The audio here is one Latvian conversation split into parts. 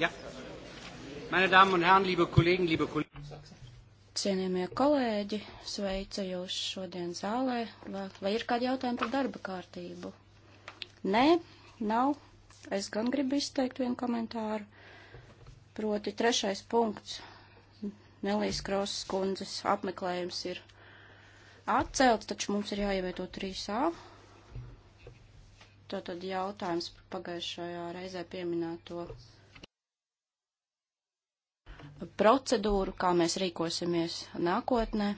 Ja. Meine Damen un Herren, liebe Kollegen, liebe Kollegen. Cienījamie kolēģi, sveicu jūs šodien zālē. Vai ir kādi jautājumi par darba kārtību? Nē, nav. Es gan gribu izteikt vienu komentāru. Proti trešais punkts. Nelijas Krosas kundzes apmeklējums ir atcelts, taču mums ir jāievieto 3A. Tātad jautājums par pagājušajā reizē pieminēto procedūru, kā mēs rīkosimies nākotnē.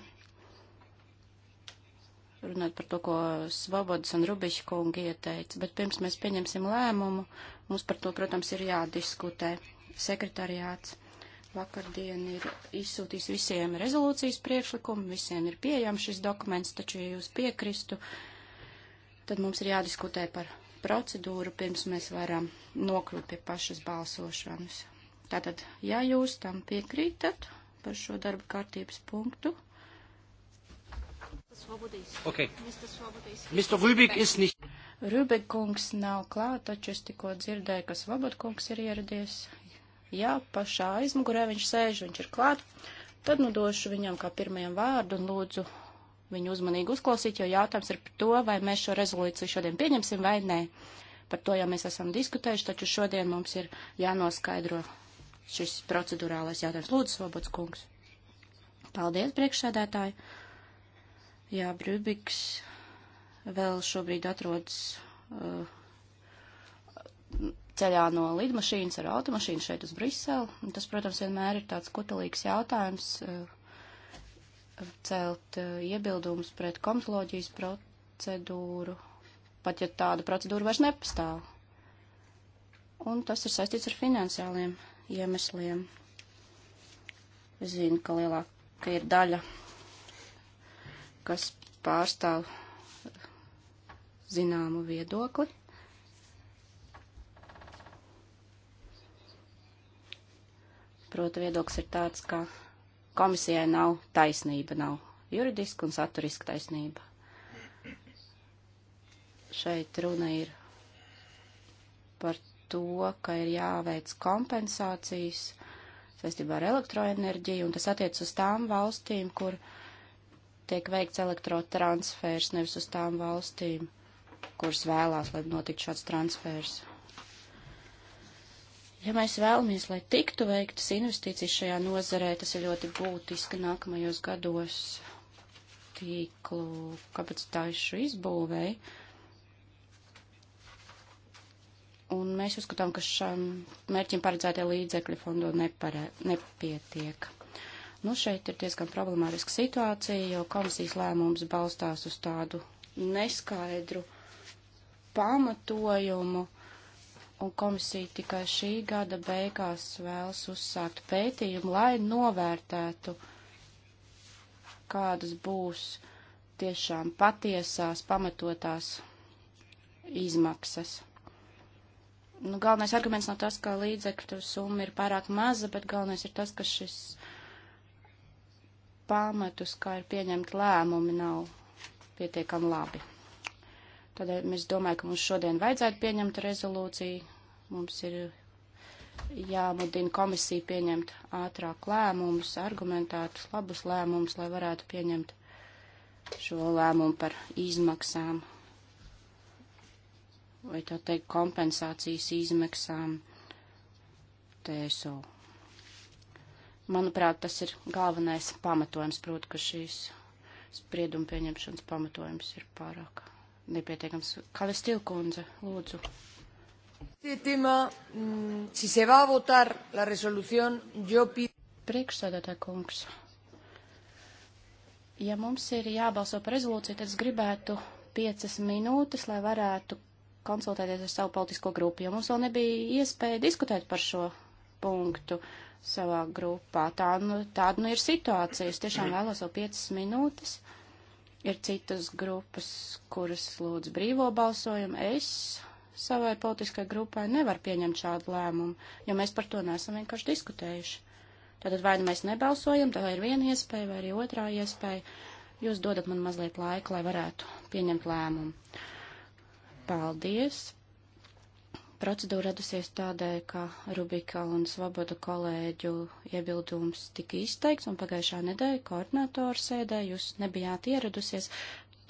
Runāt par to, ko Svobodas un Rubiša kungi ieteica, bet pirms mēs pieņemsim lēmumu, mums par to, protams, ir jādiskutē. Sekretariāts vakardien ir izsūtījis visiem rezolūcijas priekšlikumu, visiem ir pieejams šis dokuments, taču, ja jūs piekristu, tad mums ir jādiskutē par procedūru, pirms mēs varam nokļūt pie pašas balsošanas. Tātad, ja jūs tam piekrītat par šo darba kārtības punktu. Okay. Mr. Rubik is nicht. Rubik kungs nav klāt, taču es tikko dzirdēju, ka Svobod kungs ir ieradies. Jā, pašā aizmugurē viņš sēž, viņš ir klāt. Tad nu došu viņam kā pirmajam vārdu un lūdzu viņu uzmanīgi uzklausīt, jo jautājums ir par to, vai mēs šo rezolūciju šodien pieņemsim vai nē. Par to jau mēs esam diskutējuši, taču šodien mums ir jānoskaidro šis procedurālais jautājums. Lūdzu, Svobods kungs. Paldies, priekšsēdētāji. Jā, Brübiks vēl šobrīd atrodas uh, ceļā no lidmašīnas ar automašīnu šeit uz Briselu. Tas, protams, vienmēr ir tāds kutelīgs jautājums uh, celt uh, iebildumus pret komitoloģijas procedūru, pat ja tāda procedūra vairs nepastāv. Un tas ir saistīts ar finansiāliem iemesliem. Es zinu, ka lielāka ir daļa, kas pārstāv zināmu viedokli. Proti viedoklis ir tāds, ka komisijai nav taisnība, nav juridiska un saturiska taisnība. Šeit runa ir par to, ka ir jāveic kompensācijas saistībā ar elektroenerģiju, un tas attiec uz tām valstīm, kur tiek veikts elektrotransfers, nevis uz tām valstīm, kuras vēlās, lai notiktu šāds transfers. Ja mēs vēlamies, lai tiktu veiktas investīcijas šajā nozarē, tas ir ļoti būtiski nākamajos gados tīklu kapacitāšu izbūvēi. Uh, un mēs uzskatām, ka šam mērķim paredzētie līdzekļi fondu nepare, nepietiek. Nu, šeit ir diezgan problemāriska situācija, jo komisijas lēmums balstās uz tādu neskaidru pamatojumu, un komisija tikai šī gada beigās vēlas uzsākt pētījumu, lai novērtētu, kādas būs tiešām patiesās, pamatotās izmaksas nu, galvenais arguments nav tas, ka līdzekļu summa ir pārāk maza, bet galvenais ir tas, ka šis pamatus, kā ir pieņemt lēmumi, nav pietiekami labi. Tādēļ es domāju, ka mums šodien vajadzētu pieņemt rezolūciju. Mums ir jāmudina komisija pieņemt ātrāk lēmumus, argumentētus, labus lēmumus, lai varētu pieņemt šo lēmumu par izmaksām vai tā teikt, kompensācijas izmaksām TSO. Manuprāt, tas ir galvenais pamatojums, proti, ka šīs sprieduma pieņemšanas pamatojums ir pārāk nepietiekams. Kalis Tilkundze, lūdzu. Mm, Priekšsēdētāj kungs, ja mums ir jābalso par rezolūciju, tad es gribētu piecas minūtes, lai varētu konsultēties ar savu politisko grupu, jo mums vēl nebija iespēja diskutēt par šo punktu savā grupā. Tā, nu, tāda nu ir situācija. Es tiešām vēlos vēl piecas minūtes. Ir citas grupas, kuras lūdz brīvo balsojumu. Es savai politiskai grupai nevaru pieņemt šādu lēmumu, jo mēs par to nesam vienkārši diskutējuši. Tātad vai nu mēs nebalsojam, tā ir viena iespēja, vai arī otrā iespēja. Jūs dodat man mazliet laika, lai varētu pieņemt lēmumu. Paldies! Procedūra radusies tādēļ, ka Rubika un Svoboda kolēģu iebildums tika izteikts, un pagājušā nedēļa koordinātora sēdē jūs nebijāt ieradusies.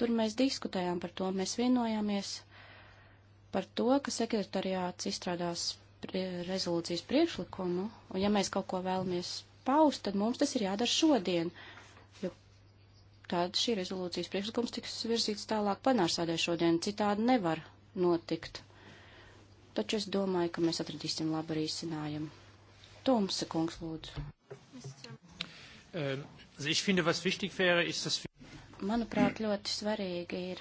Tur mēs diskutējām par to, mēs vienojāmies par to, ka sekretariāts izstrādās rezolūcijas priekšlikumu, un ja mēs kaut ko vēlamies paust, tad mums tas ir jādara šodien, jo tad šī rezolūcijas priekšlikums tiks virzīts tālāk plenārsādē šodien. Citādi nevar notikt. Taču es domāju, ka mēs atradīsim labu risinājumu. Tomsa kungs, lūdzu. Eh, Manuprāt, ļoti svarīgi ir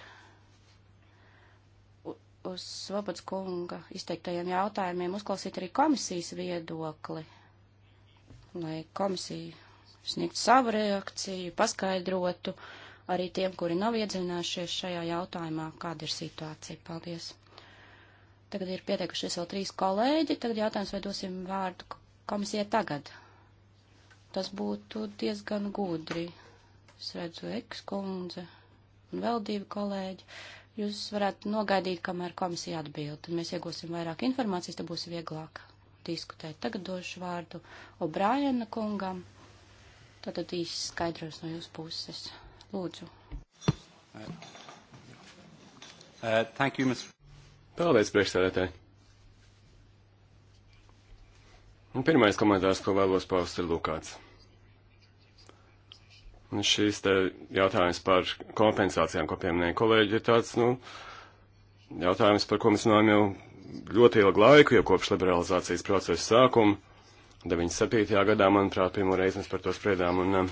uz Svabats kunga izteiktajiem jautājumiem uzklausīt arī komisijas viedokli, lai komisija sniegtu savu reakciju, paskaidrotu arī tiem, kuri nav iedzinājušies šajā jautājumā, kāda ir situācija. Paldies! Tagad ir pieteikušies vēl trīs kolēģi. Tagad jautājums, vai dosim vārdu komisijai tagad. Tas būtu diezgan gudri. Es redzu ekskundze un vēl divi kolēģi. Jūs varētu nogaidīt, kamēr komisija atbild. Tad mēs iegūsim vairāk informācijas, tad būs vieglāk diskutēt. Tagad došu vārdu O'Briena kungam. Tātad īsi skaidros no jūsu puses. Lūdzu. Uh, uh thank you, Mr. Paldies, priekšsēdētāji. Un pirmais komentārs, ko vēlos paust, ir Lukāts. Un šīs te jautājums par kompensācijām, ko pieminēja kolēģi, ir tāds, nu, jautājums, par ko mēs runājam jau ļoti ilgu laiku, jau kopš liberalizācijas procesa sākuma. 97. gadā, manuprāt, pirmo reizi mēs par to spriedām. Un, um,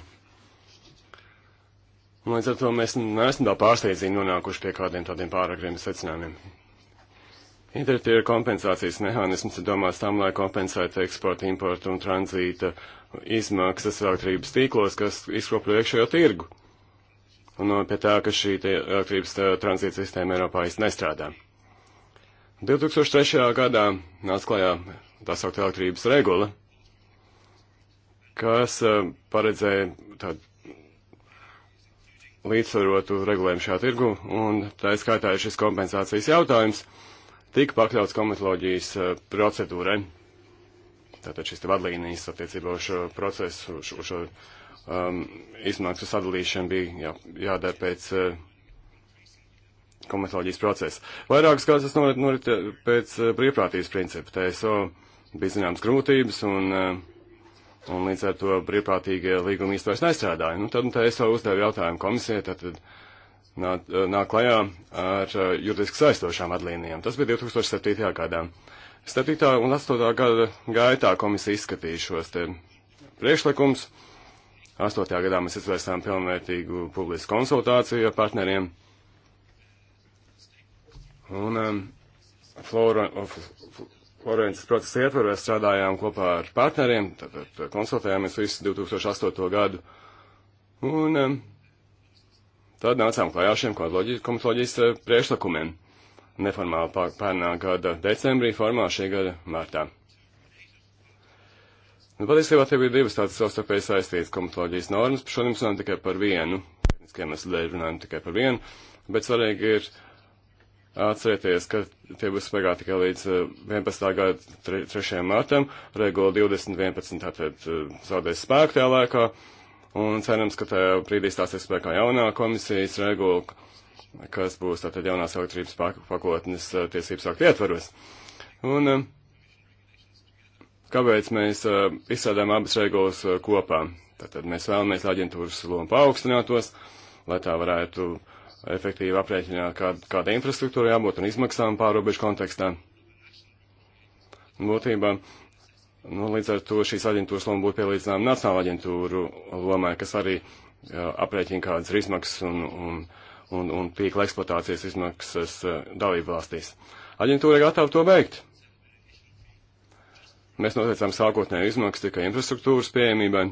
un līdz ar to mēs neesam tā pārsteidzīgi nonākuši pie kādiem tādiem pāragriem secinājumiem. Internet ir kompensācijas mehānisms, ir domāts tam, lai kompensētu eksportu, importu un tranzīta izmaksas elektrības tīklos, kas izkropļo iekšējo tirgu. Un pie tā, ka šī elektrības uh, tranzīta sistēma Eiropā īsti nestrādā. 2003. gadā nāca klajā tā saukta elektrības regula, kas eh, paredzēja tādu līdzsvarotu regulējumu šā tirgu, un tā ir skaitā šis kompensācijas jautājums, tika pakļauts komitoloģijas eh, procedūrai. Tātad šis te vadlīnijas attiecībā uz šo procesu, uz šo, šo um, izmaksu sadalīšana bija jā, jādara pēc uh, komitoloģijas procesa. Vairākas kādas tas norit, norit pēc uh, brīvprātības principa. TSO bija zināmas grūtības un uh, un līdz ar to brīvprātīgie līgumi īsti vairs nestrādāja. Nu, tad, nu, tad es vēl uzdevu jautājumu komisijai, tad, tad nāk nā klajā ar uh, juridiski saistošām atlīnijām. Tas bija 2007. gadā. 7. un 8. gada gaitā komisija izskatīja šos te priekšlikums. 8. gadā mēs izvērstām pilnvērtīgu publisku konsultāciju ar partneriem. Un um, Flora of Korejas procesa ietvaros strādājām kopā ar partneriem, tad, tad konsultējāmies visu 2008. gadu. Un um, tad nācām klajā šiem komitoloģijas eh, priešlikumiem. Neformāli pērnā gada decembrī, formāli šī gada martā. Nu, patiesībā te bija divas tādas savstarpēji saistītas komitoloģijas normas, šodien runājam tikai par vienu, tehniskiem es dēļ runājam tikai par vienu, bet svarīgi ir Atcerieties, ka tie būs spēkā tikai līdz 11. Eh, gada 3. martam, regula 2011 tātad eh, zaudēs spēku tajā laikā, un cerams, ka tajā brīdī stāsies spēkā jaunā komisijas regula, kas būs tātad jaunās elektrības pakotnes eh, tiesības aktu ietvaros. Un kāpēc mēs izstrādājam abas regulas kopā? Tātad mēs vēlamies, lai aģentūras loma paaugstinātos, lai tā varētu uh, efektīvi aprēķināt, kāda, kāda infrastruktūra jābūt un izmaksām pārobežu kontekstā. Būtībā, nu, līdz ar to šīs aģentūras loma būtu pielīdzināma Nacionāla aģentūru lomai, kas arī aprēķina kādas ir izmaksas un, un, un, un tīkla eksploatācijas izmaksas dalību valstīs. Aģentūra ir gatava to beigt. Mēs noteicām sākotnēju izmaksu tikai infrastruktūras pieejamībai,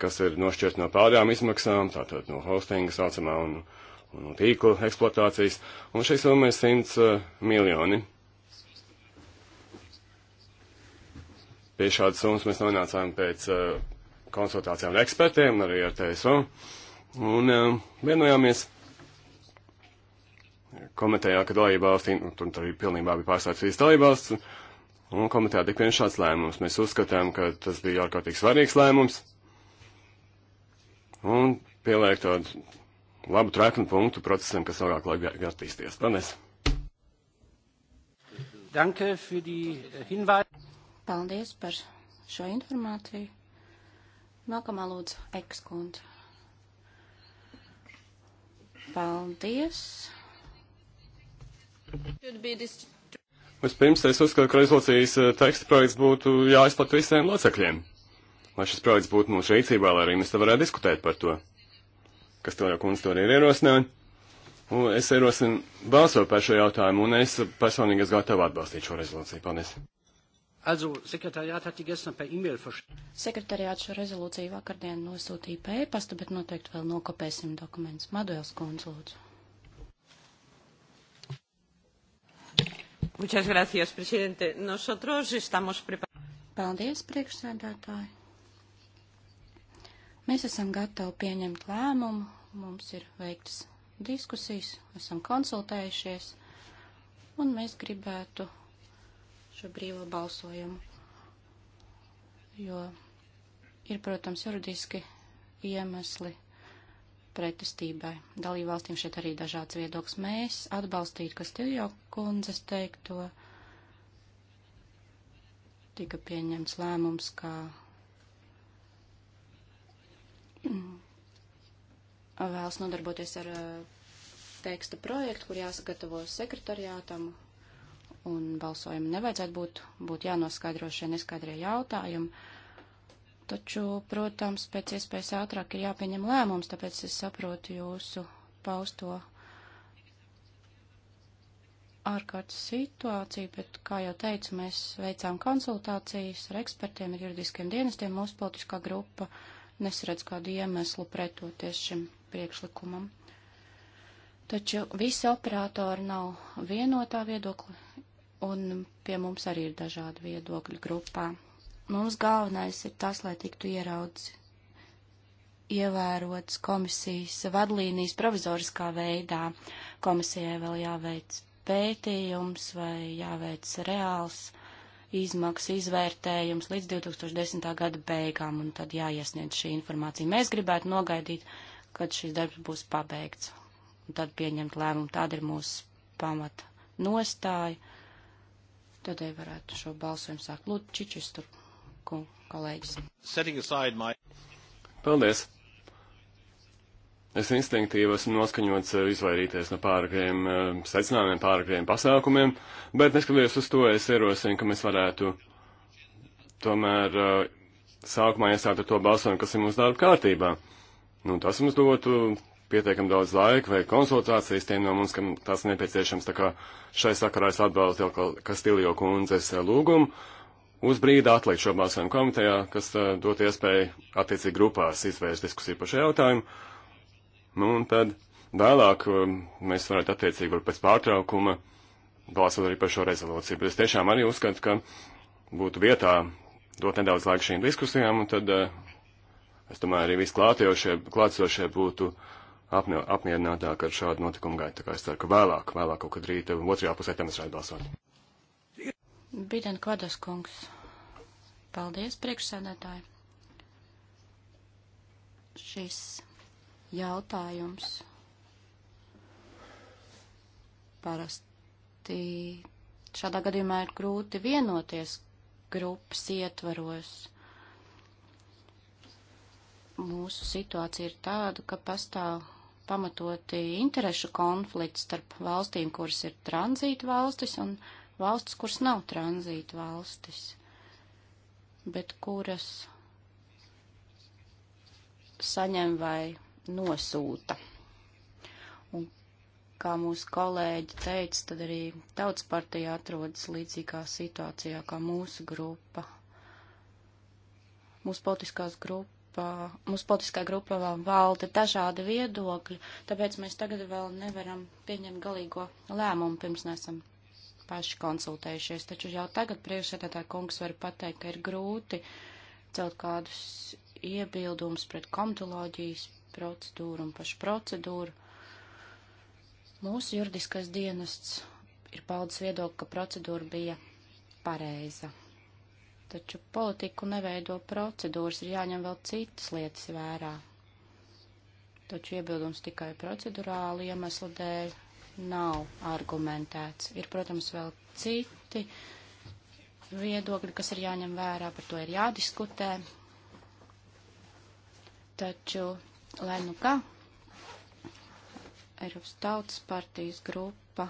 kas ir nošķirt no pārējām izmaksām, tātad no hostinga saucamā un, uh, tīkla eksploatācijas, un šī summa ir 100 miljoni. Pie šādas summas mēs nonācām pēc eh, konsultācijām ar ekspertiem, arī ar TSO, un eh, vienojāmies komitejā, ka dalībvalstī, nu, tur arī pilnībā bija pārstāvs visas dalībvalsts, un komitejā tik viens šāds lēmums. Mēs uzskatām, ka tas bija ārkārtīgi svarīgs lēmums, un pieliek tādu labu traknu punktu procesam, kas ilgāk laik attīstīties. Paldies! Danke für die äh, Hinweise. Paldies par šo informāciju. Nākamā lūdzu ekskundze. Paldies. Vispirms es uzskatu, ka rezolūcijas eh, teksta projekts būtu jāizplat visiem locekļiem. Lai šis projekts būtu mūsu rīcībā, lai arī mēs te varētu diskutēt par to kas to jau kundze to arī ir ierosinājusi. Un es ierosinu balsot par šo jautājumu, un es personīgi esmu gatava atbalstīt šo rezolūciju. Paldies! Also, sekretariāt hat die gestern per e-mail Sekretariāt šo rezolūciju vakardien nosūtīja pa e-pastu, bet noteikti vēl nokopēsim dokumentus. Maduels Kunz, lūdzu. Muchas gracias, presidente. Nosotros estamos preparados. Paldies, priekšsēdētāji. Mēs esam gatavi pieņemt lēmumu, mums ir veiktas diskusijas, esam konsultējušies, un mēs gribētu šo brīvo balsojumu, jo ir, protams, juridiski iemesli pretestībai. Dalībvalstīm šeit arī dažāds viedoklis. Mēs atbalstītu, kas tev jau kundzes teikto, tika pieņemts lēmums, ka vēlas nodarboties ar eh, teksta projektu, kur jāsagatavo sekretariātam, un balsojumu nevajadzētu būt, būtu jānoskaidro šie neskaidrie jautājumi. Taču, protams, pēc iespējas ātrāk ir jāpieņem lēmums, tāpēc es saprotu jūsu pausto ārkārtas situāciju, bet, kā jau teicu, mēs veicām konsultācijas ar ekspertiem, ar juridiskiem dienestiem, mūsu politiskā grupa. Uh, nesredz kādu iemeslu pretoties šim priekšlikumam. Taču visi operatori nav vienotā viedokļa, un pie mums arī ir dažādi viedokļi grupā. Mums galvenais ir tas, lai tiktu ieraudzīts ievērots komisijas vadlīnijas provizoriskā veidā. Komisijai vēl jāveic pētījums vai jāveic reāls izmaksu izvērtējums līdz 2010. gada beigām, un tad jāiesniedz šī informācija. Mēs gribētu nogaidīt, kad šis darbs būs pabeigts, un tad pieņemt lēmumu. Tāda ir mūsu pamata nostāja. Tad ja varētu šo balsojumu sākt. Lūdzu, Čičistur, kolēģis. My... Paldies! Es instinktīvi esmu noskaņots eh, izvairīties no pārākiem eh, secinājumiem, pārākiem pasākumiem, bet neskatoties uz to, es ierosinu, ka mēs varētu tomēr eh, sākumā iesākt ar to balsojumu, kas ir mūsu darba kārtībā. Nu, tas mums dotu pietiekam daudz laika vai konsultācijas tiem no mums, kam tas nepieciešams, tā kā šai sakarā es atbalstu jau Kastiljo kundzes lūgumu uz brīdi atlikt šo balsojumu komitejā, kas uh, dot iespēju attiecīgi grupās izvērst diskusiju par šo jautājumu. Nu, un tad vēlāk uh, mēs varētu attiecīgi varbūt pēc pārtraukuma balsot arī par šo rezolūciju. Bet es tiešām arī uzskatu, ka būtu vietā dot nedaudz laika šīm diskusijām, un tad uh, es domāju, arī visi klātsošie, klātsošie būtu apmierinātāk ar šādu notikumu gaitu. Tā kā es ceru, ka vēlāk, vēlāk kaut kad rīta uh, otrajā pusē tam es varētu balsot. Biden Kodas kungs. Paldies, priekšsēdētāji. Šis jautājums. Parasti šādā gadījumā ir grūti vienoties grupas ietvaros. Mūsu situācija ir tāda, ka pastāv pamatoti interešu konflikts starp valstīm, kuras ir tranzīta valstis, un valstis, kuras nav tranzīta valstis, bet kuras saņem vai nosūta. Un, kā mūsu kolēģi teica, tad arī tautas partija atrodas līdzīgā situācijā kā mūsu grupa. Mūsu politiskās grupas grupā, mūsu politiskā grupā vēl valda dažādi viedokļi, tāpēc mēs tagad vēl nevaram pieņemt galīgo lēmumu, pirms nesam paši konsultējušies. Taču jau tagad priekšsēdētāja kungs var pateikt, ka ir grūti celt kādus iebildumus pret komitoloģijas procedūru un pašu procedūru. Mūsu juridiskais dienests ir paudas viedokli, ka procedūra bija pareiza. Taču politiku neveido procedūras, ir jāņem vēl citas lietas vērā. Taču iebildums tikai procedurāli iemeslu dēļ nav argumentēts. Ir, protams, vēl citi viedokļi, kas ir jāņem vērā, par to ir jādiskutē. Taču lai nu kā Eiropas Tautas partijas grupa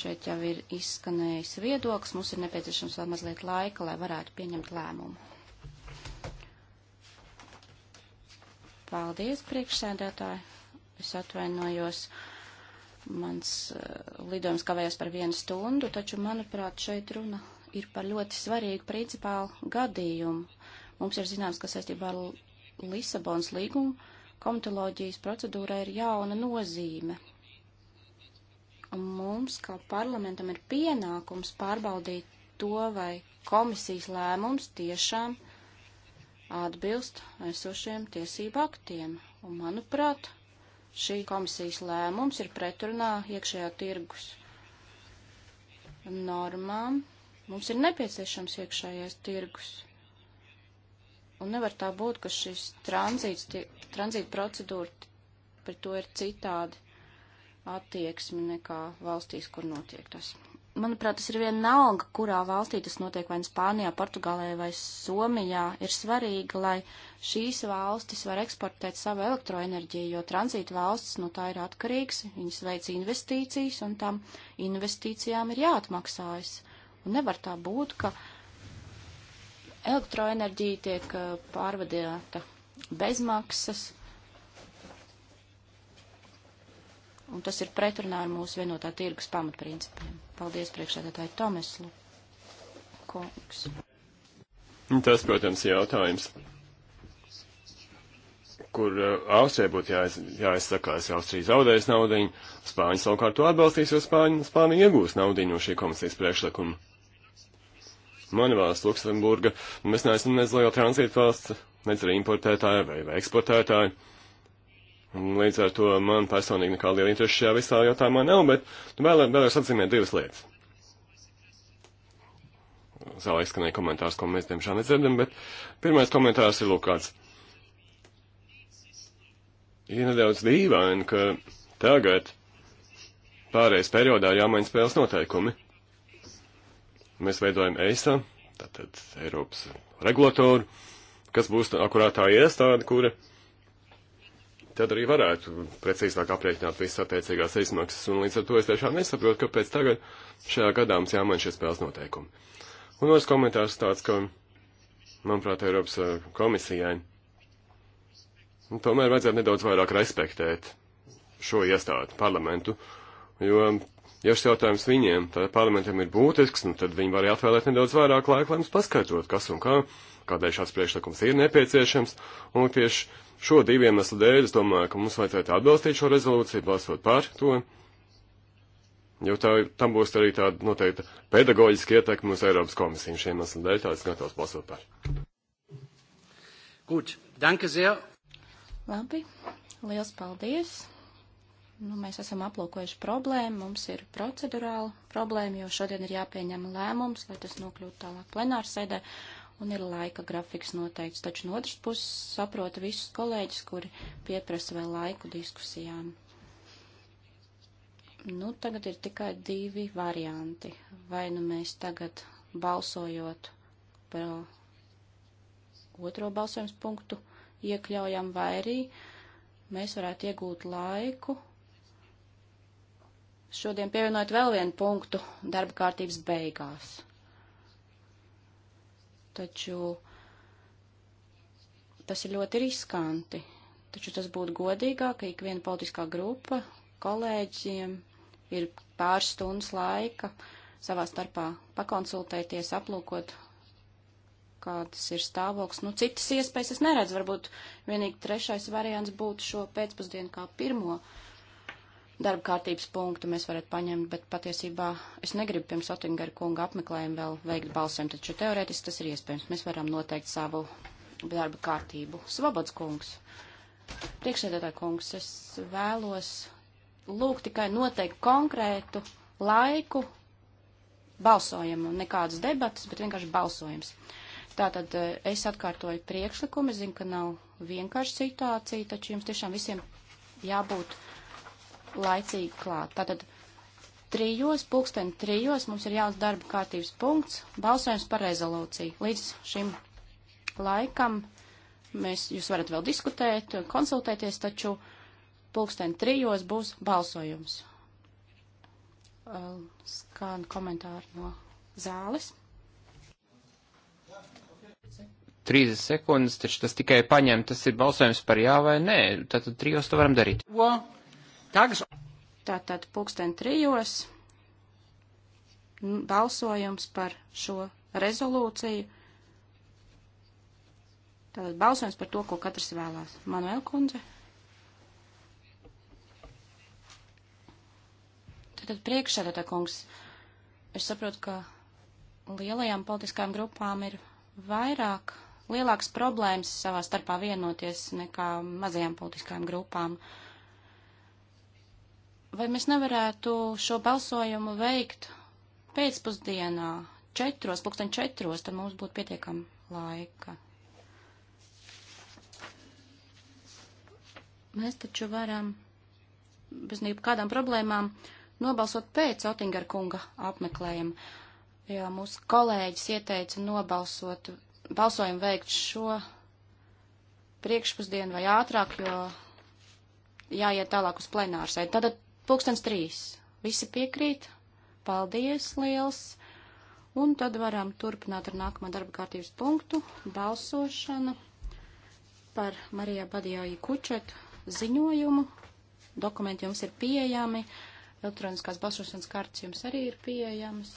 šeit jau ir izskanējis viedoklis, mums ir nepieciešams vēl mazliet laika, lai varētu pieņemt lēmumu. Paldies, priekšsēdētāji. Es atvainojos. Mans eh, lidojums kavējās par vienu stundu, taču, manuprāt, šeit runa ir par ļoti svarīgu principālu gadījumu. Mums ir zināms, ka saistībā ar Lisabonas līguma komitoloģijas procedūrai ir jauna nozīme. Un mums, kā parlamentam, ir pienākums pārbaudīt to, vai komisijas lēmums tiešām atbilst esošiem tiesību aktiem. Un, manuprāt, šī komisijas lēmums ir pretrunā iekšējā tirgus normām. Mums ir nepieciešams iekšējais tirgus. Un nevar tā būt, ka šis tranzīts, tranzīta procedūra pret to ir citādi attieksme nekā valstīs, kur notiek tas. Manuprāt, tas ir vienalga, kurā valstī tas notiek, vai nu Spānijā, Portugālē vai Somijā. Ir svarīgi, lai šīs valstis var eksportēt savu elektroenerģiju, jo tranzīta valsts no nu, tā ir atkarīgs, viņas veic investīcijas, un tam investīcijām ir jāatmaksājas. Un nevar tā būt, ka uh, Elektroenerģija tiek pārvadīta bezmaksas, un tas ir pretrunā ar mūsu vienotā tirgus pamatprincipiem. Paldies priekšsēdētāji Tomeslu. Kungs. Tas, protams, ir jautājums, kur uh, Austrija būtu jāiz, jāizsakās, ja Austrija zaudēs naudiņu, Spāņa savukārt to atbalstīs, jo Spāņa, Spāņa iegūs naudiņu no šī komisijas priekšlikuma. Mana valsts Luksemburga, un mēs neesam nez liela tranzīta valsts, nec arī importētāja vai, vai eksportētāja. Un līdz ar to man personīgi nekā liela interesa šajā visā jautājumā nav, bet nu, vēl, vēlos atzīmēt divas lietas. Zālē izskanēja komentārs, ko mēs diemžēl nedzirdam, bet pirmais komentārs ir lūkāts. Ir nedaudz dīvaini, ka tagad pārējais periodā jāmaina spēles noteikumi. Mēs veidojam ESA, tātad Eiropas regulatoru, kas būs akurātā iestāde, kura tad arī varētu precīzāk aprēķināt visas attiecīgās izmaksas, un līdz ar to es tiešām nesaprotu, kāpēc tagad šajā gadā mums jāmaina šie spēles noteikumi. Un otrs komentārs tāds, ka, manuprāt, Eiropas eh, komisijai un nu, tomēr vajadzētu nedaudz vairāk respektēt šo iestādi, parlamentu, jo Ja šis jautājums viņiem, tad parlamentam ir būtisks, nu, tad viņi var atvēlēt nedaudz vairāk laika, lai mums paskaidrot, kas un kā, kādēļ šāds priekšlikums ir nepieciešams. Un tieši šo divu iemeslu dēļ es domāju, ka mums vajadzētu atbalstīt šo rezolūciju, balsot par to. Jo tā, tam būs arī tāda noteikta pedagoģiska ietekme uz Eiropas komisiju šiem iemesliem dēļ, tāds gatavs balsot par. Gut, danke sehr. Labi, liels paldies nu, mēs esam aplūkojuši problēmu, mums ir procedurāla problēma, jo šodien ir jāpieņem lēmums, lai tas nokļūtu tālāk plenārsēdē, un ir laika grafiks noteikts. Taču no otras puses saprotu visus kolēģus, kuri pieprasa vēl laiku diskusijām. Nu, tagad ir tikai divi varianti. Vai nu mēs tagad balsojot par otro balsojums punktu iekļaujam, vai arī mēs varētu iegūt laiku šodien pievienot vēl vienu punktu darba kārtības beigās. Taču tas ir ļoti riskanti. Taču tas būtu godīgāk, ka ik viena politiskā grupa kolēģiem ir pāris stundas laika savā starpā pakonsultēties, aplūkot, kādas ir stāvoklis. Nu, citas iespējas es neredzu. Varbūt vienīgi trešais variants būtu šo pēcpusdienu kā pirmo uh, darba kārtības punktu mēs varētu paņemt, bet patiesībā es negribu pirms Otingera kunga apmeklējumu vēl veikt balsēm, taču teorētiski tas ir iespējams. Mēs varam noteikt savu darba kārtību. Svabats kungs, priekšsēdētāj kungs, es vēlos lūgt tikai noteikt konkrētu laiku balsojumu, nekādas debatas, bet vienkārši balsojums. Tātad eh, es atkārtoju priekšlikumu, es zinu, ka nav vienkārši situācija, taču jums tiešām visiem jābūt laicīgi klāt. Tātad trijos, pulksten trijos mums ir jauns darba kārtības punkts, balsojums par rezolūciju. Līdz šim laikam mēs, jūs varat vēl diskutēt, konsultēties, taču pulksten trijos būs balsojums. Skan komentāri no zāles. 30 sekundes, taču tas tikai paņem, tas ir balsojums par jā vai nē, tad trijos to varam darīt. Well. Tags... Tātad pulksten trijos balsojums par šo rezolūciju. Tātad balsojums par to, ko katrs vēlās. Manuēl kundze. Tātad priekšsēdētā kungs. Es saprotu, ka lielajām politiskajām grupām ir vairāk, lielāks problēmas savā starpā vienoties nekā mazajām politiskajām grupām. Uh, vai mēs nevarētu šo balsojumu veikt pēcpusdienā, četros, pulksten četros, tad mums būtu pietiekam laika. Mēs taču varam bez nekādām problēmām nobalsot pēc Otingara kunga apmeklējuma, jo mūsu kolēģis ieteica nobalsot, balsojumu veikt šo priekšpusdienu vai ātrāk, jo jāiet tālāk uz plenārsēdi. Tātad Pūkstens trīs. Visi piekrīt. Paldies liels. Un tad varam turpināt ar nākamā darba kārtības punktu - balsošana par Marijā Badijāju Kučetu ziņojumu. Dokumenti jums ir pieejami. Elektroniskās balsošanas kartes jums arī ir pieejamas.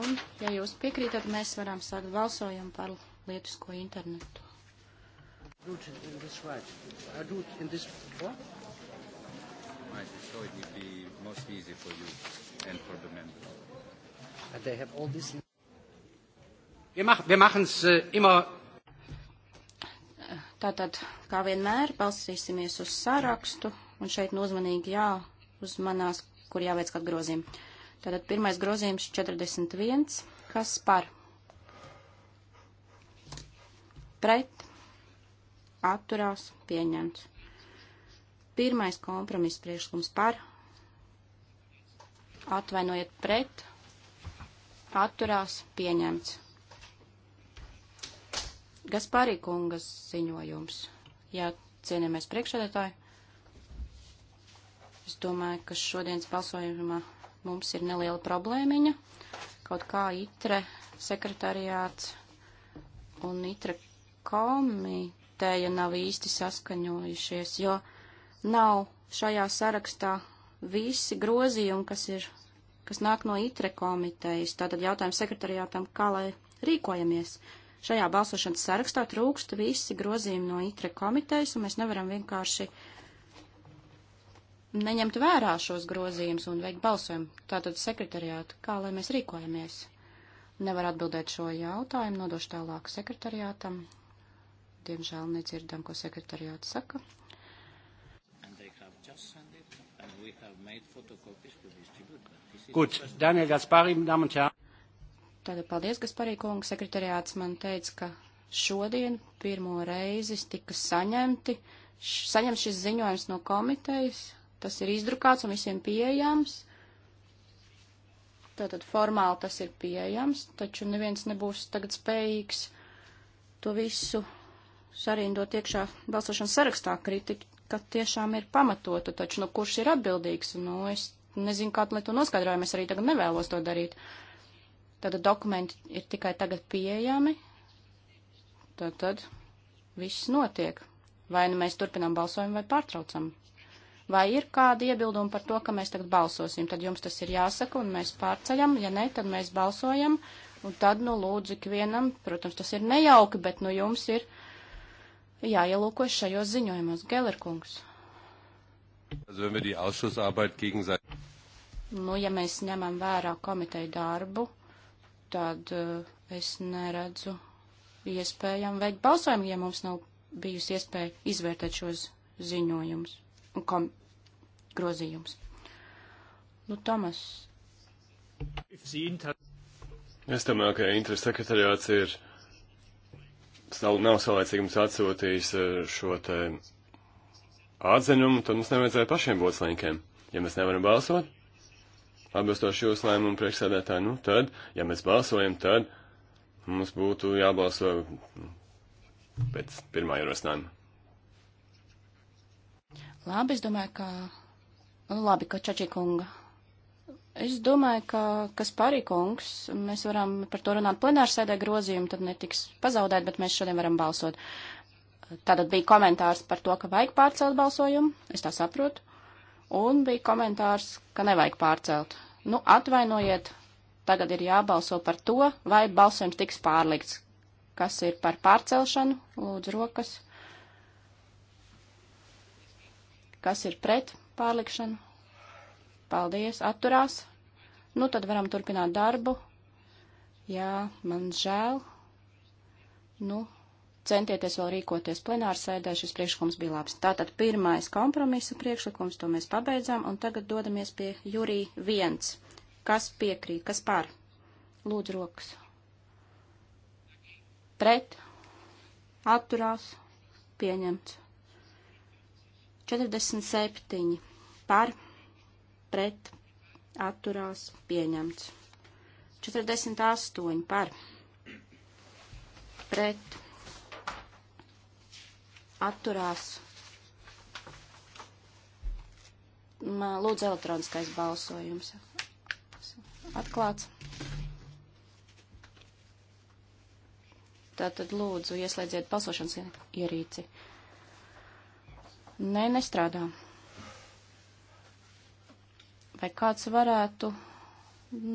Un, ja jūs piekrītat, mēs varam sākt balsojumu par lietisko internetu. Root in this right. I root in this what? Right, so it would be most easy for you and for the members. And they have all this. Wir, mach, wir machen es äh, immer. Tātad, kā vienmēr, balstīsimies uz sārakstu, un šeit nozmanīgi jāuzmanās, kur jāveic kādu grozījumu. Tātad pirmais grozījums 41, kas par? pret, atturās, pieņemts. Pirmais kompromiss priekšlikums par, atvainojiet pret, atturās, pieņemts. Gaspārī kungas ziņojums. Jā, cienījamies priekšsēdētāji. Es domāju, ka šodienas balsojumā mums ir neliela problēmiņa. Kaut kā itre sekretariāts un itre komiteja nav īsti saskaņojušies, jo nav šajā sarakstā visi grozījumi, kas ir, kas nāk no ITRE komitejas. Tātad jautājums sekretariātam, kā lai rīkojamies. Šajā balsošanas sarakstā trūkst visi grozījumi no ITRE komitejas, un mēs nevaram vienkārši neņemt vērā šos grozījumus un veikt balsojumu. Tātad sekretariātu, kā lai mēs rīkojamies? Nevar atbildēt šo jautājumu, nodošu tālāk sekretariātam, diemžēl nedzirdam, ko sekretariāts saka. Gut, Daniel Gaspari, Damen un Herren. Tātad paldies, Gasparī kungs. Sekretariāts man teica, ka šodien pirmo reizi tika saņemti, š, saņem šis ziņojums no komitejas. Tas ir izdrukāts un visiem pieejams. Tātad formāli tas ir pieejams, taču neviens nebūs tagad spējīgs to visu sarindot iekšā balsošanas sarakstā kritika tiešām ir pamatota, taču nu kurš ir atbildīgs? Nu, es nezinu, kā lai to noskaidrojumu, es arī tagad nevēlos to darīt. Tad dokumenti ir tikai tagad pieejami, tad, tad viss notiek. Vai nu mēs turpinām balsojumu vai pārtraucam. Vai ir kādi iebildumi par to, ka mēs tagad balsosim? Tad jums tas ir jāsaka, un mēs pārceļam. Ja nē, tad mēs balsojam. Un tad, nu, lūdzu, ikvienam, protams, tas ir nejauki, bet, nu, jums ir jāielūkojas šajos ziņojumos. Gelerkungs. Nu, ja mēs ņemam vērā komiteju darbu, tad uh, es neredzu iespējam veikt balsojumu, ja mums nav bijusi iespēja izvērtēt šos ziņojumus un kom grozījums. Nu, Tomas. Es domāju, ka interes sekretariāts ir nav saulēcīgi mums atsūtījis eh, šo te atziņumu, tad mums nevajadzēja pašiem būt slinkiem. Ja mēs nevaram balsot, atbilstoši jūsu lēmumu priekšsēdētāji, nu tad, ja mēs balsojam, tad mums būtu jābalso pēc pirmā ierosinājuma. Labi, es domāju, ka nu labi, ka Čačikunga Es domāju, ka, kas parīkungs, mēs varam par to runāt plenārsēdē grozījumu, tad netiks pazaudēt, bet mēs šodien varam balsot. Tātad bija komentārs par to, ka vajag pārcelt balsojumu, es tā saprotu, un bija komentārs, ka nevajag pārcelt. Nu, atvainojiet, tagad ir jābalso par to, vai balsojums tiks pārlikts. Kas ir par pārcelšanu? Lūdzu, rokas. Kas ir pret pārlikšanu? Paldies, atturās. Nu, tad varam turpināt darbu. Jā, man žēl. Nu, centieties vēl rīkoties plenārsēdē, šis priekšlikums bija labs. Tātad pirmais kompromisa priekšlikums, to mēs pabeidzām, un tagad dodamies pie Jurī viens. Kas piekrīt, kas par? Lūdzu rokas. Pret. Atturās. Pieņemts. 47. Par pret atturās pieņemts. 48 par pret atturās. Lūdzu, elektroniskais balsojums. Atklāts. Tātad lūdzu, ieslēdziet balsošanas ierīci. Nē, ne, nestrādā. Vai kāds varētu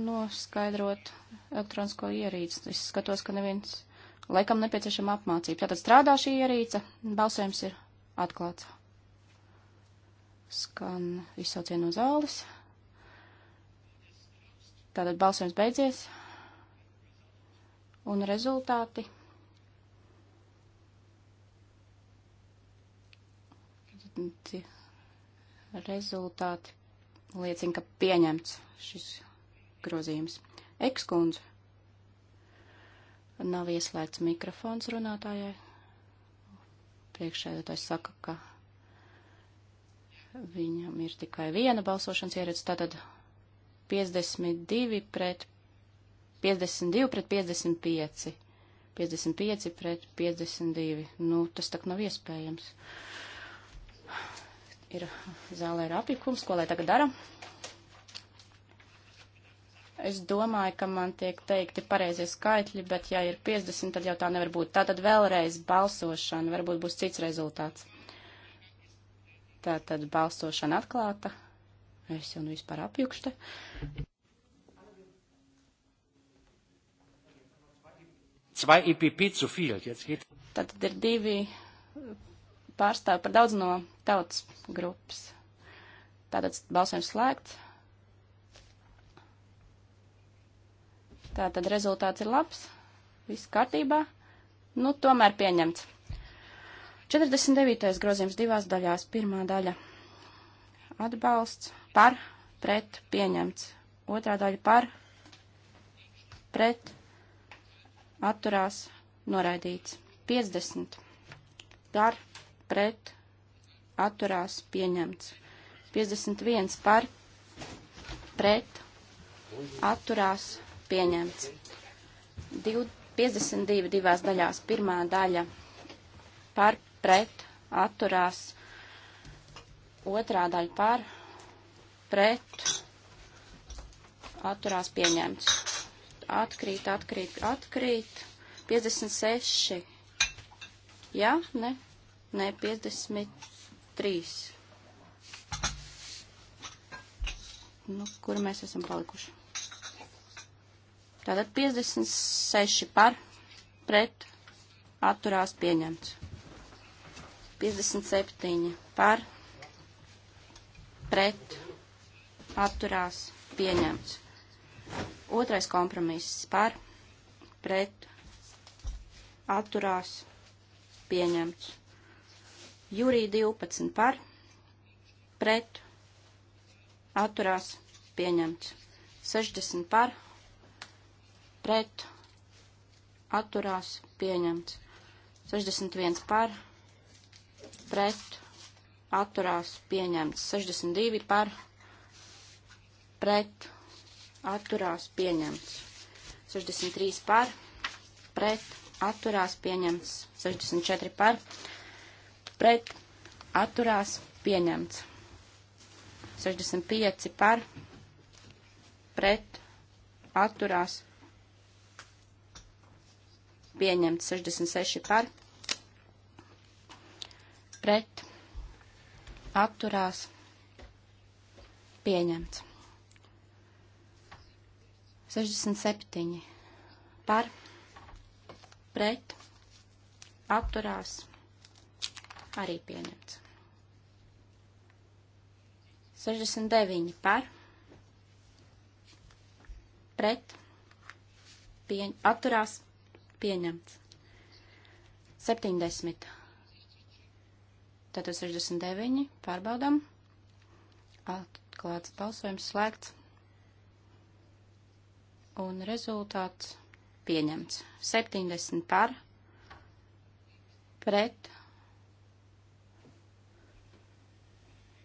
noskaidrot elektronisko ierīci? Es skatos, ka neviens laikam nepieciešama apmācība. Tātad strādā šī ierīce, balsojums ir atklāts. Skan izsaucien no zāles. Tātad balsojums beidzies. Un rezultāti. Rezultāti liecina, ka pieņemts šis grozījums. Ekskundze. Nav ieslēgts mikrofons runātājai. Priekšēdētājs saka, ka viņam ir tikai viena balsošanas ieredze, tātad 52 pret 52 pret 55. 55 pret 52. Nu, tas tak nav iespējams. Uh, ir zālē ir apjukums, ko lai tagad dara. Es domāju, ka man tiek teikti pareizie skaitļi, bet ja ir 50, tad jau tā nevar būt. Tā tad vēlreiz balsošana, varbūt būs cits rezultāts. Tā tad balsošana atklāta. Es jau nu vispār apjukšte. Tad ir divi pārstāv par daudz no tautas grupas. Tātad balsojums slēgts. Tātad rezultāts ir labs, viss kārtībā, nu tomēr pieņemts. 49. grozījums divās daļās, pirmā daļa atbalsts par, pret, pieņemts, otrā daļa par, pret, atturās, noraidīts, 50 par, pret, atturās, pieņemts. 51 par, pret, atturās, pieņemts. 52 divās daļās, pirmā daļa par, pret, atturās, otrā daļa par, pret, atturās, pieņemts. Atkrīt, atkrīt, atkrīt. 56. Jā, ja? ne? Nē, 53. Nu, kur mēs esam palikuši? Tātad 56 par, pret, atturās pieņemts. 57 par, pret, atturās pieņemts. Otrais kompromiss par, pret, atturās pieņemts. Jurī 12 par, pret, atturās, pieņemts. 60 par, pret, atturās, pieņemts. 61 par, pret, atturās, pieņemts. 62 par, pret, atturās, pieņemts. 63 par, pret, atturās, pieņemts. 64 par, pret, pret atturās pieņemts. 65 par pret atturās pieņemts. 66 par pret atturās pieņemts. 67 par pret atturās pieņemts Arī pieņemts. 69 par, pret, pieņ, atturās, pieņemts. 70. Tātad 69, pārbaudam. Atklāts balsojums slēgts. Un rezultāts pieņemts. 70 par, pret,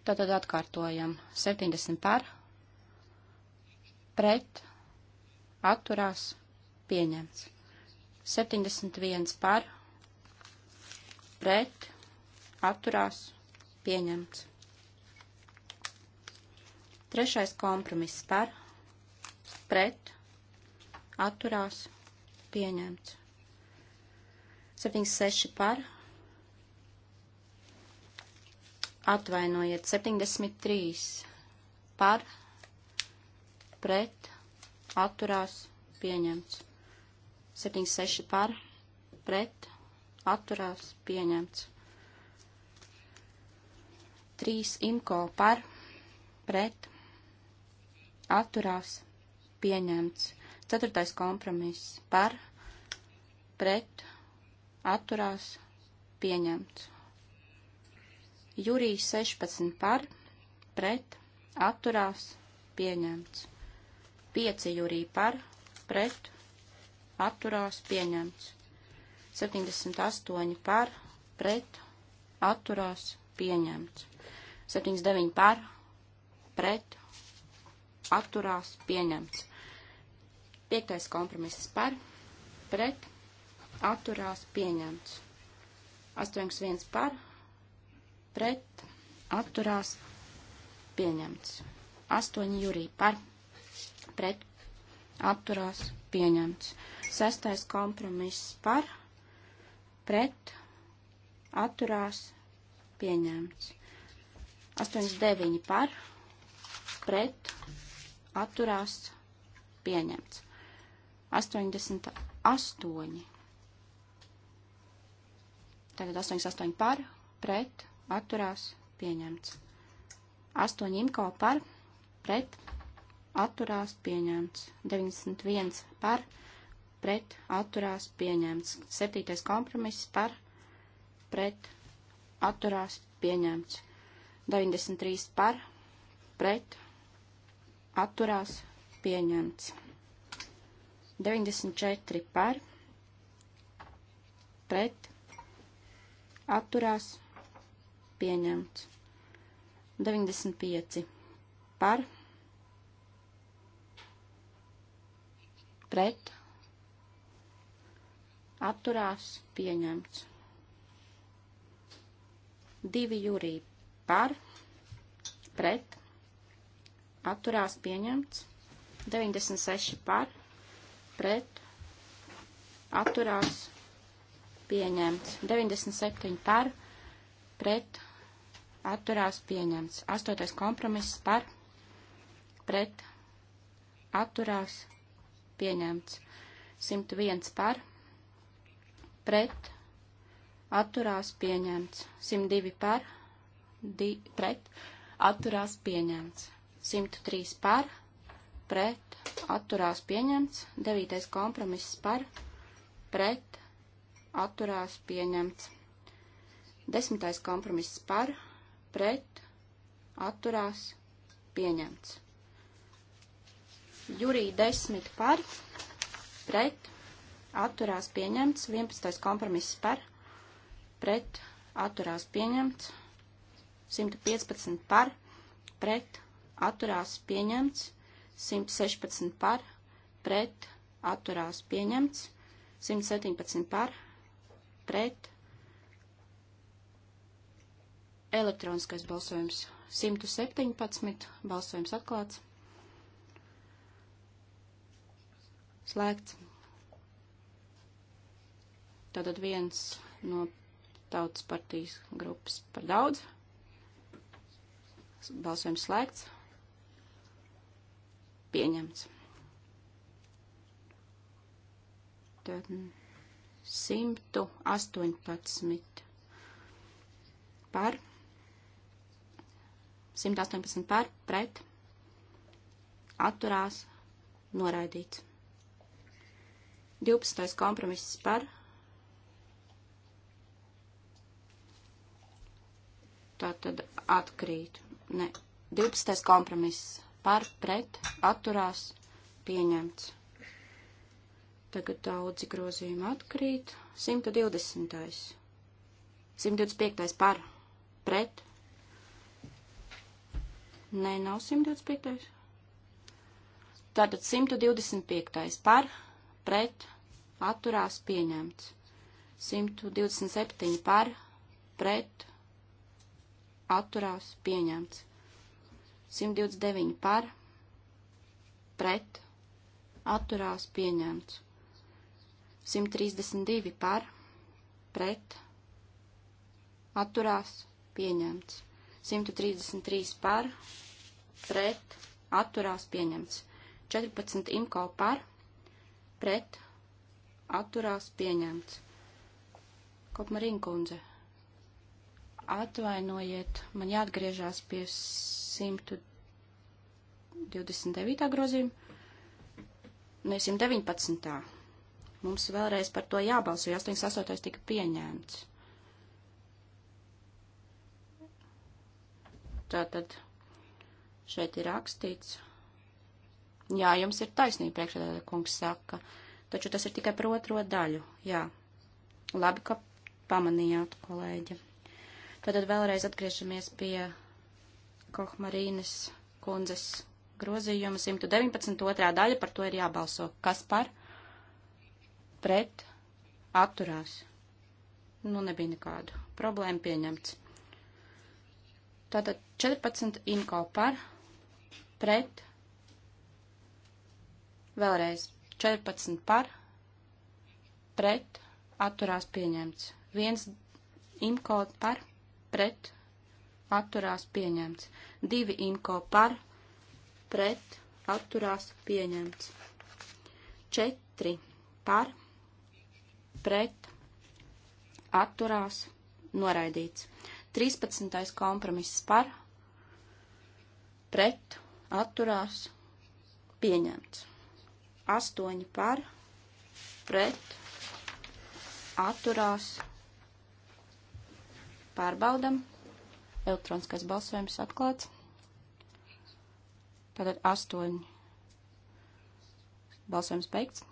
Tātad atkārtojam. 70 par, pret, atturās, pieņemts. 71 par, pret, atturās, pieņemts. Trešais kompromiss par, pret, atturās, pieņemts. 76 par, pret atvainojiet, 73 par, pret, atturās, pieņemts. 76 par, pret, atturās, pieņemts. 3 imko par, pret, atturās, pieņemts. 4. kompromiss par, pret, atturās, pieņemts. Jurija 16 par, pret, atturās, pieņemts. 5 Jurija par, pret, atturās, pieņemts. 78 par, pret, atturās, pieņemts. 79 par, pret, atturās, pieņemts. 5. kompromiss par, pret, atturās, pieņemts. 81 par, pret atturās pieņemts. 8 jūrī par pret atturās pieņemts. 6. kompromiss par pret atturās pieņemts. 89 par pret atturās pieņemts. 88. Tātad 88 par pret atturās pieņemts. 8 imko par, pret, atturās pieņemts. 91 par, pret, atturās pieņemts. 7. kompromiss par, pret, atturās pieņemts. 93 par, pret, atturās pieņemts. 94 par, pret, atturās pieņemts pieņemts. 95 par, pret, atturās, pieņemts. 2 jūrī par, pret, atturās, pieņemts. 96 par, pret, atturās, pieņemts. 97 par, pret, atturās, pieņemts atturās pieņemts. Astotais kompromiss par pret atturās pieņemts. 101 par pret atturās pieņemts. 102 par di, pret atturās pieņemts. 103 par pret atturās pieņemts. 9. kompromiss par pret atturās pieņemts. 10. kompromiss par pret pret, atturās, pieņemts. Jurī 10 par, pret, atturās, pieņemts. 11. kompromiss par, pret, atturās, pieņemts. 115 par, pret, atturās, pieņemts. 116 par, pret, atturās, pieņemts. 117 par, pret, Elektroniskais balsojums 117, balsojums atklāts. Slēgts. Tātad viens no tautas partijas grupas par daudz. Balsojums slēgts. Pieņemts. Tad 118 par 118 par, pret, atturās, noraidīts. 12. kompromiss par, tā tad atkrīt, ne, 12. kompromiss par, pret, atturās, pieņemts. Tagad daudzi grozījumi atkrīt, 120. 125. par, pret, Nē, nav 125. Tātad 125. par, pret, atturās pieņemts. 127 par, pret, atturās pieņemts. 129 par, pret, atturās pieņemts. 132 par, pret, atturās pieņemts. 133 par, pret, atturās pieņemts. 14 imko par, pret, atturās pieņemts. Kopmarinkundze, atvainojiet, man jāatgriežās pie 129. grozījuma, ne 119. Mums vēlreiz par to jābalso, jo 88. tika pieņemts. Tātad šeit ir rakstīts. Jā, jums ir taisnība, priekšsēdētāja kungs saka, taču tas ir tikai par otro daļu. Jā, labi, ka pamanījāt, kolēģi. Tātad vēlreiz atgriežamies pie Kohmarīnas kundzes grozījuma 119. otrā daļa, par to ir jābalso. Kas par? Pret? Atturās. Nu, nebija nekādu problēmu pieņemts. Tātad 14 imko par, pret, vēlreiz 14 par, pret, atturās pieņemts. 1 imko par, pret, atturās pieņemts. 2 imko par, pret, atturās pieņemts. 4 par, pret, atturās noraidīts. 13. kompromiss par, pret, atturās, pieņemts. 8 par, pret, atturās, pārbaudam. Elektroniskais balsojums atklāts. Tātad 8. Balsojums beigts.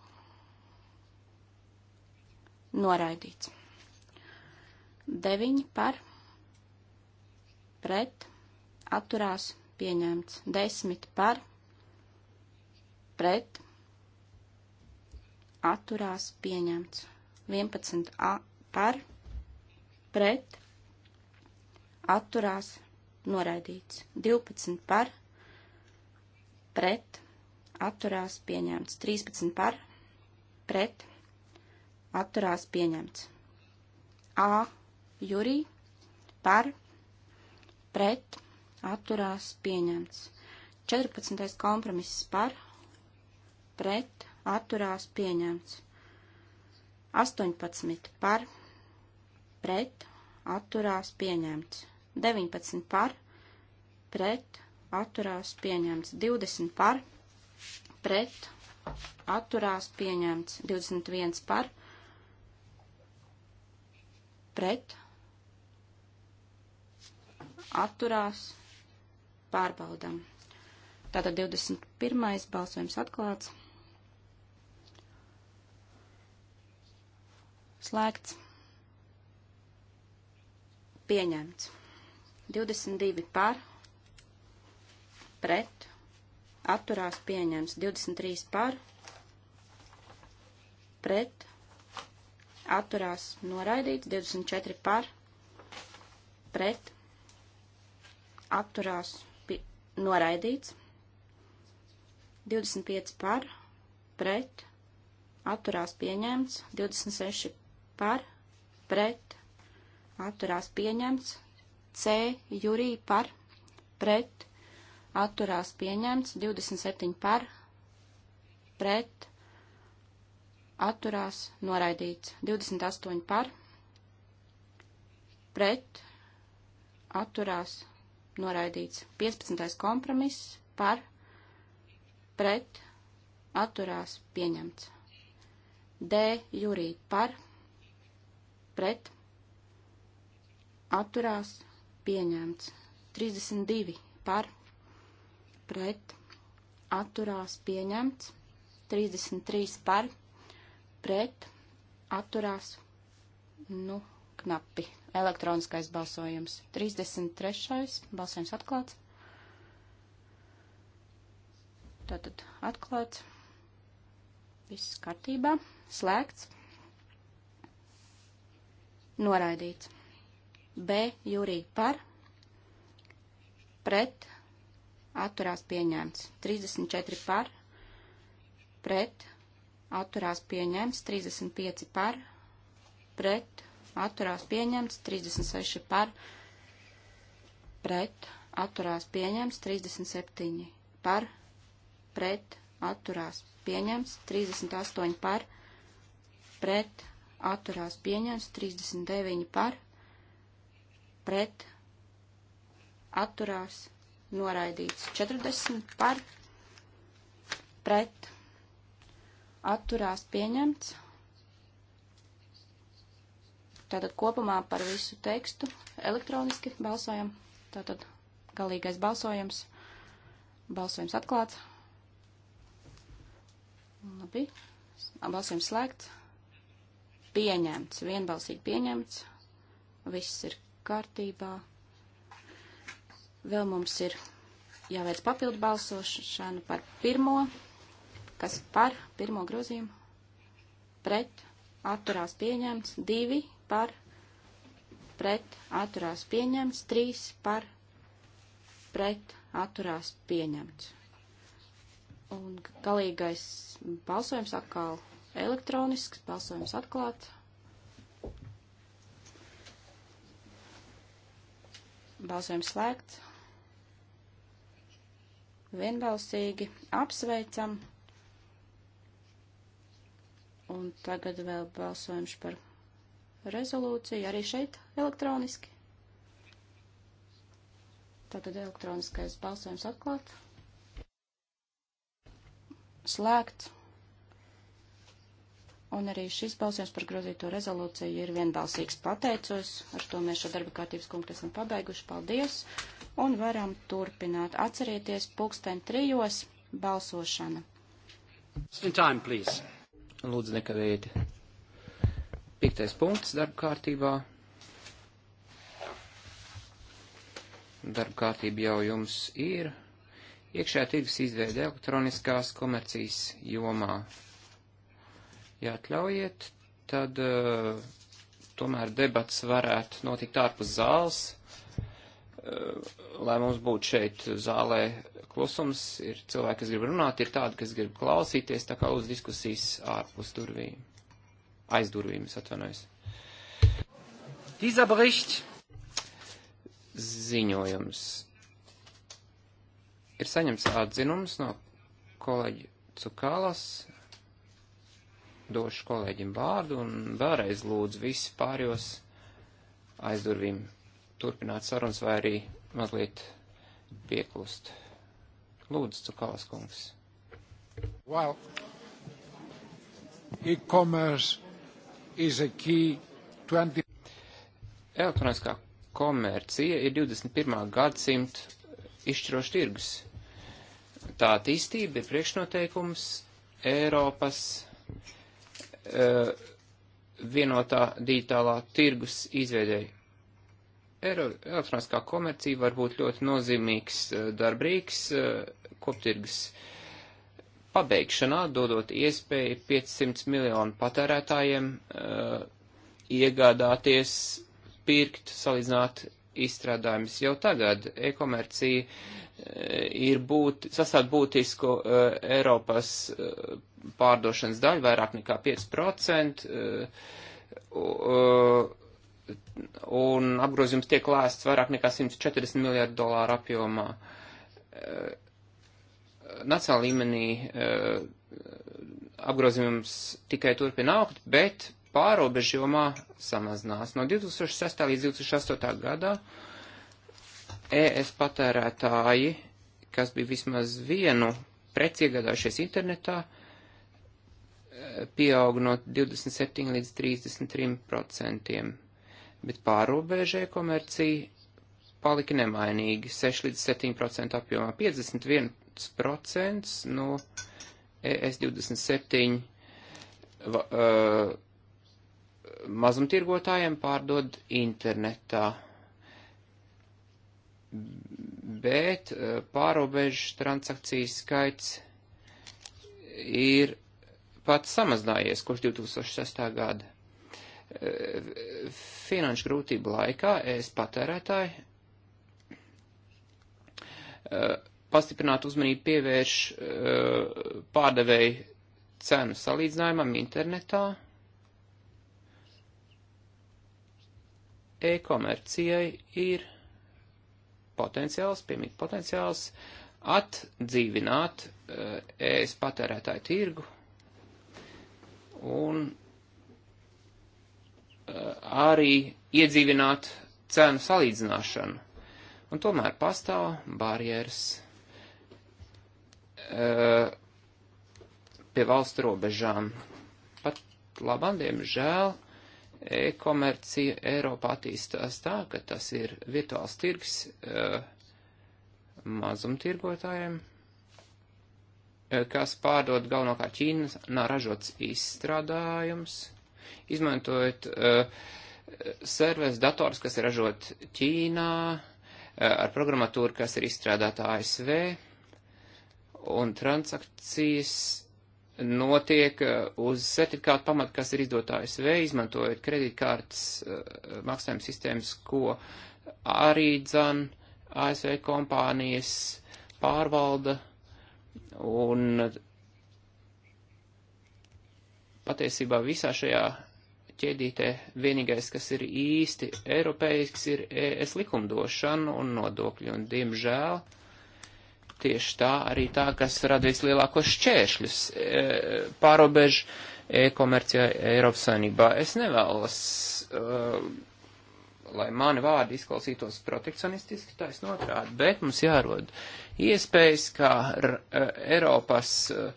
Noraidīts. 9 par, pret pret, atturās, pieņemts. 10 par, pret, atturās, pieņemts. 11 a, par, pret, atturās, noraidīts. 12 par, pret, atturās, pieņemts. 13 par, pret, atturās, pieņemts. A, Jurī, par, pret, atturās, pieņemts. 14. kompromiss par, pret, atturās, pieņemts. 18 par, pret, atturās, pieņemts. 19 par, pret, atturās, pieņemts. 20 par, pret, atturās, pieņemts. 21 par, pret, atturās, pārbaudam. Tātad 21. balsojums atklāts. Slēgts. Pieņemts. 22 par, pret, atturās pieņems. 23 par, pret, atturās noraidīts. 24 par, pret, atturās noraidīts. 25 par, pret, atturās pieņemts. 26 par, pret, atturās pieņemts. C jurī par, pret, atturās pieņemts. 27 par, pret, atturās noraidīts. 28 par, pret, atturās pieņemts noraidīts. 15. kompromiss par pret atturās pieņemts. D. Jurī par pret atturās pieņemts. 32 par pret atturās pieņemts. 33 par pret atturās, nu, knapi. Elektroniskais balsojums. 33. balsojums atklāts. Tātad atklāts. Viss kārtībā. Slēgts. Noraidīts. B. Jūrī par. Pret. Atturās pieņēmts. 34 par. Pret. Atturās pieņēmts. 35 par. Pret atturās pieņemts, 36 par, pret, atturās pieņemts, 37 par, pret, atturās pieņemts, 38 par, pret, atturās pieņemts, 39 par, pret, atturās noraidīts, 40 par, pret, atturās pieņemts, Tātad kopumā par visu tekstu elektroniski balsojam. Tātad galīgais balsojums. Balsojums atklāts. Labi. Balsojums slēgts. Pieņemts. Vienbalsīgi pieņemts. Viss ir kārtībā. Vēl mums ir jāveic papildu balsošana par pirmo, kas par pirmo grozījumu pret atturās pieņemts divi par pret atturās pieņemts, 3 par pret atturās pieņemts. Un galīgais balsojums atkal elektronisks, balsojums atklāts. Balsojums slēgts. Vienbalsīgi apsveicam. Un tagad vēl balsojums par rezolūciju arī šeit elektroniski. Tātad elektroniskais balsojums atklāt. Slēgt. Un arī šis balsojums par grozīto rezolūciju ir vienbalsīgs pateicos. Ar to mēs šo darba kārtības punktu esam pabeiguši. Paldies! Un varam turpināt. Atcerieties, pulksten trijos balsošana. Time, please. Lūdzu, nekavējiet. Piektais punkts darba kārtībā. Darba kārtība jau jums ir. Iekšējā tirgus izveida elektroniskās komercijas jomā. Ja atļaujiet, tad uh, tomēr debats varētu notikt ārpus zāles. Uh, lai mums būtu šeit zālē klusums, ir cilvēki, kas grib runāt, ir tādi, kas grib klausīties, tā kā uz diskusijas ārpus durvīm aizdurvīm, es atvainojos. Dieser Bericht. Ziņojums. Ir saņemts atzinums no kolēģi Cukālas. Došu kolēģim vārdu un vēlreiz lūdzu visi pārjos aizdurvīm turpināt sarunas vai arī mazliet pieklust. Lūdzu, Cukālas kungs. Well, e-commerce is a key 20. Elektroniskā komercija ir 21. gadsimta izšķirošs tirgus. Tā attīstība ir priekšnoteikums Eiropas uh, vienotā digitālā tirgus izveidēji. Elektroniskā komercija var būt ļoti nozīmīgs uh, darbrīgs uh, koptirgus uh, pabeigšanā, dodot iespēju 500 miljonu patērētājiem uh, iegādāties, pirkt, salīdzināt izstrādājumus. Jau tagad e-komercija uh, ir būt, sastāv būtisku uh, Eiropas uh, pārdošanas daļu, vairāk nekā 5%, uh, uh, un apgrozījums tiek lēsts vairāk nekā 140 miljārdu dolāru apjomā. Uh, nacionāla līmenī eh, apgrozījums tikai turpina augt, bet pārobežu jomā samazinās. No 2006. līdz 2008. gadā ES patērētāji, kas bija vismaz vienu preci iegādājušies internetā, eh, pieaug no 27 līdz 33 procentiem, bet pārobežu e-komercija palika nemainīgi 6 līdz 7 procentu apjomā. 51 1% no ES 27 uh, mazumtirgotājiem pārdod internetā. Bet uh, pārobežu transakciju skaits ir pats samazinājies kopš 2006. gada. Uh, finanšu grūtību laikā es patērētāji uh, pastiprināt uzmanību pievērš uh, pārdevēju cenu salīdzinājumam internetā, e-komercijai ir potenciāls, piemīt potenciāls, atdzīvināt uh, eh, ēs patērētāju tirgu un uh, arī iedzīvināt cenu salīdzināšanu. Un tomēr pastāv barjeras Uh, pie valstu robežām. Pat labam, diemžēl, e-komercija Eiropā attīstās tā, ka tas ir virtuāls tirgs uh, mazumtirgotājiem, uh, kas pārdod galvenokārt Ķīnā ražots izstrādājums, izmantojot uh, serveres dators, kas ir ražot Ķīnā, uh, ar programmatūru, kas ir izstrādāta ASV un transakcijas notiek uh, uz certifikātu pamatu, kas ir izdotājs V, izmantojot kredītkārtas uh, maksājuma sistēmas, ko arī dzan ASV kompānijas pārvalda un patiesībā visā šajā ķēdītē vienīgais, kas ir īsti eiropeisks, ir ES likumdošana un nodokļi, un diemžēl uh, tieši tā arī tā, kas rada vislielākos šķēršļus e, pārobežu e-komercijā Eiropas saimnībā. Es nevēlas, e, lai mani vārdi izklausītos protekcionistiski, taisn otrādi, bet mums jārod iespējas, kā e, Eiropas e,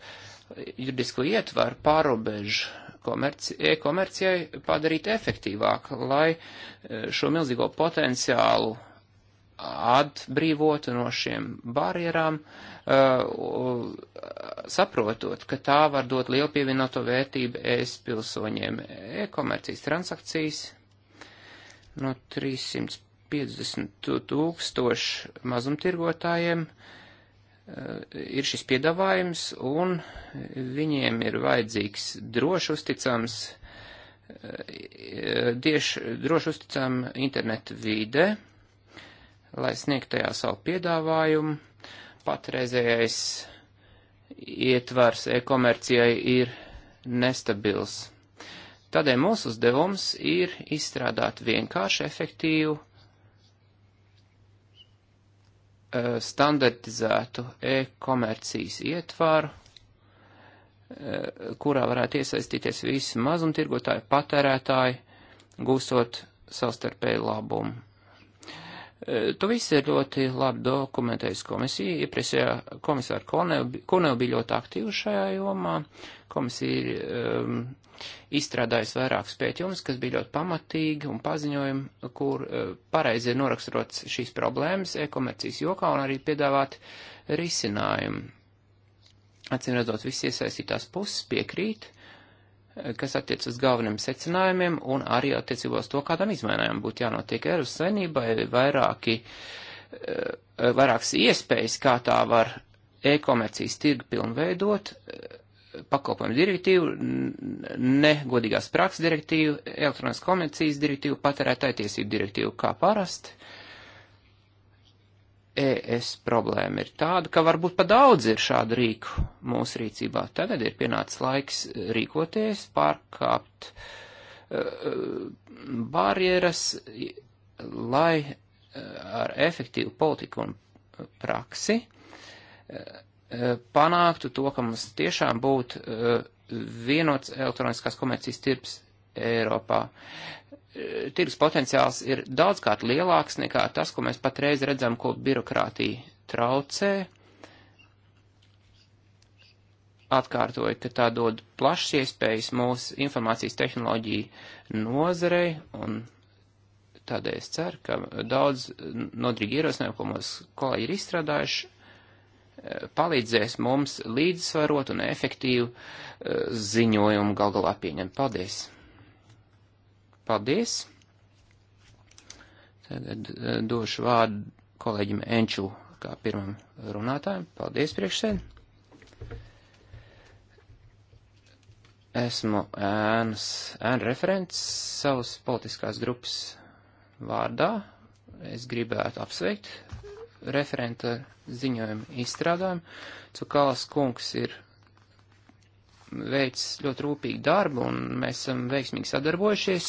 juridisko ietvaru pārobežu e-komercijai padarīt efektīvāk, lai e, šo milzīgo potenciālu atbrīvotu no šiem barjerām, uh, saprotot, ka tā var dot lielu pievienoto vērtību ES pilsoņiem. E-komercijas transakcijas no 350 tūkstošu mazumtirgotājiem uh, ir šis piedāvājums, un viņiem ir vajadzīgs droši uzticams, uh, dieši, droši uzticama internetu vide, lai sniegtu tajā savu piedāvājumu. Patreizējais ietvars e-komercijai ir nestabils. Tādēļ mūsu uzdevums ir izstrādāt vienkārši efektīvu, e, standartizētu e-komercijas ietvaru, e, kurā varētu iesaistīties visi mazumtirgotāji, patērētāji, gūstot savstarpēju labumu. Eh, tu viss ir ļoti labi dokumentējis komisija. Iepriekšējā komisāra Koneva bija ļoti aktīva šajā jomā. Komisija ir um, izstrādājusi vairākus pētījumus, kas bija ļoti pamatīgi un paziņojumi, kur uh, pareizi ir noraksturots šīs problēmas e-komercijas jokā un arī piedāvāt risinājumu. Acīm redzot, visi iesaistītās puses piekrīt, kas attiec uz galveniem secinājumiem un arī attiecībā uz to, kādām izmaiņām būtu jānotiek Eiropas savienībai, vairāki, eh, vairākas iespējas, kā tā var e-komercijas tirgu pilnveidot, eh, pakalpojumu direktīvu, negodīgās prakses direktīvu, elektroniskās komercijas direktīvu, patērētāja tiesību direktīvu kā parasti ES problēma ir tāda, ka varbūt pa daudz ir šādu rīku mūsu rīcībā. Tagad ir pienācis laiks rīkoties, pārkāpt uh, barjeras, lai uh, ar efektīvu politiku un praksi uh, panāktu to, ka mums tiešām būtu vienots elektroniskās komercijas tirps Eiropā. E, tirgus potenciāls ir daudzkārt lielāks nekā tas, ko mēs patreiz redzam, ko birokrātija traucē. Atkārtoju, ka tā dod plašas iespējas mūsu informācijas tehnoloģiju nozarei un tādēļ es ceru, ka daudz nodrīgi ierosinājumu, ko mūsu kolēģi ir izstrādājuši, e, palīdzēs mums līdzsvarot un efektīvu e, ziņojumu gal galā pieņemt. Paldies! Paldies! Tagad e, došu vārdu kolēģim Enču kā pirmam runātājam. Paldies priekšsēd! Esmu ēnas, ēna referents savas politiskās grupas vārdā. Es gribētu apsveikt referenta ziņojumu izstrādājumu. Cukalas kungs ir veic ļoti rūpīgu darbu, un mēs esam veiksmīgi sadarbojušies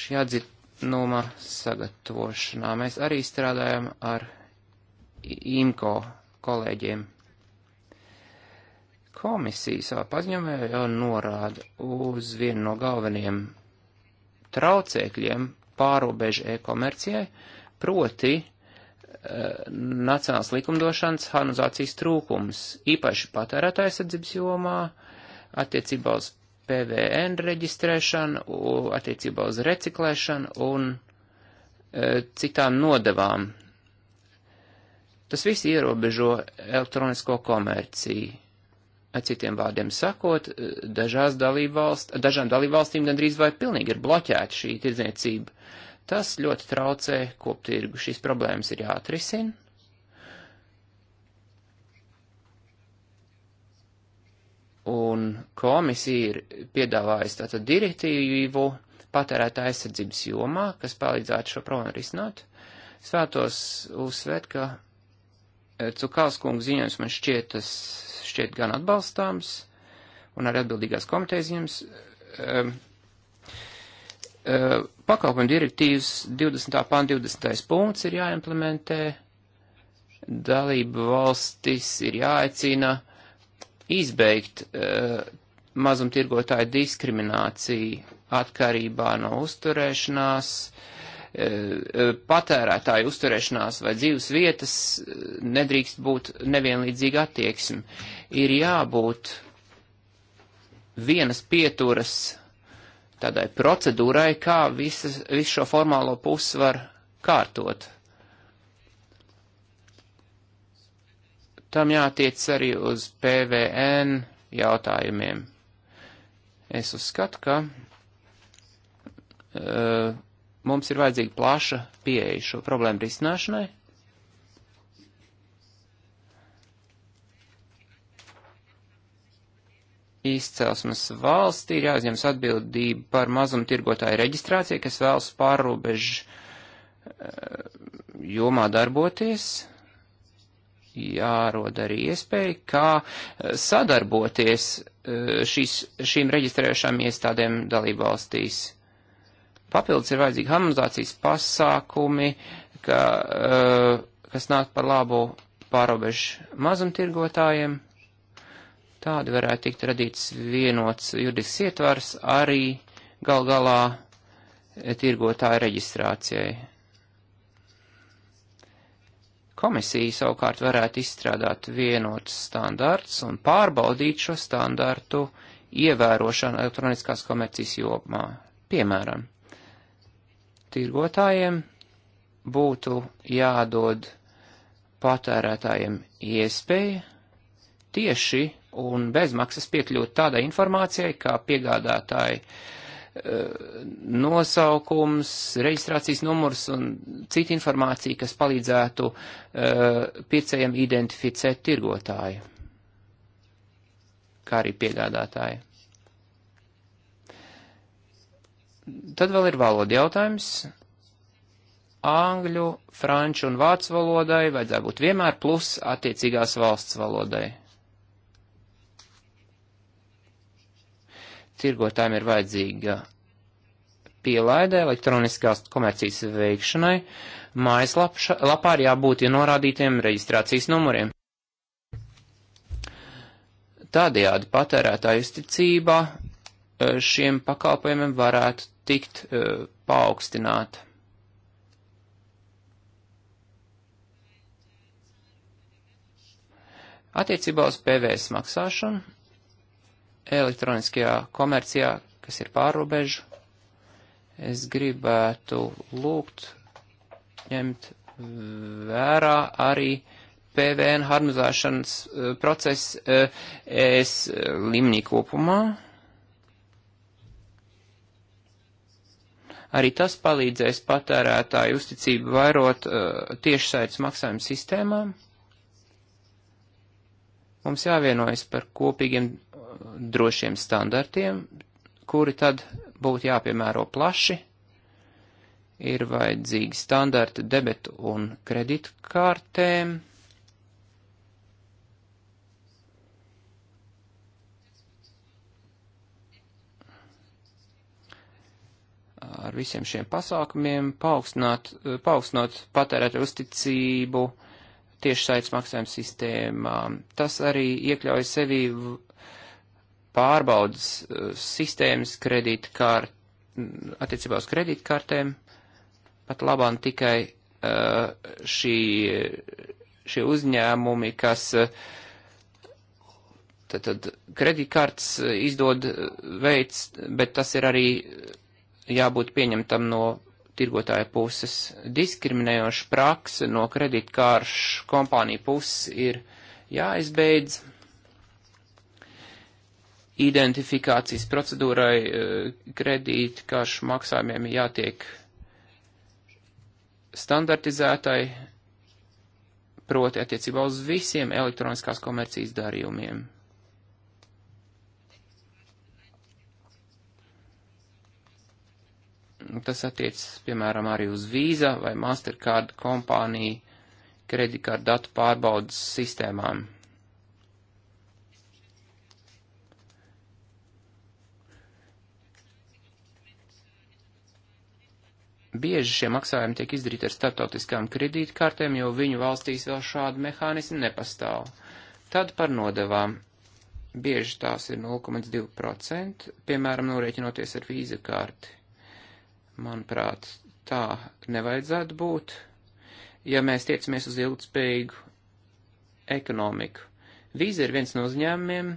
šī atzinuma sagatavošanā. Mēs arī strādājam ar IMCO kolēģiem. Komisija savā paziņojumā jau norāda uz vienu no galvenajiem traucēkļiem pārobežu e-komercijai, proti nacionāls likumdošanas harmonizācijas trūkums, īpaši patērētājas atzības jomā, attiecībā uz PVN reģistrēšanu, attiecībā uz reciklēšanu un e, citām nodevām. Tas viss ierobežo elektronisko komerciju. Ar citiem vārdiem sakot, e, dažās dalībvalst, dažām dalībvalstīm gandrīz vai pilnīgi ir bloķēta šī tirdzniecība. Uh, Tas ļoti traucē koptirgu. Šīs problēmas ir jāatrisina. Un komisija ir piedāvājusi tātad direktīvu patērētā aizsardzības jomā, kas palīdzētu šo problēmu risināt. Es vētos uzsvērt, ka e, Cukalskunga ziņojums man šķiet, tas šķiet gan atbalstāms, un arī atbildīgās komitejas ziņojums. Um, um, Pakalpojumu direktīvas 20. pānt 20. punkts ir jāimplementē. Dalību valstis ir jāaicina izbeigt uh, mazumtirgotāju diskrimināciju atkarībā no uzturēšanās, uh, patērētāju uzturēšanās vai dzīves vietas nedrīkst būt nevienlīdzīga attieksme. Ir jābūt vienas pieturas tādai procedūrai, kā visas, visu šo formālo pusi var kārtot. Tam jātiec arī uz PVN jautājumiem. Es uzskatu, ka uh, mums ir vajadzīga plaša pieeja šo problēmu risināšanai. izcelsmes valstī ir jāuzņems atbildība par mazumtirgotāju reģistrāciju, kas vēlas pārrobežu eh, jomā darboties. Jāroda arī iespēja, kā eh, sadarboties eh, šīs, šīm reģistrējušām iestādēm dalībvalstīs. Papildus ir vajadzīgi harmonizācijas pasākumi, ka, kas nāk par labu pārobežu mazumtirgotājiem Tādi varētu tikt radīts vienots juridisks ietvars arī gal galā eh, tirgotāja reģistrācijai. Komisija savukārt varētu izstrādāt vienotus standārts un pārbaudīt šo standārtu ievērošanu elektroniskās komercijas jomā. Piemēram, tirgotājiem būtu jādod patērētājiem iespēja tieši un bezmaksas piekļūt tādai informācijai, kā piegādātāji e, nosaukums, reģistrācijas numurs un cita informācija, kas palīdzētu e, pircējiem identificēt tirgotāju, kā arī piegādātāju. Tad vēl ir valoda jautājums. Angļu, franču un vācu valodai vajadzētu būt vienmēr plus attiecīgās valsts valodai. tirgotājiem ir vajadzīga pielaide elektroniskās komercijas veikšanai, mājaslapā ir jābūt norādītiem reģistrācijas numuriem. Tādējādi patērētāju uzticībā e, šiem pakalpojumiem varētu tikt uh, paaugstināta. Attiecībā uz PVS maksāšanu elektroniskajā komercijā, kas ir pārobežu, es gribētu lūgt ņemt vērā arī PVN harmonizēšanas eh, process eh, es eh, līmenī kopumā. Arī tas palīdzēs patērētāju uzticību vairot uh, tiešsaites maksājumu sistēmām. Mums jāvienojas par kopīgiem drošiem standartiem, kuri tad būtu jāpiemēro plaši. Ir vajadzīgi standarti debetu un kreditkartēm. Ar visiem šiem pasākumiem paaugstināt, paaugstināt patērēt uzticību tiešsaistes maksājuma sistēmām. Tas arī iekļauj sevī pārbaudas eh, sistēmas kredītkārt, mm, attiecībā uz kredītkartēm, pat labāk tikai uh, šī, šie uzņēmumi, kas uh, tad, tad kredītkarts izdod veids, bet tas ir arī jābūt pieņemtam no tirgotāja puses. Diskriminējoša praksa no kredītkāršu kompāniju puses ir jāizbeidz. Ja, identifikācijas procedūrai eh, kredītkāršu maksājumiem jātiek standartizētai, proti attiecībā uz visiem elektroniskās komercijas darījumiem. Tas attiecas, piemēram, arī uz Visa vai Mastercard kompāniju kreditkārtu datu pārbaudas sistēmām. Bieži šie maksājumi tiek izdarīti ar starptautiskām kredītkartēm, jo viņu valstīs vēl šādi mehānismi nepastāv. Tad par nodevām. Bieži tās ir 0,2%, piemēram, norēķinoties ar vīza karti. Manuprāt, tā nevajadzētu būt, ja mēs tiecamies uz ilgtspējīgu ekonomiku. Vīza ir viens no uzņēmumiem,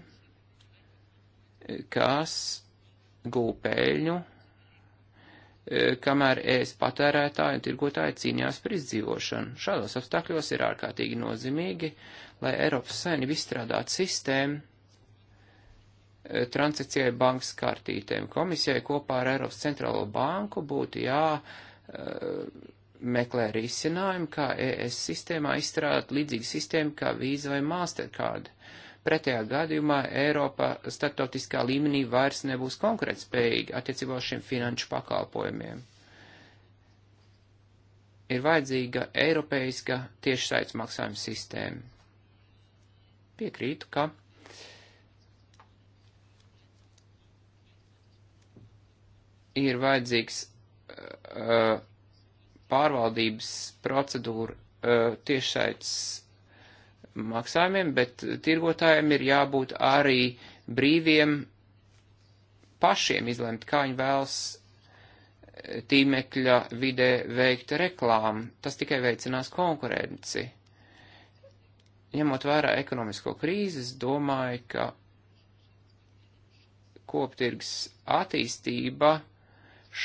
kas gūpēļņu E, kamēr ēst patērētāji un tirgotāji cīnījās par izdzīvošanu. Šādos apstākļos ir ārkārtīgi nozīmīgi, lai Eiropas saimnība izstrādātu sistēmu e, transakcijai bankas kartītēm. Komisijai kopā ar Eiropas centrālo banku būtu jā e, meklē risinājumu, kā ES sistēmā izstrādāt līdzīgu sistēmu kā Visa vai Mastercard. Uh, Pretējā gadījumā Eiropa starptautiskā līmenī vairs nebūs konkurētspējīga attiecībā uz šiem finanšu pakalpojumiem. Ir vajadzīga Eiropeiska tiešsaits maksājuma sistēma. Piekrītu, ka ir vajadzīgs uh, pārvaldības procedūra uh, tiešsaits maksājumiem, bet tirgotājiem ir jābūt arī brīviem pašiem izlemt, kā viņi vēlas tīmekļa vidē veikt reklāmu. Tas tikai veicinās konkurenci. Ņemot vērā ekonomisko krīzes, domāju, ka koptirgs attīstība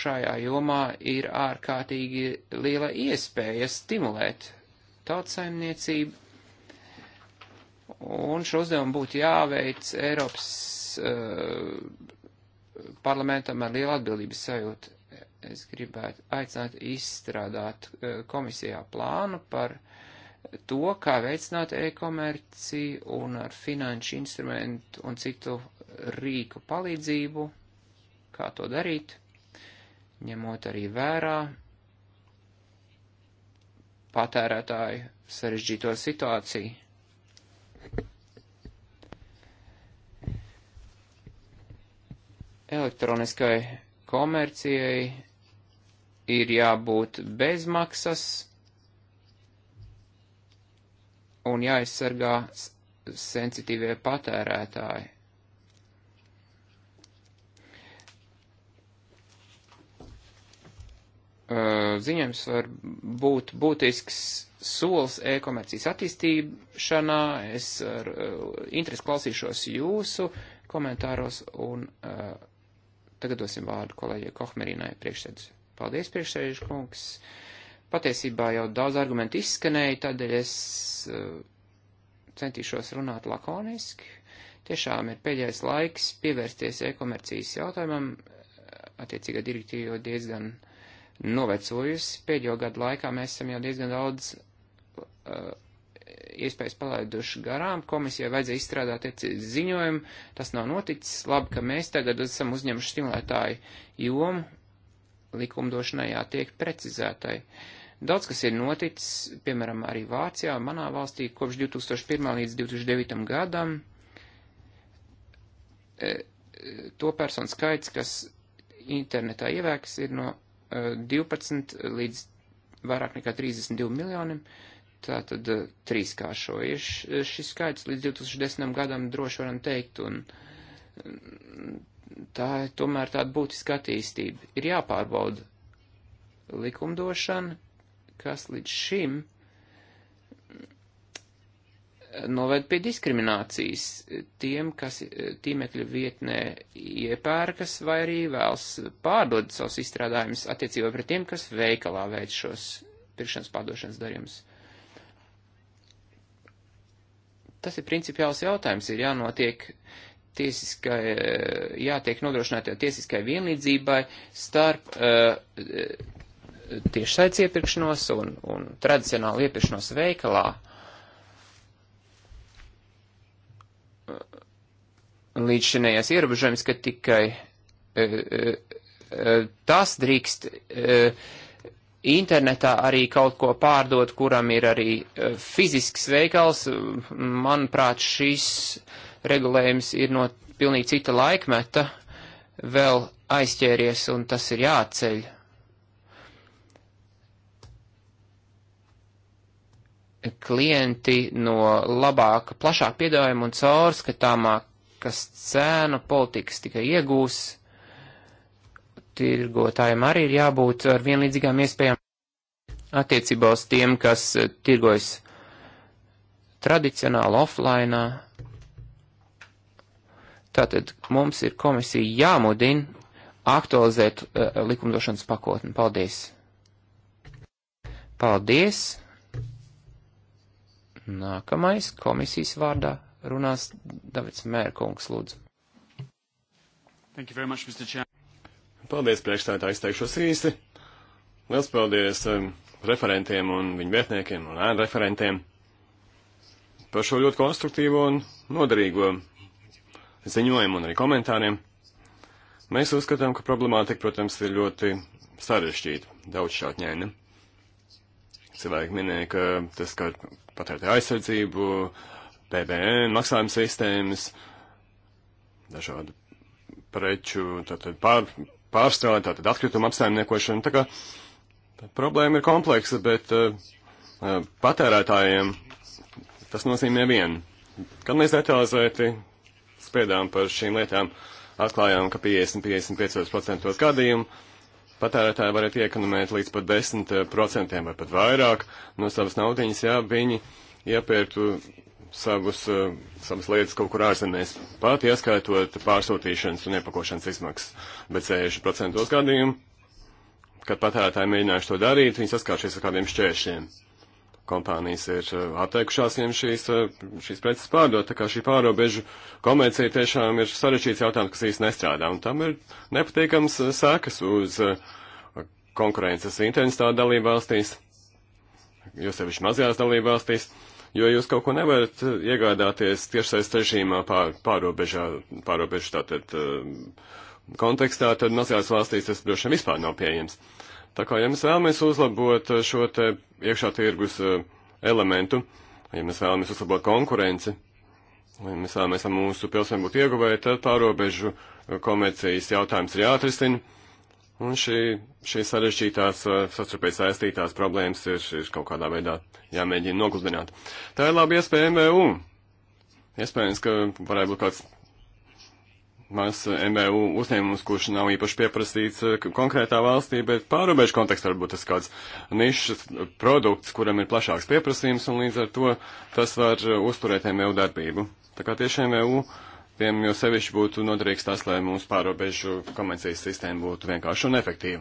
šajā jomā ir ārkārtīgi liela iespēja stimulēt tautsaimniecību Un šo uzdevumu būtu jāveic Eiropas uh, parlamentam ar lielu atbildības sajūtu. Es gribētu aicināt izstrādāt uh, komisijā plānu par to, kā veicināt e-komerciju un ar finanšu instrumentu un citu rīku palīdzību, kā to darīt, ņemot arī vērā patērētāju sarežģīto situāciju Elektroniskai komercijai ir jābūt bezmaksas un jāaizsargā sensitīvie patērētāji. Ziņojums var būt būtisks solis e-komercijas attīstīšanā. Es ar uh, interesi klausīšos jūsu komentāros un uh, tagad dosim vārdu kolēģi Kohmerinai priekšsēdus. Paldies, priekšsēdus kungs. Patiesībā jau daudz argumentu izskanēja, tādēļ es uh, centīšos runāt lakoniski. Tiešām ir pēdējais laiks pievērsties e-komercijas jautājumam. Attiecīgā direktīva jau diezgan novecojusi. Pēdējo gadu laikā mēs esam jau diezgan daudz Uh, iespējas palaiduši garām, komisijai vajadzēja izstrādāt ziņojumu, tas nav noticis, labi, ka mēs tagad esam uzņemuši stimulētāju jomu likumdošanai jātiek precizētai. Daudz kas ir noticis, piemēram, arī Vācijā, manā valstī, kopš 2001. līdz 2009. gadam. E, to personu skaits, kas internetā ievēks, ir no 12 e, līdz vairāk nekā 32 miljoniem. Uh, Tātad eh, trīskāršojies eh, šis skaits līdz 2010. gadam droši varam teikt, un mm, tā ir tomēr tāda būtiska attīstība. Ir jāpārbauda likumdošana, kas līdz šim mm, noved pie diskriminācijas tiem, kas eh, tīmekļa vietnē iepērkas vai arī vēlas pārdod savus izstrādājumus attiecībā pret tiem, kas veikalā veic šos pirkšanas pārdošanas darījumus. Tas ir principiāls jautājums. Ir jānotiek tiesiskai, eh, jātiek nodrošinātai tiesiskai vienlīdzībai starp eh, tiešsaits iepirkšanos un, un tradicionālu iepirkšanos veikalā. Līdz šinējās ierobežojums, ka tikai eh, tas drīkst uh, internetā arī kaut ko pārdot, kuram ir arī eh, fizisks veikals. Manuprāt, šis regulējums ir no pilnīgi cita laikmeta vēl aizķēries, un tas ir jāatceļ. Klienti no labāka, plašāka piedāvājuma un caurskatāmākas cēnu politikas tikai iegūs tirgotājiem arī ir jābūt ar vienlīdzīgām iespējām attiecībā uz tiem, kas eh, tirgojas tradicionāli offline. Tātad mums ir komisija jāmudina aktualizēt uh, likumdošanas pakotni. Paldies! Paldies! Nākamais komisijas vārdā runās Davids Mērkungs, lūdzu. Much, Paldies, priekšstādā, izteikšos īsi. Liels paldies um, referentiem un viņu vietniekiem un ēnu referentiem par šo ļoti konstruktīvo un noderīgo ziņojumu un arī komentāriem. Mēs uzskatām, ka problemātika, protams, ir ļoti sarežģīta, daudz šķautņaina. Cilvēki minēja, ka tas, ka patērētāja aizsardzību, PBN, maksājuma sistēmas, dažādu preču, tātad pār, pārstrāde, tātad atkrituma apsaimniekošana. Tā kā problēma ir kompleksa, bet uh, patērētājiem tas nozīmē vienu. Kad mēs detalizēti spiedām par šīm lietām, atklājām, ka 50-55% gadījumu patērētāji varētu iekonomēt līdz pat 10% eh, vai pat vairāk no savas naudiņas, ja viņi iepirktu savus, eh, savas lietas kaut kur ārzemēs, pat ieskaitot pārsūtīšanas un iepakošanas izmaksas. Bet 60% gadījumu, kad patērētāji mēģinājuši to darīt, viņi saskāršies ar kādiem šķēršļiem. Kompānijas ir eh, atteikušās viņiem šīs, eh, šīs preces pārdot, tā kā šī pārobežu komercija tiešām ir sarežģīts jautājums, kas īsti nestrādā, un tam ir nepatīkams sākas uz konkurences intensitāti dalībvalstīs, jo sevišķi mazajās dalībvalstīs. valstīs Jo jūs kaut ko nevarat eh, iegādāties tiešais režīmā pār, pārobežā, pārobežu tātad eh, kontekstā, tad mazajās valstīs tas droši vien vispār nav pieejams. Tā kā, ja mēs vēlamies uzlabot eh, šo te iekšā tirgus elementu, ja mēs vēlamies uzlabot konkurenci, ja mēs vēlamies, lai mūsu pilsoņi būtu ieguvēji, tad pārobežu komercijas jautājums ir jāatrisina Un šī, šī sarežģītās, eh, sastarpēji saistītās problēmas ir, ir kaut kādā veidā jāmēģina nogludināt. Tā ir laba iespēja MVU. Iespējams, ka varētu būt kāds mazs eh, MVU uzņēmums, kurš nav īpaši pieprasīts eh, konkrētā valstī, bet pārobežu kontekstā varbūt tas kāds nišas produkts, kuram ir plašāks pieprasījums, un līdz ar to tas var uzturēt MVU darbību. Tā kā tieši MVU Piemēram, jo sevišķi būtu noderīgs tas, lai mūsu pārobežu komercijas sistēma būtu vienkārša un efektīva.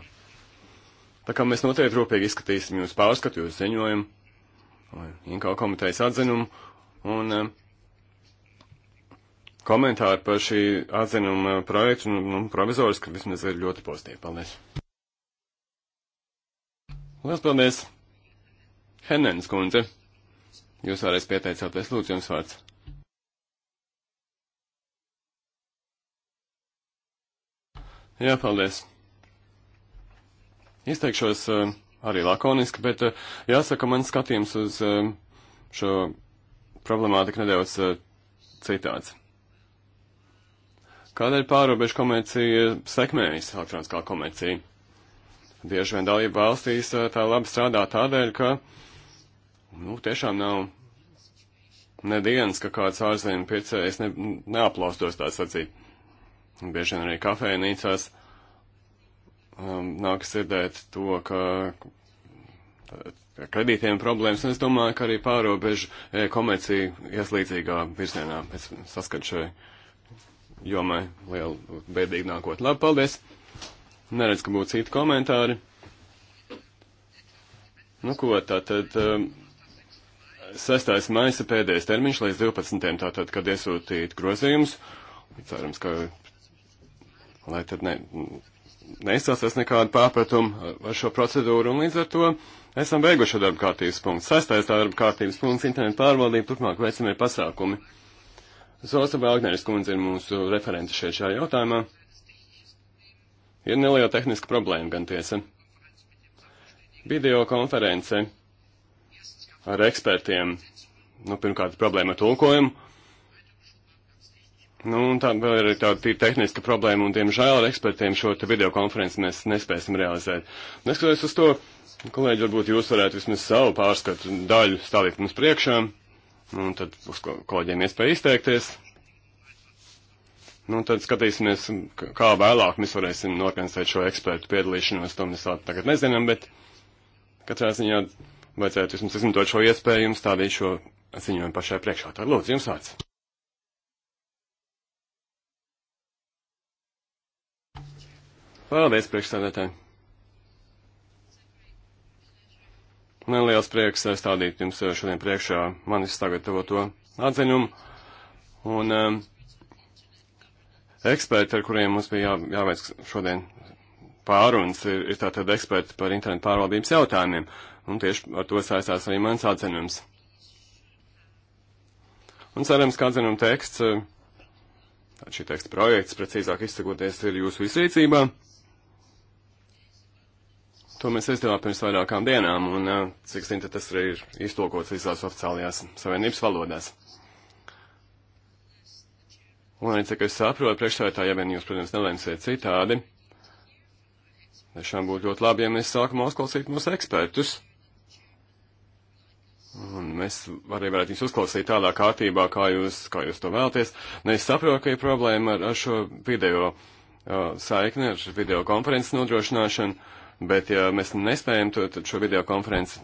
Tā kā mēs noteikti rūpīgi izskatīsim jūsu pārskatu, jūsu ziņojumu, Inkau komitejas atzinumu un um, komentāri par šī atzinuma projektu, nu, nu provizoriski vismaz ir ļoti pozitīvi. Paldies! Lielas paldies! Henens kundze, jūs vēlreiz pieteicāties, lūdzu, jums vārds. Jā, paldies. Izteikšos eh, arī lakoniski, bet eh, jāsaka, man skatījums uz eh, šo problemātiku nedaudz citāds. Kādēļ pārobežu komercija sekmējas elektroniskā komercija? Bieži vien dalība valstīs tā labi strādā tādēļ, ka, nu, tiešām nav nedienas, ka kāds ārzemju pircējs ne, neaplaustos tā sacīt bieži vien arī kafejnīcās um, nākas dzirdēt to, ka kredītiem problēmas, un es domāju, ka arī pārobežu e, komercija ieslīdzīgā virzienā. Es saskatu šai jomai lielu bēdīgu nākotni. Labi, paldies! Neredz, ka būtu citi komentāri. Nu, ko tā tad. Um, 6. maisa pēdējais termiņš līdz 12. tātad, kad iesūtīt grozījumus. Cerams, ka lai tad ne, neizcelsies nekāda pārpratuma ar šo procedūru, un līdz ar to esam beiguši darba kārtības punktu. Sastais darba kārtības punkts - internetu pārvaldība, turpmāk veicamie pasākumi. Zosa Vāgneris kundze ir mūsu referente šeit šajā jautājumā. Ir neliela tehniska problēma gan tiesa. Video konference ar ekspertiem, nu, pirmkārt problēma ar tulkojumu, Nu, un tā vēl ir tāda tīra tehniska problēma, un, diemžēl, ar ekspertiem šo videokonferenci mēs nespēsim realizēt. Neskatoties uz to, kolēģi, varbūt jūs varētu vismaz savu pārskatu daļu stāvīt mums priekšā, un tad uz kolēģiem iespēja izteikties. Nu, tad skatīsimies, kā vēlāk mēs varēsim norganizēt šo ekspertu piedalīšanos, to mēs tagad nezinām, bet katrā ziņā vajadzētu vismaz izmantot šo iespēju un stāvīt šo ziņojumu pašai priekšā. Tad lūdzu, jums vārds. Paldies, priekšstādātāji! Man liels prieks eh, stādīt jums eh, šodien priekšā manis sagatavoto atziņumu. Un um, eksperti, ar kuriem mums bija jā, jāveic šodien pārunas, ir, ir tātad eksperti par internetu pārvaldības jautājumiem. Un tieši ar to saistās arī mans atziņums. Un cerams, ka atziņuma teksts, šī teksta projekts, precīzāk izsakoties, ir jūsu izrīcībā. To mēs izdevām pirms vairākām dienām, un, cik zinu, tas arī ir iztolkots visās oficiālajās savienības valodās. Un arī, cik es saprotu, priekšsētā, ja vien jūs, protams, nelēmsiet citādi, tiešām būtu ļoti labi, ja mēs sākumā uzklausītu mūsu ekspertus. Un mēs arī varētu viņus uzklausīt tādā kārtībā, kā jūs, kā jūs to vēlaties. Un nu, es saprotu, ka ir problēma ar, ar šo video uh, saikni, ar video konferences nodrošināšanu bet ja mēs nespējam to, tad šo videokonferenci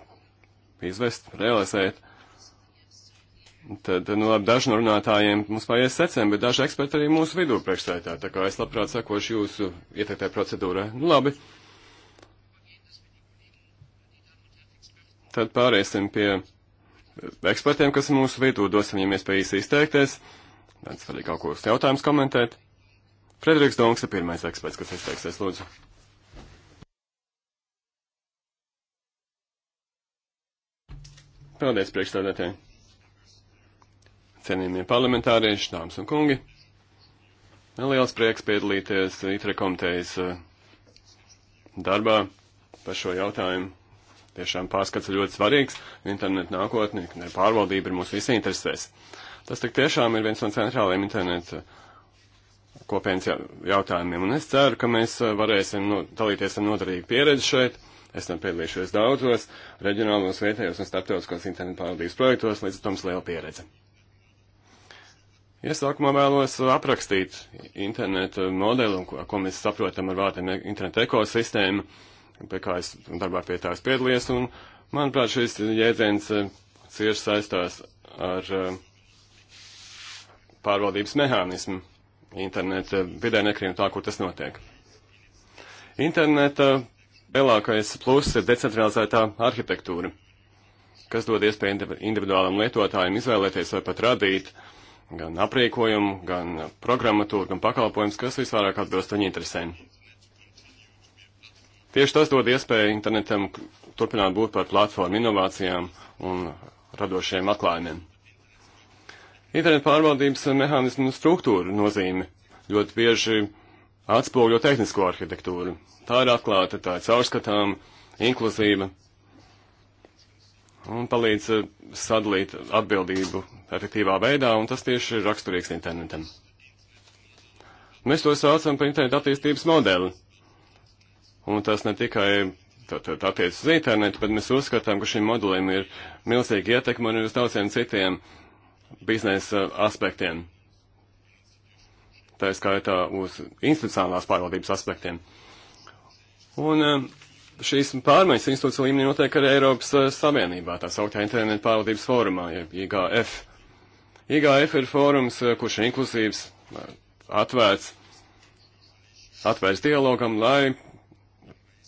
izvest, realizēt, tad, nu, labi, daži no runātājiem mums paies secēm, bet daži eksperti arī mūsu vidū priekšsētā, tā kā es labprāt sakošu jūsu ieteiktē procedūrai. Nu, labi. Tad pāriesim pie ekspertiem, kas ir mūsu vidū, dosim viņiem iespēju īsi izteikties, tāds arī kaut kos jautājums komentēt. Frederiks Donks ir pirmais eksperts, kas izteiksies, lūdzu. Paldies, priekšstādātē. Cienījamie parlamentārieši, dāmas un kungi. Liels prieks piedalīties ITRE komitejas uh, darbā par šo jautājumu. Tiešām pārskats ir ļoti svarīgs. Internet nākotnē, pārvaldība ir mūsu visi interesēs. Tas tik tiešām ir viens no centrālajiem interneta uh, kopienas jautājumiem. Un es ceru, ka mēs uh, varēsim nu, dalīties ar noderīgu pieredzi šeit Es tam piedalīšos daudzos reģionālos, vietējos un starptautiskos internetu pārvaldības projektos, līdz tam liela pieredze. Iesākumā vēlos aprakstīt internetu modeli, ko, ko mēs saprotam ar vārtiem e- internetu ekosistēmu, pie kā es darbā pie tās piedalies, un, manuprāt, šis jēdziens e, cieši saistās ar e, pārvaldības mehānismu interneta vidē nekrīt tā, kur tas notiek. Interneta Lielākais pluss ir decentralizētā arhitektūra, kas dod iespēju individuālam lietotājiem izvēlēties vai pat radīt gan aprīkojumu, gan programmatūru, gan pakalpojumus, kas visvairāk atbilst viņu interesēm. Tieši tas dod iespēju internetam turpināt būt par platformu inovācijām un radošiem atklājumiem. Internetu pārvaldības mehānismu struktūra nozīme ļoti bieži atspoguļo tehnisko arhitektūru. Tā ir atklāta, tā ir caurskatāma, inkluzīva un palīdz eh, sadalīt atbildību efektīvā veidā, un tas tieši ir raksturīgs internetam. Mēs to saucam par internetu attīstības modeli. Un tas ne tikai attiec uz internetu, bet mēs uzskatām, ka šim modelim ir milzīgi ietekme un uz daudziem citiem biznesa aspektiem tā skaitā uz institucionālās pārvaldības aspektiem. Un eh, šīs pārmaiņas institūcija līmenī notiek arī Eiropas eh, Savienībā, tā sauktā internetu pārvaldības fórumā, jeb IGF. IGF ir fórums, eh, kurš ir inklusīvs, atvērts, atvērts dialogam, lai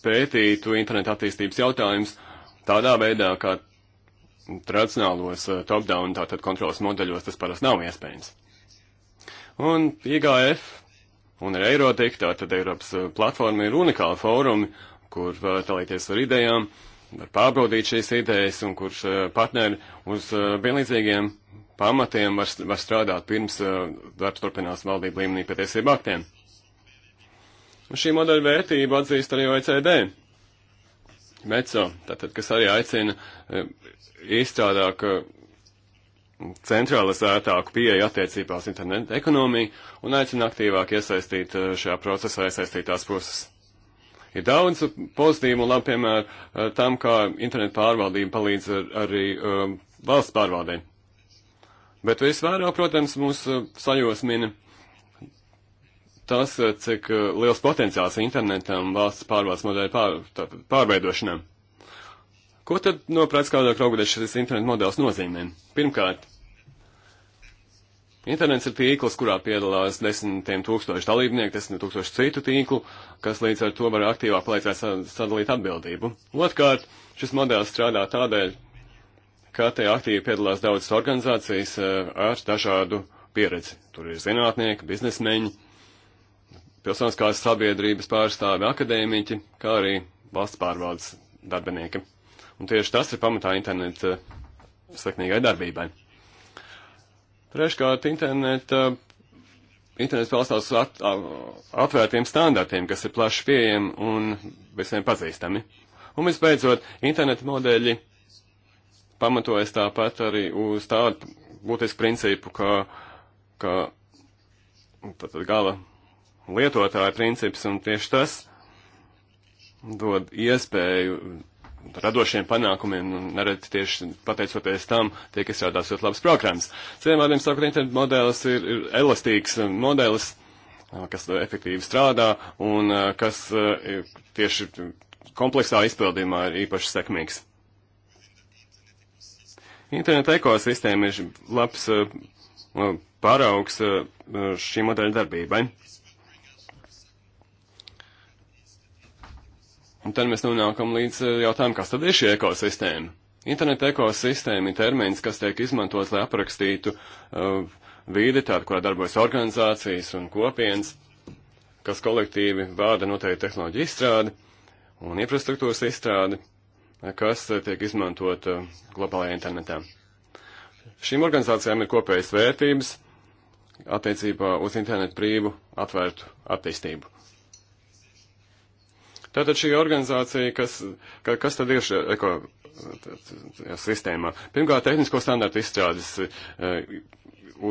pētītu internetu attīstības jautājumus tādā veidā, kā tradicionālos top-down, tātad kontrolas modeļos, tas parasti nav iespējams. Un IGF un ir Eirotika, tātad Eiropas eh, platforma ir unikāla fórumi, kur var dalīties ar idejām, var pārbaudīt šīs idejas un kur eh, partneri uz eh, vienlīdzīgiem pamatiem var, var strādāt pirms darbs turpinās valdību līmenī pēc tiesību aktiem. Un šī modeļa vērtība atzīst arī OECD. MECO, tātad, kas arī aicina izstrādāt centralizētāku pieeju attiecībā uz internetu ekonomiju un aicina aktīvāk iesaistīt eh, šajā procesā iesaistītās puses. Ir daudz pozitīvu un labi piemēru eh, tam, kā internetu pārvaldība palīdz ar, arī um, valsts pārvaldē. Bet visvairāk, protams, mūs sajosmina tas, cik liels potenciāls internetam valsts pārvaldes modeļu pār, tā, pārveidošanām. Ko tad no pretskārdā krogudeša šis internetu modelis nozīmē? Pirmkārt, Internets ir tīkls, kurā piedalās desmitiem tūkstoši dalībnieku, desmit tūkstoši citu tīklu, kas līdz ar to var aktīvāk palīdzēt sadalīt atbildību. Otkārt, šis modelis strādā tādēļ, ka te aktīvi piedalās daudzas organizācijas eh, ar dažādu pieredzi. Tur ir zinātnieki, biznesmeņi, pilsoniskās sabiedrības pārstāvi, akadēmiķi, kā arī valsts pārvaldes darbinieki. Un tieši tas ir pamatā interneta eh, sekmīgai darbībai. Treškārt, interneta, internets balstās uz at, atvērtiem standartiem, kas ir plaši pieejami un visiem pazīstami. Un visbeidzot, interneta modeļi pamatojas tāpat arī uz tādu būtisku principu, ka, ka tātad gala lietotāja princips, un tieši tas dod iespēju radošiem panākumiem, un nereti tieši pateicoties tam tiek izstrādās ļoti labas programmas. Citiem vārdiem sakot, internet modelis ir, ir elastīgs um, modelis, uh, kas efektīvi strādā un uh, kas uh, tieši kompleksā izpildījumā ir īpaši sekmīgs. Interneta ekosistēma ir labs paraugs šī modeļa darbībai. Un tad mēs nonākam līdz eh, jautājumam, kas tad ir šī ekosistēma? Interneta ekosistēma ir termins, kas tiek izmantots, lai aprakstītu uh, eh, vīdi, tādu, kurā darbojas organizācijas un kopienas, kas kolektīvi vāda noteikti tehnoloģiju izstrādi un infrastruktūras izstrādi, kas eh, tiek izmantot uh, globālajā internetā. Šīm organizācijām ir kopējas vērtības attiecībā uz internetu brīvu atvērtu attīstību. Tātad šī organizācija, kas, ka, kas tad ir šajā eko sistēmā? Pirmkārt, tehnisko standartu izstrādes e,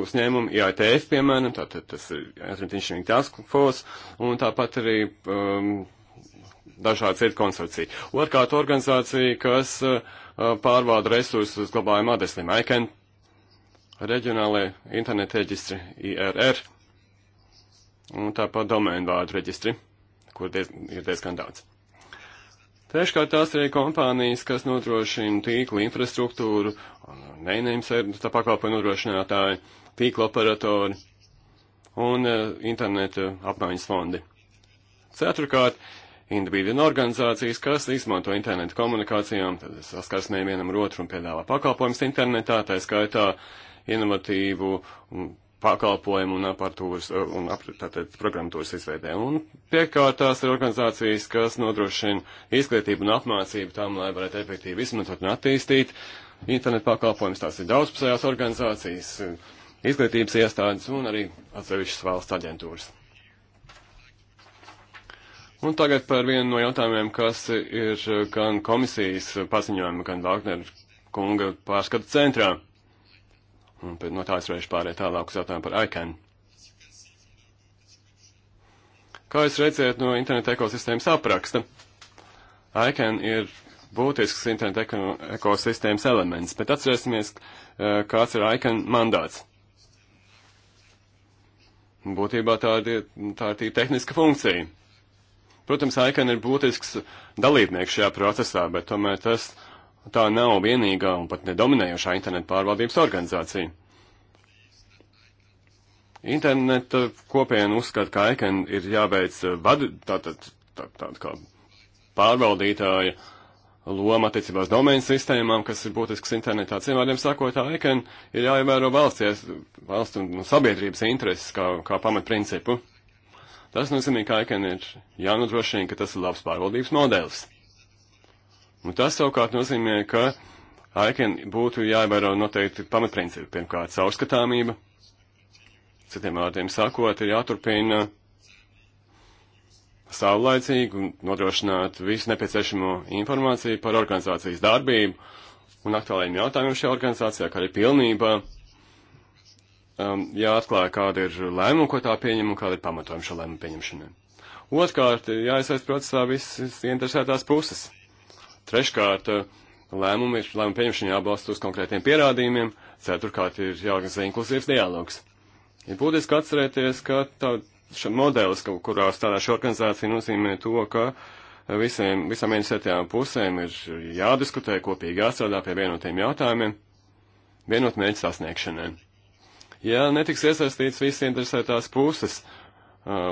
uzņēmumu IATF, piemēram, tātad tas ir Internet Engineering Task Force, un tāpat arī um, dažādi citi konsorcija. Otrkārt, organizācija, kas uh, pārvalda resursus glabājuma adesliem ICANN, reģionālajie interneta reģistri IRR, un tāpat domēnu vārdu reģistri kur diez, ir diezgan daudz. Treškārt, tās ir kompānijas, kas nodrošina tīkla infrastruktūru, neinējums tā pakalpoja nodrošinātāji, tīkla operatori un uh, interneta apmaiņas fondi. Ceturkārt, individu un organizācijas, kas izmanto internetu komunikācijām, tad saskarsmē vienam ar otru un piedāvā pakalpojumus internetā, tā skaitā inovatīvu un pakalpojumu un aparatūras eh, un tātad programmatūras izveidē. Un piekārt tās ir organizācijas, kas nodrošina izglītību un apmācību tam, lai varētu efektīvi izmantot un attīstīt internetu pakalpojumus. Tās ir daudzpusējās organizācijas, eh, izglītības iestādes un arī atsevišķas valsts aģentūras. Un tagad par vienu no jautājumiem, kas ir gan komisijas paziņojuma, gan Vāgneru kunga pārskatu centrā. Un no tā es varēšu pārēt tālāk uz jautājumu par ICANN. Kā jūs redzējat no interneta ekosistēmas apraksta, ICANN ir būtisks interneta eko, ekosistēmas elements, bet atcerēsimies, eh, kāds ir ICANN mandāts. Būtībā tā ir, tā ir tīri tehniska funkcija. Protams, ICANN ir būtisks dalībnieks šajā procesā, bet tomēr tas uh, tā nav vienīgā un pat nedominējošā internetu pārvaldības organizācija. Interneta kopiena uzskata, ka ICANN ir jāveic eh, vadu, tātad tā, tā, tā kā pārvaldītāja loma attiecībās domēnu sistēmām, kas ir būtisks internetā. Ciem vārdiem sakot, ICANN ir jāievēro valsts, valsts un sabiedrības intereses kā, kā pamatprincipu. Tas nozīmē, ka ICANN ir jānodrošina, ka tas ir labs pārvaldības modelis. Un nu, tas savukārt nozīmē, ka Aiken būtu jāievēro noteikti pamatprincipi, pirmkārt, caurskatāmība. Citiem vārdiem sakot, ir jāturpina saulaicīgi un nodrošināt visu nepieciešamo informāciju par organizācijas darbību un aktuālajiem jautājumiem šajā organizācijā, kā arī pilnībā um, jāatklāja, kāda ir lēmuma, ko tā pieņem un kāda ir pamatojuma šo lēmumu pieņemšanai. Otkārt, jāiesaist procesā visas interesētās puses. Treškārt, eh, lēmumi ir lēmumu pieņemšana jābalsta uz konkrētiem pierādījumiem. Ceturkārt, ir jāorganizē inklusīvs dialogs. Ir būtiski atcerēties, ka tāds modelis, kurā strādā šī organizācija, nozīmē to, ka visiem, visām interesētajām pusēm ir jādiskutē, kopīgi jāstrādā pie vienotiem jautājumiem, vienot mērķu sasniegšanai. Ja netiks iesaistīts visi interesētās puses, eh,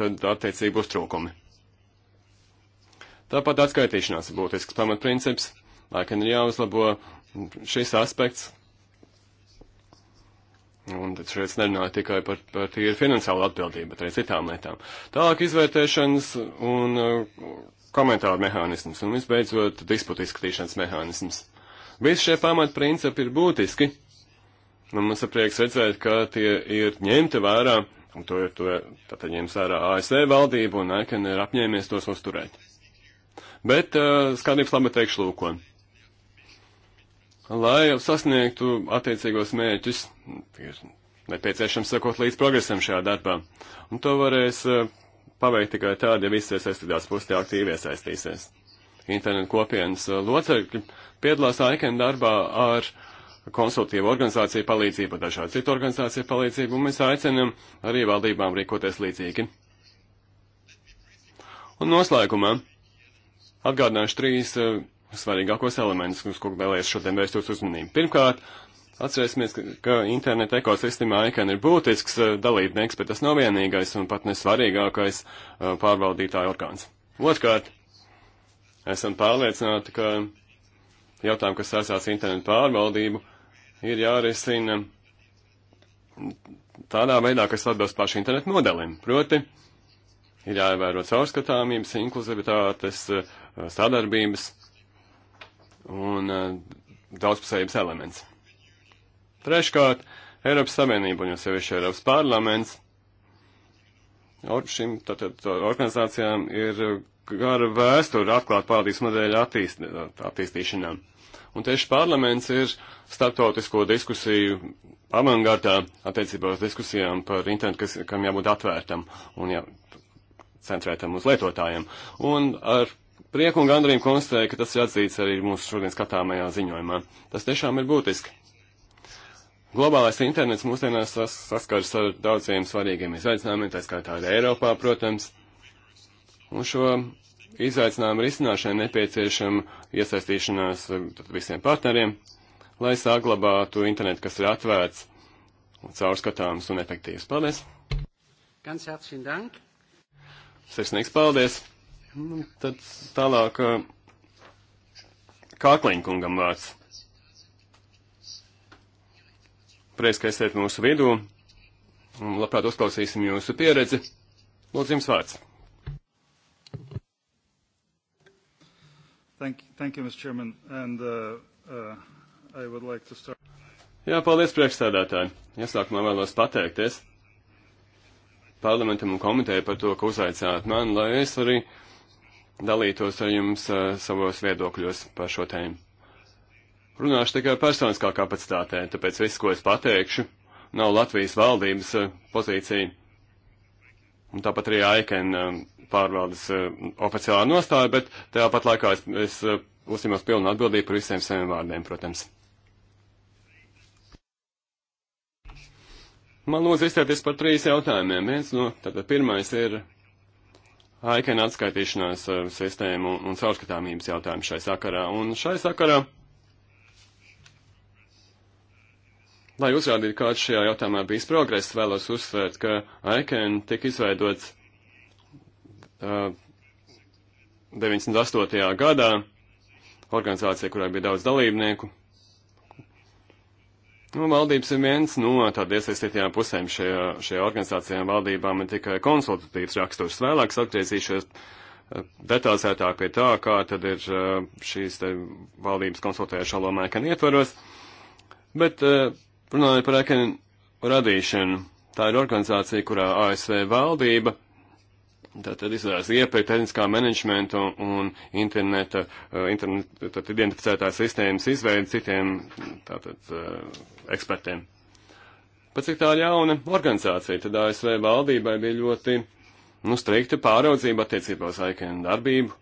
tad attiecīgi būs trūkumi. Tāpat atskaitīšanās ir būtisks pamatprincips, laikam ir jāuzlabo šis aspekts. Un tad šeit nerunāju tikai par, par tīru finansiālu atbildību, bet arī citām lietām. Tālāk izvērtēšanas un uh, komentāru mehānisms un visbeidzot disputu izskatīšanas mehānisms. Visi šie pamatprincipi ir būtiski. Un mums ir prieks redzēt, ka tie ir ņemti vērā, un to ir to, tātad ņems vērā ASV valdība, un Aiken ir apņēmies tos uzturēt bet uh, skatības labi teikšlūko. Lai sasniegtu attiecīgos mēķus, ir nepieciešams sekot līdz progresam šajā darbā. Un to varēs uh, paveikt tikai tad, ja visi iesaistītās puses aktīvi iesaistīsies. Internetu kopienas uh, locekļi piedalās AIKEN darbā ar konsultīvu organizāciju palīdzību, dažādu citu organizāciju palīdzību, un mēs aicinam arī valdībām rīkoties līdzīgi. Un noslēgumā Atgādināšu trīs uh, svarīgākos elementus, uz kuriem vēlēs šodien vērst jūsu uzmanību. Pirmkārt, atcerēsimies, ka, ka interneta ekosistēmā ICANN ir būtisks uh, dalībnieks, bet tas nav vienīgais un pat nesvarīgākais uh, eh, pārvaldītāja orgāns. Otrkārt, esam pārliecināti, ka jautājumi, kas sasās internetu pārvaldību, ir jārisina tādā veidā, kas atbilst pašu internetu modelim. Proti, ir jāievēro caurskatāmības, inkluzivitātes, uh, Uh, sadarbības un uh, daudzpusējības elements. Treškārt, Eiropas Savienība un jau sevišķi Eiropas parlaments Or, šim tātad organizācijām ir gara vēsture atklāt pārādīs modeļu attīst, attīstīšanām. Un tieši parlaments ir starptautisko diskusiju avangardā attiecībā uz diskusijām par internetu, kas, kam jābūt atvērtam un jā, centrētam uz lietotājiem. Un ar prieku un gandarījumu konstatēju, ka tas ir atzīts arī mūsu šodien skatāmajā ziņojumā. Tas tiešām ir būtiski. Globālais internets mūsdienās sas saskars ar daudziem svarīgiem izaicinājumiem, tā skaitā arī Eiropā, protams. Un šo izaicinājumu risināšanai nepieciešama iesaistīšanās eh, visiem partneriem, lai saglabātu internetu, kas ir atvērts, caurskatāms un efektīvs. Paldies! Ganz herzlichen Dank! Sirsnīgs paldies! Nu, tad tālāk Kākliņkungam vārds. Prieks, ka esat mūsu vidū. Labprāt uzklausīsim jūsu pieredzi. Lūdzu, jums vārds. Thank, thank you, Mr. Chairman. And uh, uh, I would like to start. Jā, paldies priekšstādātāji. Iesākumā vēlos pateikties parlamentam un komiteju par to, ka uzaicāt mani, lai es arī uh, dalītos ar jums uh, savos viedokļos par šo tēmu. Runāšu tikai personiskā kapacitātē, tāpēc viss, ko es pateikšu, nav Latvijas valdības uh, pozīcija. Un tāpat arī Aiken uh, pārvaldes oficiālā nostāja, bet tāpat laikā es, es uzņemos pilnu atbildību par visiem saviem vārdiem, protams. Man lūdzu izteikties par trīs jautājumiem. Viens no, tātad pirmais ir Aikana atskaitīšanās eh, sistēmu un caurskatāmības jautājumu šai sakarā. Un šai sakarā, lai uzrādītu, kāds šajā jautājumā bijis progress, vēlos uzsvērt, ka Aikana tika izveidots uh, eh, 98. gadā organizācija, kurā bija daudz dalībnieku. Nu, valdības ir viens no tādiem iesaistītajām pusēm šajā, šajā organizācijām valdībām ir tikai konsultatīvs raksturs. Vēlāk atgriezīšos eh, detalizētāk pie tā, kā tad ir eh, šīs te valdības konsultējušā lomā ekana ietvaros. Bet eh, runājot par ekana radīšanu, tā ir organizācija, kurā ASV valdība Tātad izdarās iepēja tehniskā menedžmenta un interneta, uh, interneta identificētās sistēmas izveidi citiem tātad, uh, ekspertiem. Pat cik tā jauna organizācija, tad ASV valdībai bija ļoti nu, strikta pāraudzība attiecībā uz aikēnu darbību.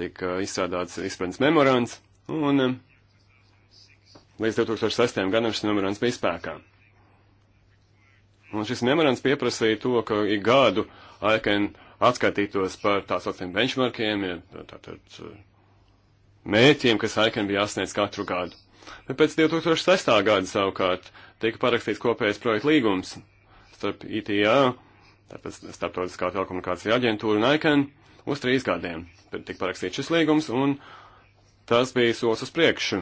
Tika izstrādāts izpratnes memorands un um, līdz 2006. gadam šis memorands bija spēkā. Un šis memorands pieprasīja to, ka ik gadu uh, AIKN atskaitītos par tā saucamiem benchmarkiem, ja, tātad mērķiem, kas AIKN bija jāsniedz katru gadu. Bet pēc 2006. gada savukārt tika parakstīts kopējais projekta līgums starp ITA, tātad Startautiskā telekomunikācija aģentūra un AIKN, uz trīs gadiem. Tad tika parakstīts šis līgums un tas bija solis uz priekšu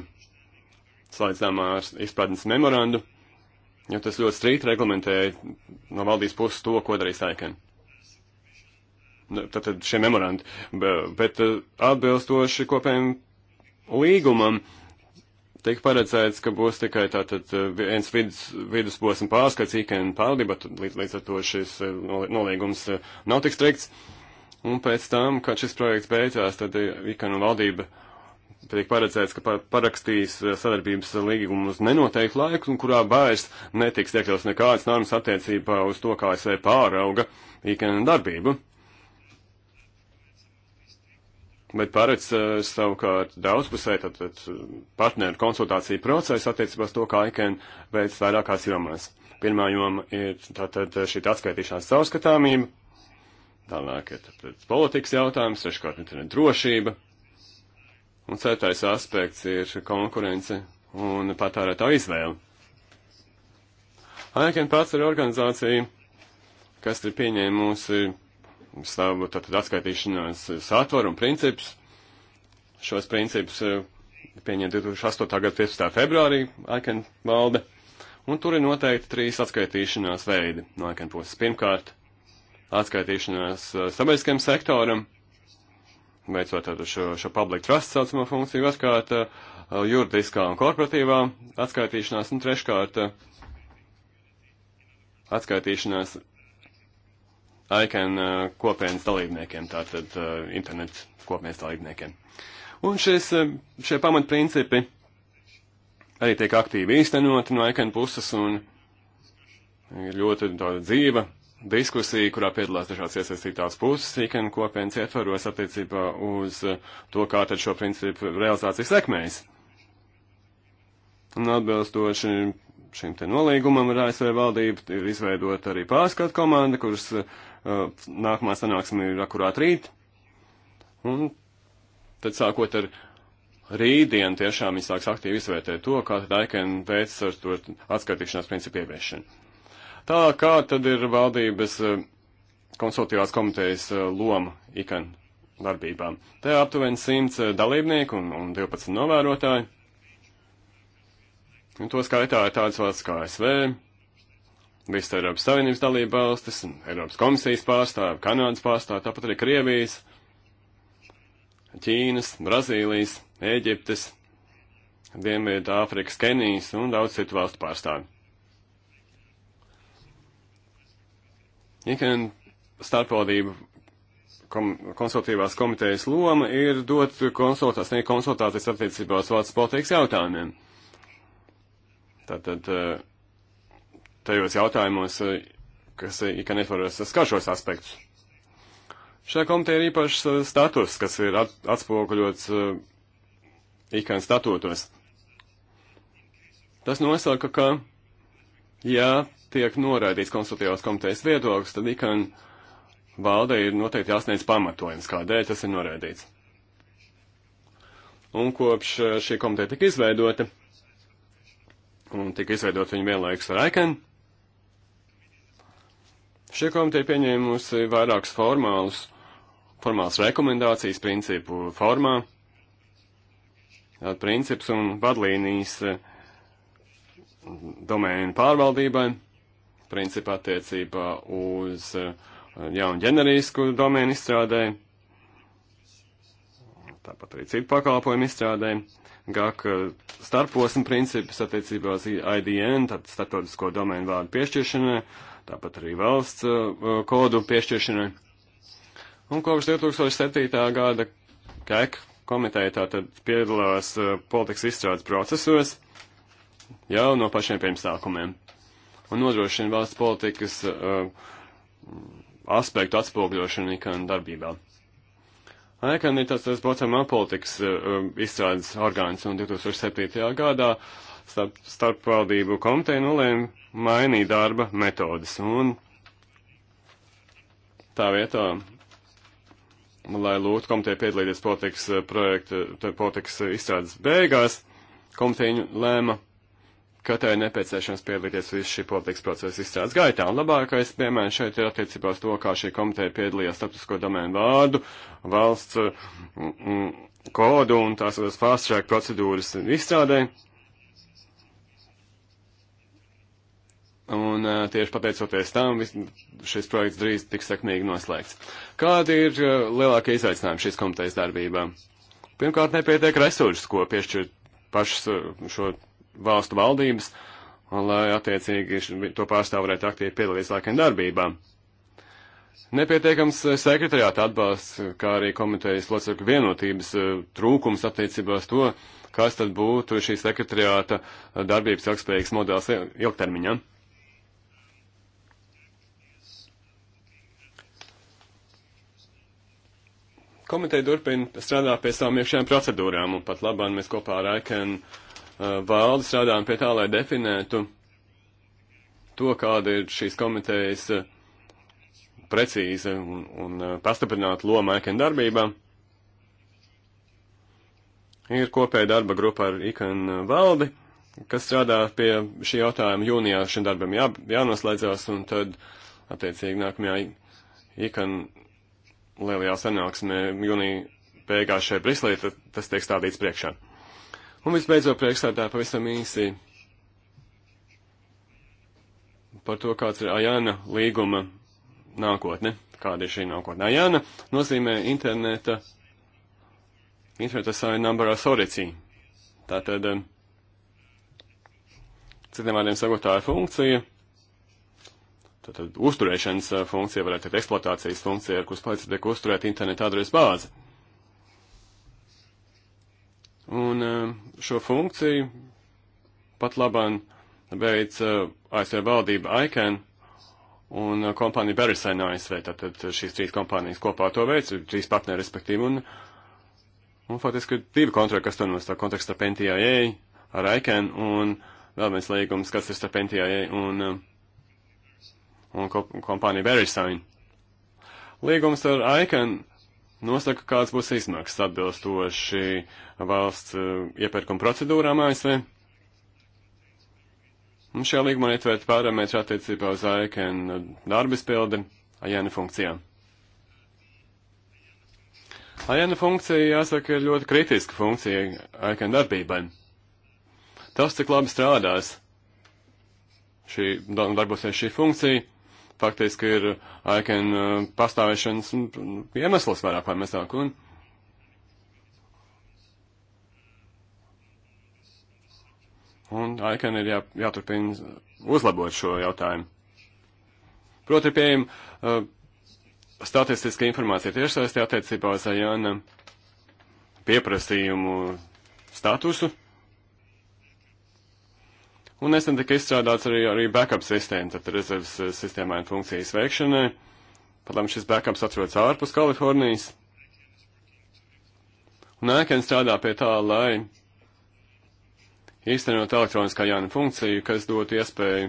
salīdzinām ar izpratnes memorandu, jo tas ļoti strīti reglamentēja no valdības puses to, ko darīs Aiken tātad šie memoranti, bet uh, atbilstoši kopējiem līgumam tiek paredzēts, ka būs tikai tātad uh, viens vidus, vidusposma pārskats IKN pārvaldība, līdz, līdz ar to šis uh, nolīgums nav tik strikts. Un pēc tam, kad šis projekts beidzās, tad IKN valdība tiek paredzēts, ka parakstīs sadarbības līgumu uz nenoteiktu laiku, un kurā vairs netiks iekļauts nekādas normas attiecībā uz to, kā es pārauga IKN darbību bet paredz eh, savukārt daudzpusē tātad eh, partneru konsultāciju procesu attiecībā uz to, kā IKN veids vairākās jomās. Pirmā joma ir tātad šī atskaitīšanās caurskatāmība, tālāk ir tātad politikas jautājums, treškārt internet drošība, un ceturtais aspekts ir konkurence un patērētāju izvēle. IKN pats ir organizācija, kas ir pieņēmusi savu tātad atskaitīšanās satvaru un principus. Šos principus eh, pieņem 2008. gada 15. februārī ICAN valde, un tur ir noteikti trīs atskaitīšanās veidi no ICAN puses. Pirmkārt, atskaitīšanās eh, sabiedriskajam sektoram, veicot tātad šo, šo public trust saucamo funkciju, otrkārt, eh, juridiskā un korporatīvā atskaitīšanās, un treškārt, atskaitīšanās ICAN uh, kopienas dalībniekiem, tātad uh, internetu kopienas dalībniekiem. Un šis, uh, šie pamatprincipi arī tiek aktīvi īstenoti no ICAN puses un ir ļoti tāda dzīva diskusija, kurā piedalās dažādas iesaistītās puses ICAN kopienas ietvaros attiecībā uz to, kā tad šo principu realizācijas sekmējas. Un atbilstoši šim te nolīgumam ar ASV valdību ir izveidota arī pārskatu komanda, kuras Eh, nākamā sanāksme ir akurāt rīt. Un tad sākot ar rītdienu tiešām viņi sāks aktīvi izvērtēt to, kā tad Aiken veids ar to atskaitīšanās principu ieviešanu. Tā kā tad ir valdības eh, konsultīvās komitejas eh, loma ikan darbībām. Te aptuveni 100 dalībnieku un, un 12 novērotāji. Un to skaitā ir tādas valsts kā SV, visas Eiropas Savienības dalība valstis, Eiropas komisijas pārstāvi, Kanādas pārstāvi, tāpat arī Krievijas, Ķīnas, Brazīlijas, Ēģiptes, Dienvidu Āfrikas, Kenijas un daudz citu valstu pārstāvi. Ikvien starpvaldību kom konsultīvās komitejas loma ir dot konsultācijas, ne konsultācijas attiecībā uz valsts politikas jautājumiem. Tātad uh, tajos jautājumos, eh, kas ikā eh, netvaros eh, skar šos aspektus. Šajā komitē ir īpašs status, kas ir atspoguļots ikā statūtos. Tas nosaka, ka, ja tiek noraidīts konsultatīvās komitejas viedoklis, tad ikā valde ir noteikti jāsniedz pamatojums, kādēļ tas ir noraidīts. Un kopš šī komiteja tika izveidota, un tika izveidota viņa vienlaikus ar Aikenu, Šie komiteja pieņēmusi vairākus formālus, formāls rekomendācijas principu formā, tātad princips un vadlīnijas eh, domēnu pārvaldībai, principā attiecībā uz eh, jaunu ģenerisku domēnu izstrādē, tāpat arī citu pakalpojumu izstrādē, GAK eh, starposmu principus attiecībā uz IDN, tad starptautisko domēnu vārdu piešķiršanai, tāpat arī valsts uh, uh, kodu piešķiršanai. Un kopš 2007. gada KEK e komiteja tātad piedalās uh, politikas izstrādes procesos jau no pašiem pirmsākumiem un nodrošina valsts politikas uh, aspektu atspoguļošanu ikon darbībā. Aikan e ir tāds, tas, protams, politikas uh, izstrādes orgāns, un 2007. gadā starp, starpvaldību komiteja nolēma mainīt darba metodas. Un tā vietā, lai lūgtu komiteju piedalīties politikas eh, projekta, politikas izstrādes beigās, komiteja lēma, ka tai ir nepieciešams piedalīties visu šī politikas procesa izstrādes gaitā. Un labākais piemērs šeit ir attiecībā uz to, kā šī komiteja piedalījās statusko domēnu vārdu, valsts. Mm, mm, kodu un tās fast track procedūras izstrādē. Un uh, tieši pateicoties tam, vis, šis projekts drīz tiks sekmīgi noslēgts. Kādi ir uh, lielākie izaicinājumi šīs komitejas darbībā? Pirmkārt, nepietiek resursus, ko piešķir pašas uh, šo valstu valdības, un lai attiecīgi to pārstāv varētu aktīvi piedalīties laikiem darbībām. Nepietiekams sekretariāta atbalsts, kā arī komitejas locekļu vienotības trūkums attiecībās to, kas tad būtu šī sekretariāta darbības ilgspējīgs modelis ilgtermiņā. Ja? komiteja turpina strādāt pie savām iekšējām procedūrām, un pat labāk mēs kopā ar Aikenu uh, valdi strādājam pie tā, lai definētu to, kāda ir šīs komitejas uh, precīza un, un uh, pastiprināta loma Aikenu darbībā. Ir kopēja darba grupa ar Aikenu valdi, kas strādā pie šī jautājuma jūnijā šim darbam jā, jānoslēdzās, un tad, attiecīgi, nākamajā Aikenu lielajā sanāksmē jūnija beigās šeit Brislī, tad tas tiek stādīts priekšā. Un visbeidzot priekšstādā pavisam īsi par to, kāds ir Ajana līguma nākotne, kāda ir šī nākotne. Ajana nozīmē interneta, interneta savi number authority. Tātad, citiem vārdiem sakot, tā ir funkcija tātad uzturēšanas funkcija, varētu teikt, eksploatācijas funkcija, ar kuras palīdz tiek uzturēt interneta adresu bāzi. Un šo funkciju pat labāk veids ASV valdība ICANN un kompānija Berisai no ASV. Tātad šīs trīs kompānijas kopā to veids, trīs partneri respektīvi. Un, un faktiski divi kontrakti, kas tur mums tā konteksta starp NTIA ar ICANN un vēl viens līgums, kas ir starp NTIA un uh, un kompānija Verisign. Līgums ar Aikan nosaka, kāds būs izmaksas atbilstoši valsts eh, iepirkuma procedūrām ASV. Un šajā līgumā ietverti parametri attiecībā uz Aikan eh, darbizpildi AJN funkcijām. AJN funkcija, jāsaka, ir ļoti kritiska funkcija Aikan darbībai. Tas, cik labi strādās, šī, darbosies šī funkcija, faktiski ir aikena uh, pastāvēšanas mm, iemesls vairāk vai mazāk. Un, un aikena ir jā, jāturpina uzlabot šo jautājumu. Proti, ir pieejama uh, statistiska informācija tiešsaistē attiecībā uz Aijāna pieprasījumu statusu. Un nesen tika izstrādāts arī, arī backup sistēma, tad rezerves eh, sistēmai un funkcijas veikšanai. Pat labi, šis backups atrodas ārpus Kalifornijas. Un ēkēn strādā pie tā, lai īstenot elektroniskā jauna funkciju, kas dot iespēju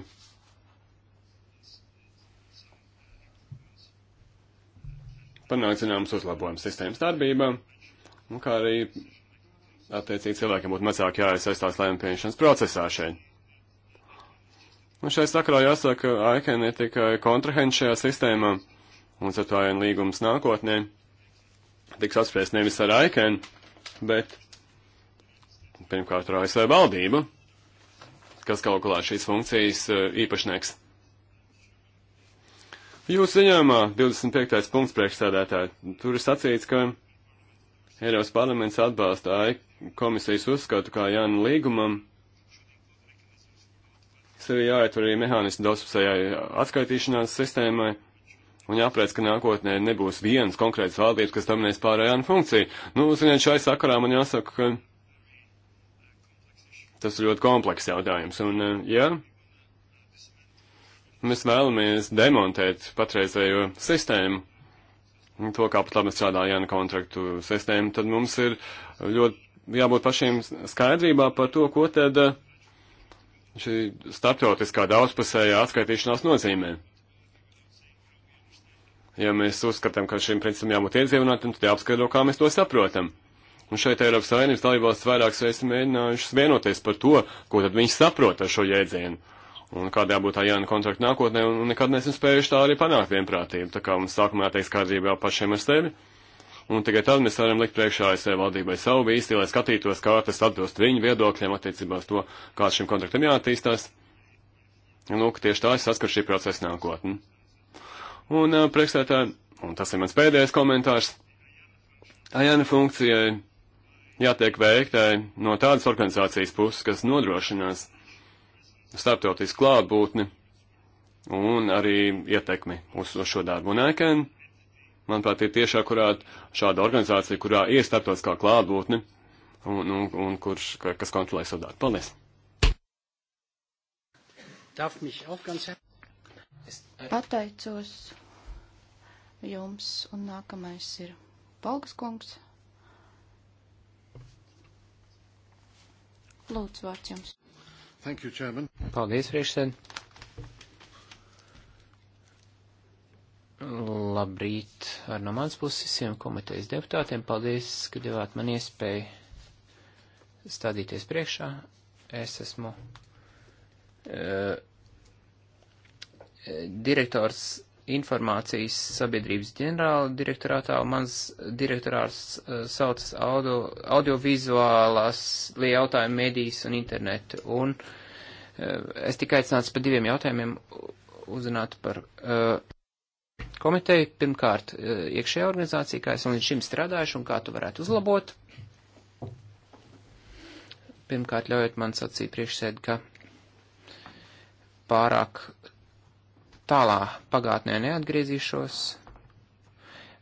panākt zināmas uzlabojumus sistēmas darbībā, un kā arī attiecīgi cilvēkiem būtu mazāk jāiesaistās lēmumu pieņemšanas procesā šeit. Un nu, šai sakarā jāsaka, AIK ne tikai kontrahents šajā sistēmā, un ceturtdien līgums nākotnē tiks apspriests nevis ar AIK, bet pirmkārt ar ASV valdību, kas kaut kādā šīs funkcijas e, īpašnieks. Jūsu ziņojumā 25. punkts priekšsēdētāji, tur ir sacīts, ka Eiropas parlaments atbalsta AIK komisijas uzskatu, kā Jāna līgumam bet eh, jāietur arī mehānismi daudzpusējai atskaitīšanās sistēmai. Un jāprēc, ka nākotnē nebūs viens konkrēts valdības, kas dominēs pārējām nu funkciju. Nu, ziniet, šai sakarā man jāsaka, ka tas ir ļoti komplekss jautājums. Un, eh, ja mēs vēlamies demontēt patreizējo sistēmu, to, kā pat labi strādā Jana kontraktu sistēma, tad mums ir ļoti jābūt pašiem skaidrībā par to, ko tad uh, šī starptautiskā daudzpusējā atskaitīšanās nozīmē. Ja mēs uzskatām, ka šim principam jābūt iedzīvinātam, tad jāapskaidro, kā mēs to saprotam. Un šeit Eiropas Savienības dalībvalsts vairākas reizes mēģinājušas vienoties par to, ko tad viņi saprot ar šo jēdzienu. Un kādā būtu tā jauna kontrakta nākotnē, un nekad nesam spējuši tā arī panākt vienprātību. Tā kā mums sākumā jāteiks kādrībā pašiem ar sevi un tikai tad mēs varam likt priekšā ASV valdībai savu vīsti, lai skatītos, kā tas atbilst viņu viedokļiem attiecībā uz to, kā šim kontraktam jāattīstās. Nu, ka tieši tā es saskaru šī procesa nākotni. Un uh, priekšstādātāji, un tas ir mans pēdējais komentārs, AJANA funkcijai jātiek veiktai no tādas organizācijas puses, kas nodrošinās starptautisku klātbūtni un arī ietekmi uz, uz šo darbu. Un ēkēnu manuprāt, ir tieši akurāt šāda organizācija, kurā ir starptautiskā klātbūtne un, un, un kurš, kas kontrolē sadāt. Paldies! Pateicos jums, un nākamais ir Palgas kungs. Lūdzu, vārds jums. Thank you, Chairman. Paldies, priekšsēdētāj. Labrīt ar no mans puses visiem komitejas deputātiem. Paldies, ka devāt man iespēju stādīties priekšā. Es esmu uh, direktors informācijas sabiedrības ģenerāla direktorātā, un mans direktorārs uh, eh, saucas audio, audiovizuālās jautājumu medijas un internetu. Un uh, es tikai aicināts par diviem jautājumiem uzzināt par. Uh, komiteju. Pirmkārt, e, iekšējā organizācija, kā esam līdz šim strādājuši un kā tu varētu uzlabot. Pirmkārt, ļaujiet man sacīt priekšsēdi, ka pārāk tālā pagātnē neatgriezīšos.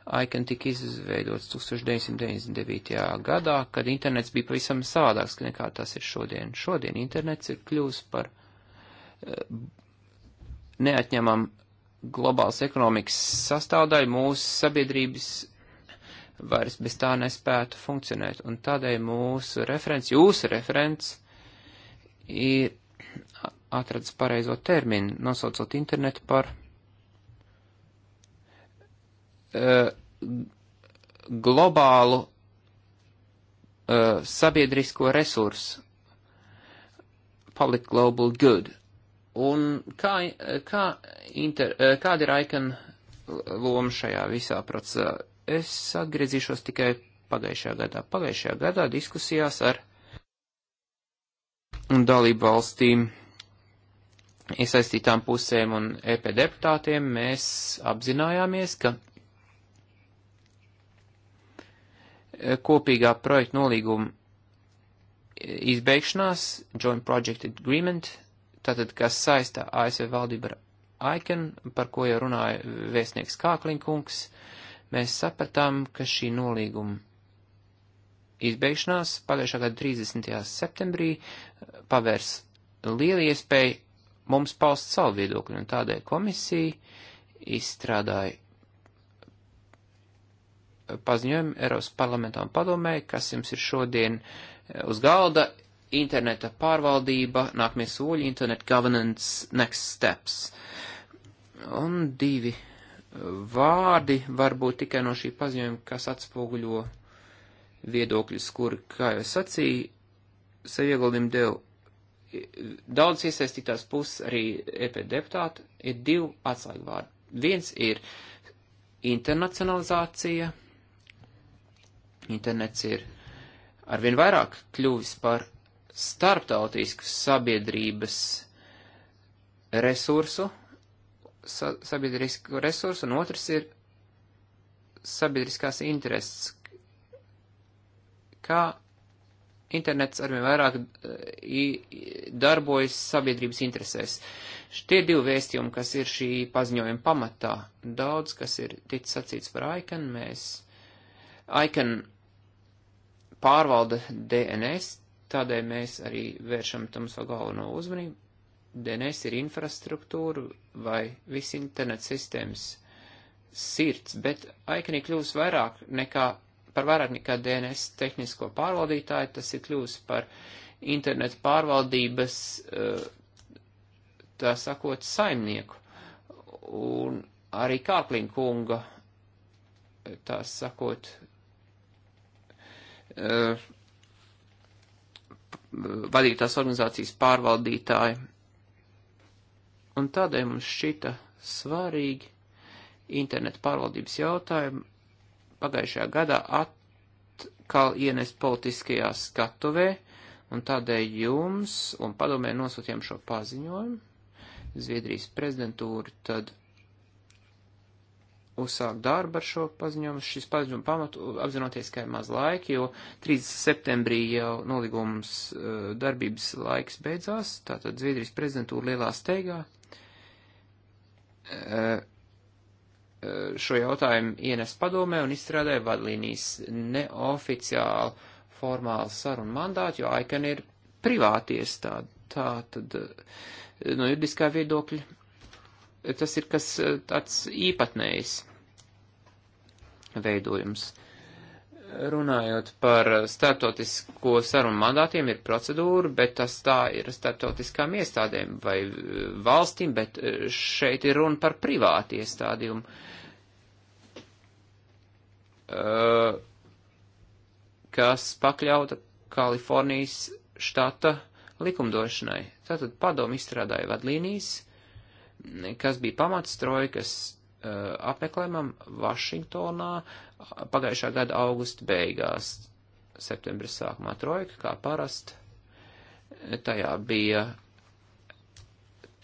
ICAN tika izveidots 1999. gadā, kad internets bija pavisam savādāks nekā tas ir šodien. Šodien internets ir kļūst par e, neatņemam globāls ekonomikas sastāvdaļa mūsu sabiedrības vairs bez tā nespētu funkcionēt. Un tādēļ mūsu referents, jūsu referents, ir atradis pareizo terminu, nosaucot internetu par uh, globālu uh, sabiedrisko resursu, public global good. Un kā, kā inter, eh, kāda ir Aikana loma šajā visā procesā? Es atgriezīšos tikai pagājušajā gadā. Pagājušajā gadā diskusijās ar dalību valstīm iesaistītām pusēm un EP deputātiem mēs apzinājāmies, ka kopīgā projekta nolīguma izbeigšanās, Joint Project Agreement, tātad, kas saistā ASV valdību ar Aiken, par ko jau runāja vēstnieks Kāklinkungs, mēs sapratām, ka šī nolīguma izbeigšanās pagājušā gada 30. septembrī pavērs lielu iespēju mums paust savu viedokli, un tādēļ komisija izstrādāja paziņojumu Eiropas parlamentā un padomē, kas jums ir šodien uz galda, interneta pārvaldība, nākamie soļi, internet governance, next steps. Un divi vārdi varbūt tikai no šī paziņojuma, kas atspoguļo viedokļus, kur, kā jau sacīju, sev ieguldījumu dēļ daudz iesaistītās puses arī EP deputāti ir divi atslēgvārdi. Viens ir internacionalizācija. Internets ir arvien vairāk kļuvis par starptautiskas sabiedrības resursu, sa, sabiedrisku resursu, un otrs ir sabiedriskās intereses, kā internets arvien vairāk e, darbojas sabiedrības interesēs. Tie divi vēstījumi, kas ir šī paziņojuma pamatā, daudz, kas ir ticis sacīts par ICAN, mēs ICAN pārvalda DNS, Tādēļ mēs arī vēršam tam savu galveno uzmanību. DNS ir infrastruktūra vai viss internets sistēmas sirds, bet aikanī kļūs vairāk nekā, par vairāk nekā DNS tehnisko pārvaldītāju, tas ir kļūs par internetu pārvaldības, eh, tā sakot, saimnieku. Un arī Kārklīna kunga, eh, tā sakot, eh, vadītās organizācijas pārvaldītāji. Un tādēļ mums šķita svarīgi internetu pārvaldības jautājumu pagājušajā gadā atkal ienest politiskajā skatuvē, un tādēļ jums un padomē nosūtījām šo paziņojumu. Zviedrijas prezidentūra tad uzsākt darbu ar šo paziņojumu, šis paziņojums pamatu apzinoties, ka ir maz laika, jo 30. septembrī jau nolīgums eh, darbības laiks beidzās, tātad Zviedrijas prezidentūra lielā steigā eh, eh, šo jautājumu ienes padomē un izstrādāja vadlīnijas neoficiālu formālu sarunu mandātu, jo aikana ir privātiestāde. Tā tad no juridiskā viedokļa tas ir kas eh, tāds īpatnējs veidojums. Runājot par starptautisko sarunu mandātiem, ir procedūra, bet tas tā ir starptautiskām iestādēm vai eh, valstīm, bet eh, šeit ir runa par privātu iestādījumu. kas pakļauta Kalifornijas štata likumdošanai. Tātad padomu izstrādāja vadlīnijas, kas bija pamats trojkas uh, apmeklējumam Vašingtonā pagājušā gada augusta beigās, septembra sākumā trojka, kā parasti. Tajā bija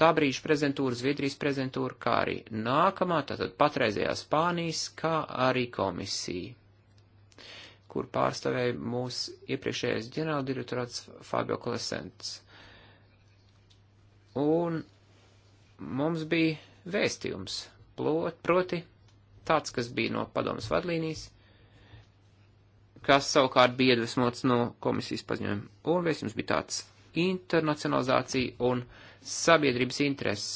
tā brīža prezentūra, Zviedrijas prezentūra, kā arī nākamā, tātad patreizējā Spānijas, kā arī komisija, kur pārstāvēja mūsu iepriekšējais ģenerāldirektorāts Fabio Klesents. Un mums bija vēstījums, plot, proti tāds, kas bija no padomas vadlīnijas, kas savukārt bija iedvesmots no komisijas paziņojuma. Un vēstījums bija tāds - internacionalizācija un sabiedrības intereses.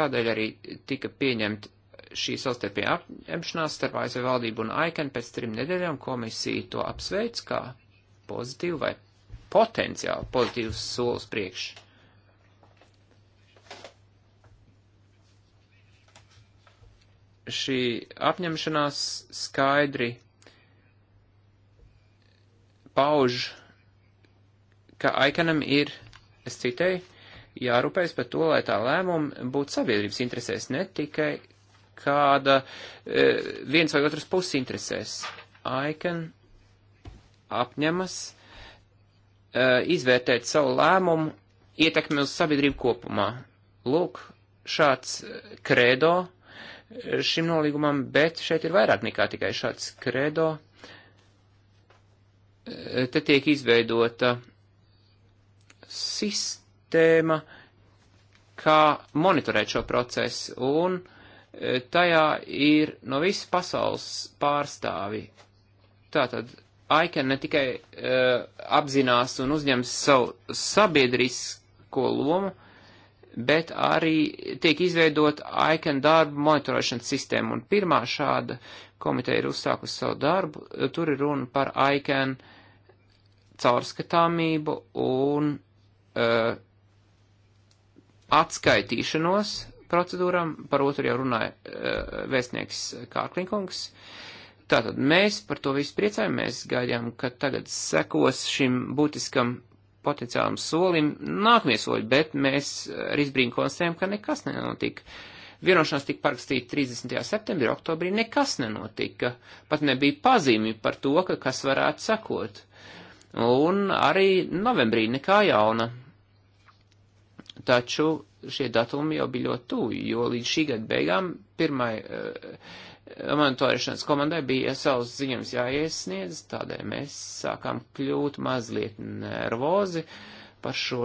Tādēļ arī tika pieņemta šī savstarpējā apņemšanās starp ASV valdību un AIKAN e pēc trim nedēļām komisija to apsveic kā pozitīvu vai potenciāli pozitīvs solis priekš. Šī apņemšanās skaidri pauž, ka Aikanam ir, es citēju, jārūpējas par to, lai tā lēmuma būtu sabiedrības interesēs, ne tikai kāda e, viens vai otrs puses interesēs. Aikan apņemas Uh, izvērtēt savu lēmumu ietekmi uz sabiedrību kopumā. Lūk, šāds kredo uh, uh, šim nolīgumam, bet šeit ir vairāk nekā tikai šāds kredo. Te tiek izveidota sistēma, kā monitorēt šo procesu, un tajā ir no visas pasaules pārstāvi. Tātad ICAN ne tikai uh, apzinās un uzņems savu sabiedrisko lomu, bet arī tiek izveidot ICAN darba monitorēšanas sistēma. Un pirmā šāda komiteja ir uzsākusi savu darbu. Tur ir runa par ICAN caurskatāmību un uh, atskaitīšanos procedūram. Par otru jau runāja uh, vēstnieks Kārklinkungs. Uh, Tātad mēs par to visu priecājamies, gaidām, ka tagad sekos šim būtiskam potenciālam solim nākamie soļi, bet mēs ar izbrīnu konstatējam, ka nekas nenotika. Vienošanās tika parakstīta 30. septembrī, oktobrī nekas nenotika. Pat nebija pazīmi par to, ka kas varētu sakot. Un arī novembrī nekā jauna. Taču šie datumi jau bija ļoti tuvi, jo līdz šī gada beigām pirmai uh, Monitorēšanas komandai bija savs ziņojums jāiesniedz, tādēļ mēs sākām kļūt mazliet nervozi par šo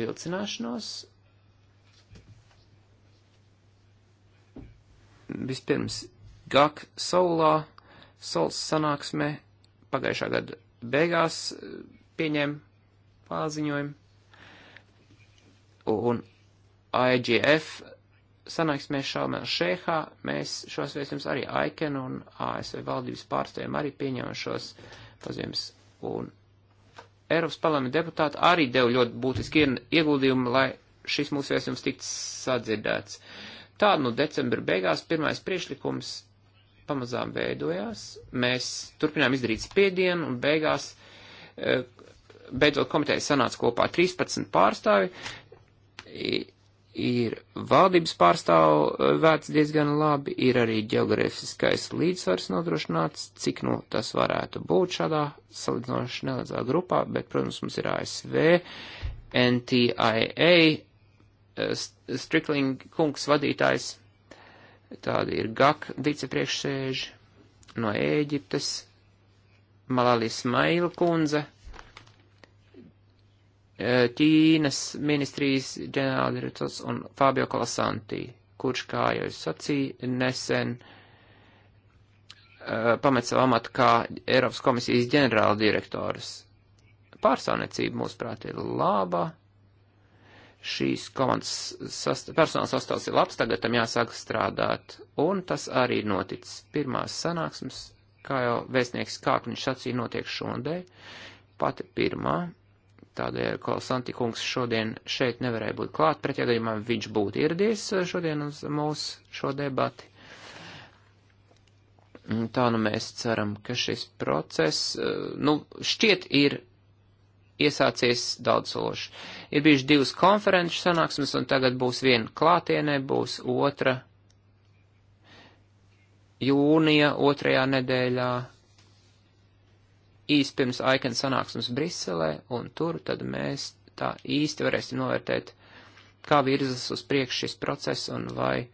vilcināšanos. Vispirms GAK Solā, Sols sanāksmē pagājušā gada beigās pieņēma paziņojumu, un IGF sanāksmē Šalmē Šēhā mēs šos vēstījums arī Aikenu un ASV valdības pārstāvjiem arī pieņēmām šos pazīmes. Un Eiropas parlamenta deputāti arī deva ļoti būtiski ieguldījumu, lai šis mūsu vēstījums tiktu sadzirdēts. Tādu nu decembra beigās pirmais priešlikums pamazām veidojās. Mēs turpinām izdarīt spiedienu un beigās, eh, beidzot komiteja sanāca kopā 13 pārstāvi ir valdības pārstāvēts eh, diezgan labi, ir arī geogrāfiskais līdzsvars nodrošināts, cik nu tas varētu būt šādā salīdzinoši neledzā grupā, bet, protams, mums ir ASV, NTIA, eh, Strikling kungs vadītājs, tādi ir GAK vicepriekšsēži no Ēģiptes, Malali Smaila kundze, Eh, Ķīnas ministrijas ģenerāldirektors un Fabio Kalasanti, kurš, kā jau es sacīju, nesen uh, pamet savu amatu kā Eiropas komisijas ģenerāldirektors. Pārstāvniecība, mūsuprāt, ir laba. Šīs komandas sast personāla sastāvs ir labs, tagad tam jāsāk strādāt. Un tas arī noticis. Pirmās sanāksmes, kā jau vēstnieks Kākniņš sacīja, notiek šodien. Pati pirmā Tādēļ Klausanti kungs šodien šeit nevarēja būt klāt, pretējā gadījumā viņš būtu ieradies eh, šodien uz mūsu šo debati. Mm, tā nu mēs ceram, ka šis process, eh, nu, šķiet ir iesācies daudz sološi. Ir bijuši divas konferenču sanāksmes, un tagad būs viena klātienē, būs otra jūnija otrajā nedēļā īsti pirms Aikena sanāksmes Briselē, un tur tad mēs tā īsti varēsim novērtēt, kā virzas uz priekšu šis process un vai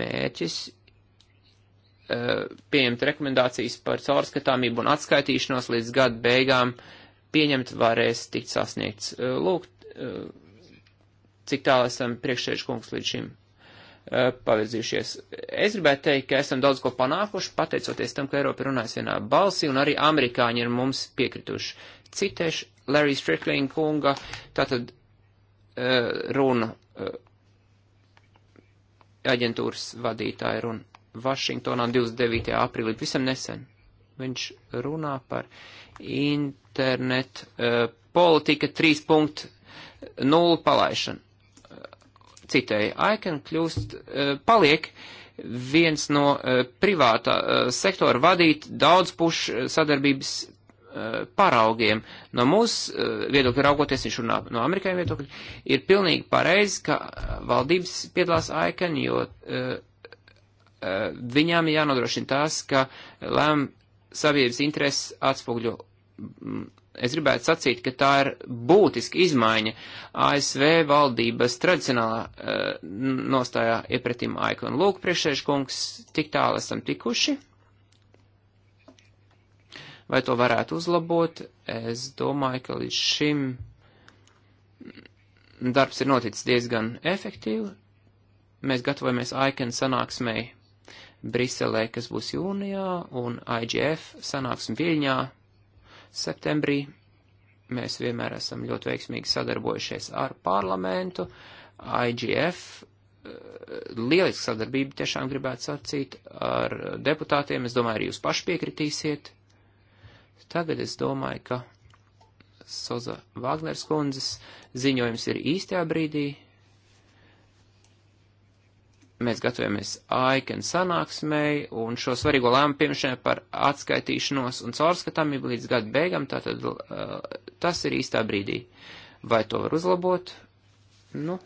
mērķis uh, pieņemt rekomendācijas par caurskatāmību un atskaitīšanos līdz gada beigām pieņemt varēs tikt sasniegts. Uh, lūk, uh, cik tālu esam priekšsēžu kungs līdz šim. Eh, pavirzījušies. Es gribētu teikt, ka esam daudz ko panākuši, pateicoties tam, ka Eiropa ir runājusi vienā balsī, un arī amerikāņi ir mums piekrituši. Citēšu Larry Strickling kunga, tātad uh, runa, uh, aģentūras vadītāja runa Vašingtonā 29. aprīlī, visam nesen. Viņš runā par internet uh, politika 3.0 palaišanu Citēji, ICAN kļūst, eh, paliek viens no eh, privāta eh, sektora vadīt daudzpušu sadarbības paraugiem. No mūsu viedokļa raugoties, viņš runā no amerikāņu viedokļa, ir pilnīgi pareizi, ka valdības piedalās ICAN, jo viņām jānodrošina tās, ka lēm sabiedrības intereses atspūgļo mm, es gribētu sacīt, ka tā ir būtiska izmaiņa ASV valdības tradicionālā uh, nostājā iepretim Aikon. Lūk, priekšsēžkungs, tik tālu esam tikuši. Vai to varētu uzlabot? Es domāju, ka līdz šim darbs ir noticis diezgan efektīvi. Mēs gatavojamies Aikon sanāksmei Briselē, kas būs jūnijā, un IGF sanāksmi Viļņā septembrī. Mēs vienmēr esam ļoti veiksmīgi sadarbojušies ar parlamentu, IGF, eh, lieliska sadarbība, tiešām gribētu sacīt, ar deputātiem. Es domāju, arī jūs paši piekritīsiet. Tagad es domāju, ka Soza Vāgners kundzes ziņojums ir īstajā brīdī, mēs gatavojamies AIKEN sanāksmēji un šo svarīgo lēmu pieņemšanai par atskaitīšanos un caurskatāmību līdz gada beigam, tātad uh, tas ir īstā brīdī. Vai to var uzlabot? Nu,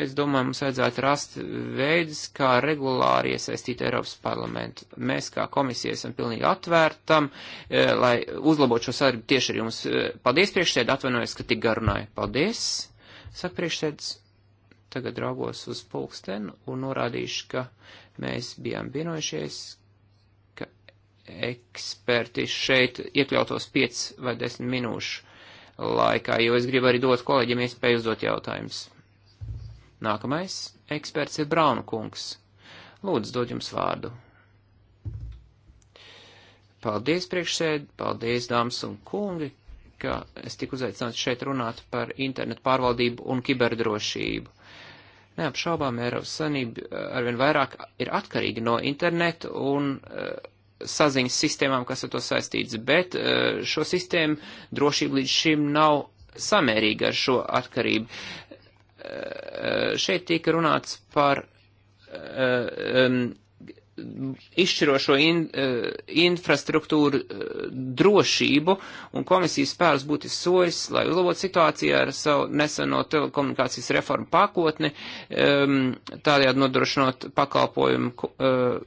es domāju, mums vajadzētu rast veidus, kā regulāri iesaistīt Eiropas parlamentu. Mēs kā komisija esam pilnīgi atvērtam, uh, lai uzlabot šo sadarbību tieši ar jums. Uh, paldies priekšsēd, atvainojos, ka tik garunāju. Paldies, saka priekšsēdus tagad raugos uz pulkstenu un norādīšu, ka mēs bijām vienojušies, ka eksperti šeit iekļautos 5 vai 10 minūšu laikā, jo es gribu arī dot kolēģiem iespēju uzdot jautājumus. Nākamais eksperts ir Braunu kungs. Lūdzu, dod jums vārdu. Paldies, priekšsēd, paldies, dāmas un kungi, ka es tiku uzaicināts šeit runāt par internetu pārvaldību un kiberdrošību. Neapšaubām Eiropas Sanība eh, arvien vairāk ir atkarīga no internetu un uh, saziņas sistēmām, kas ar to saistīts, bet uh, šo sistēmu drošība līdz šim nav samērīga ar šo atkarību. Uh, šeit tika runāts par um, izšķirošo in, uh, infrastruktūru uh, drošību, un komisijas spērs būtis sojas, lai uzlabotu situāciju ar savu neseno telekomunikācijas reformu pakotni, um, tādējādi nodrošinot pakalpojumu uh,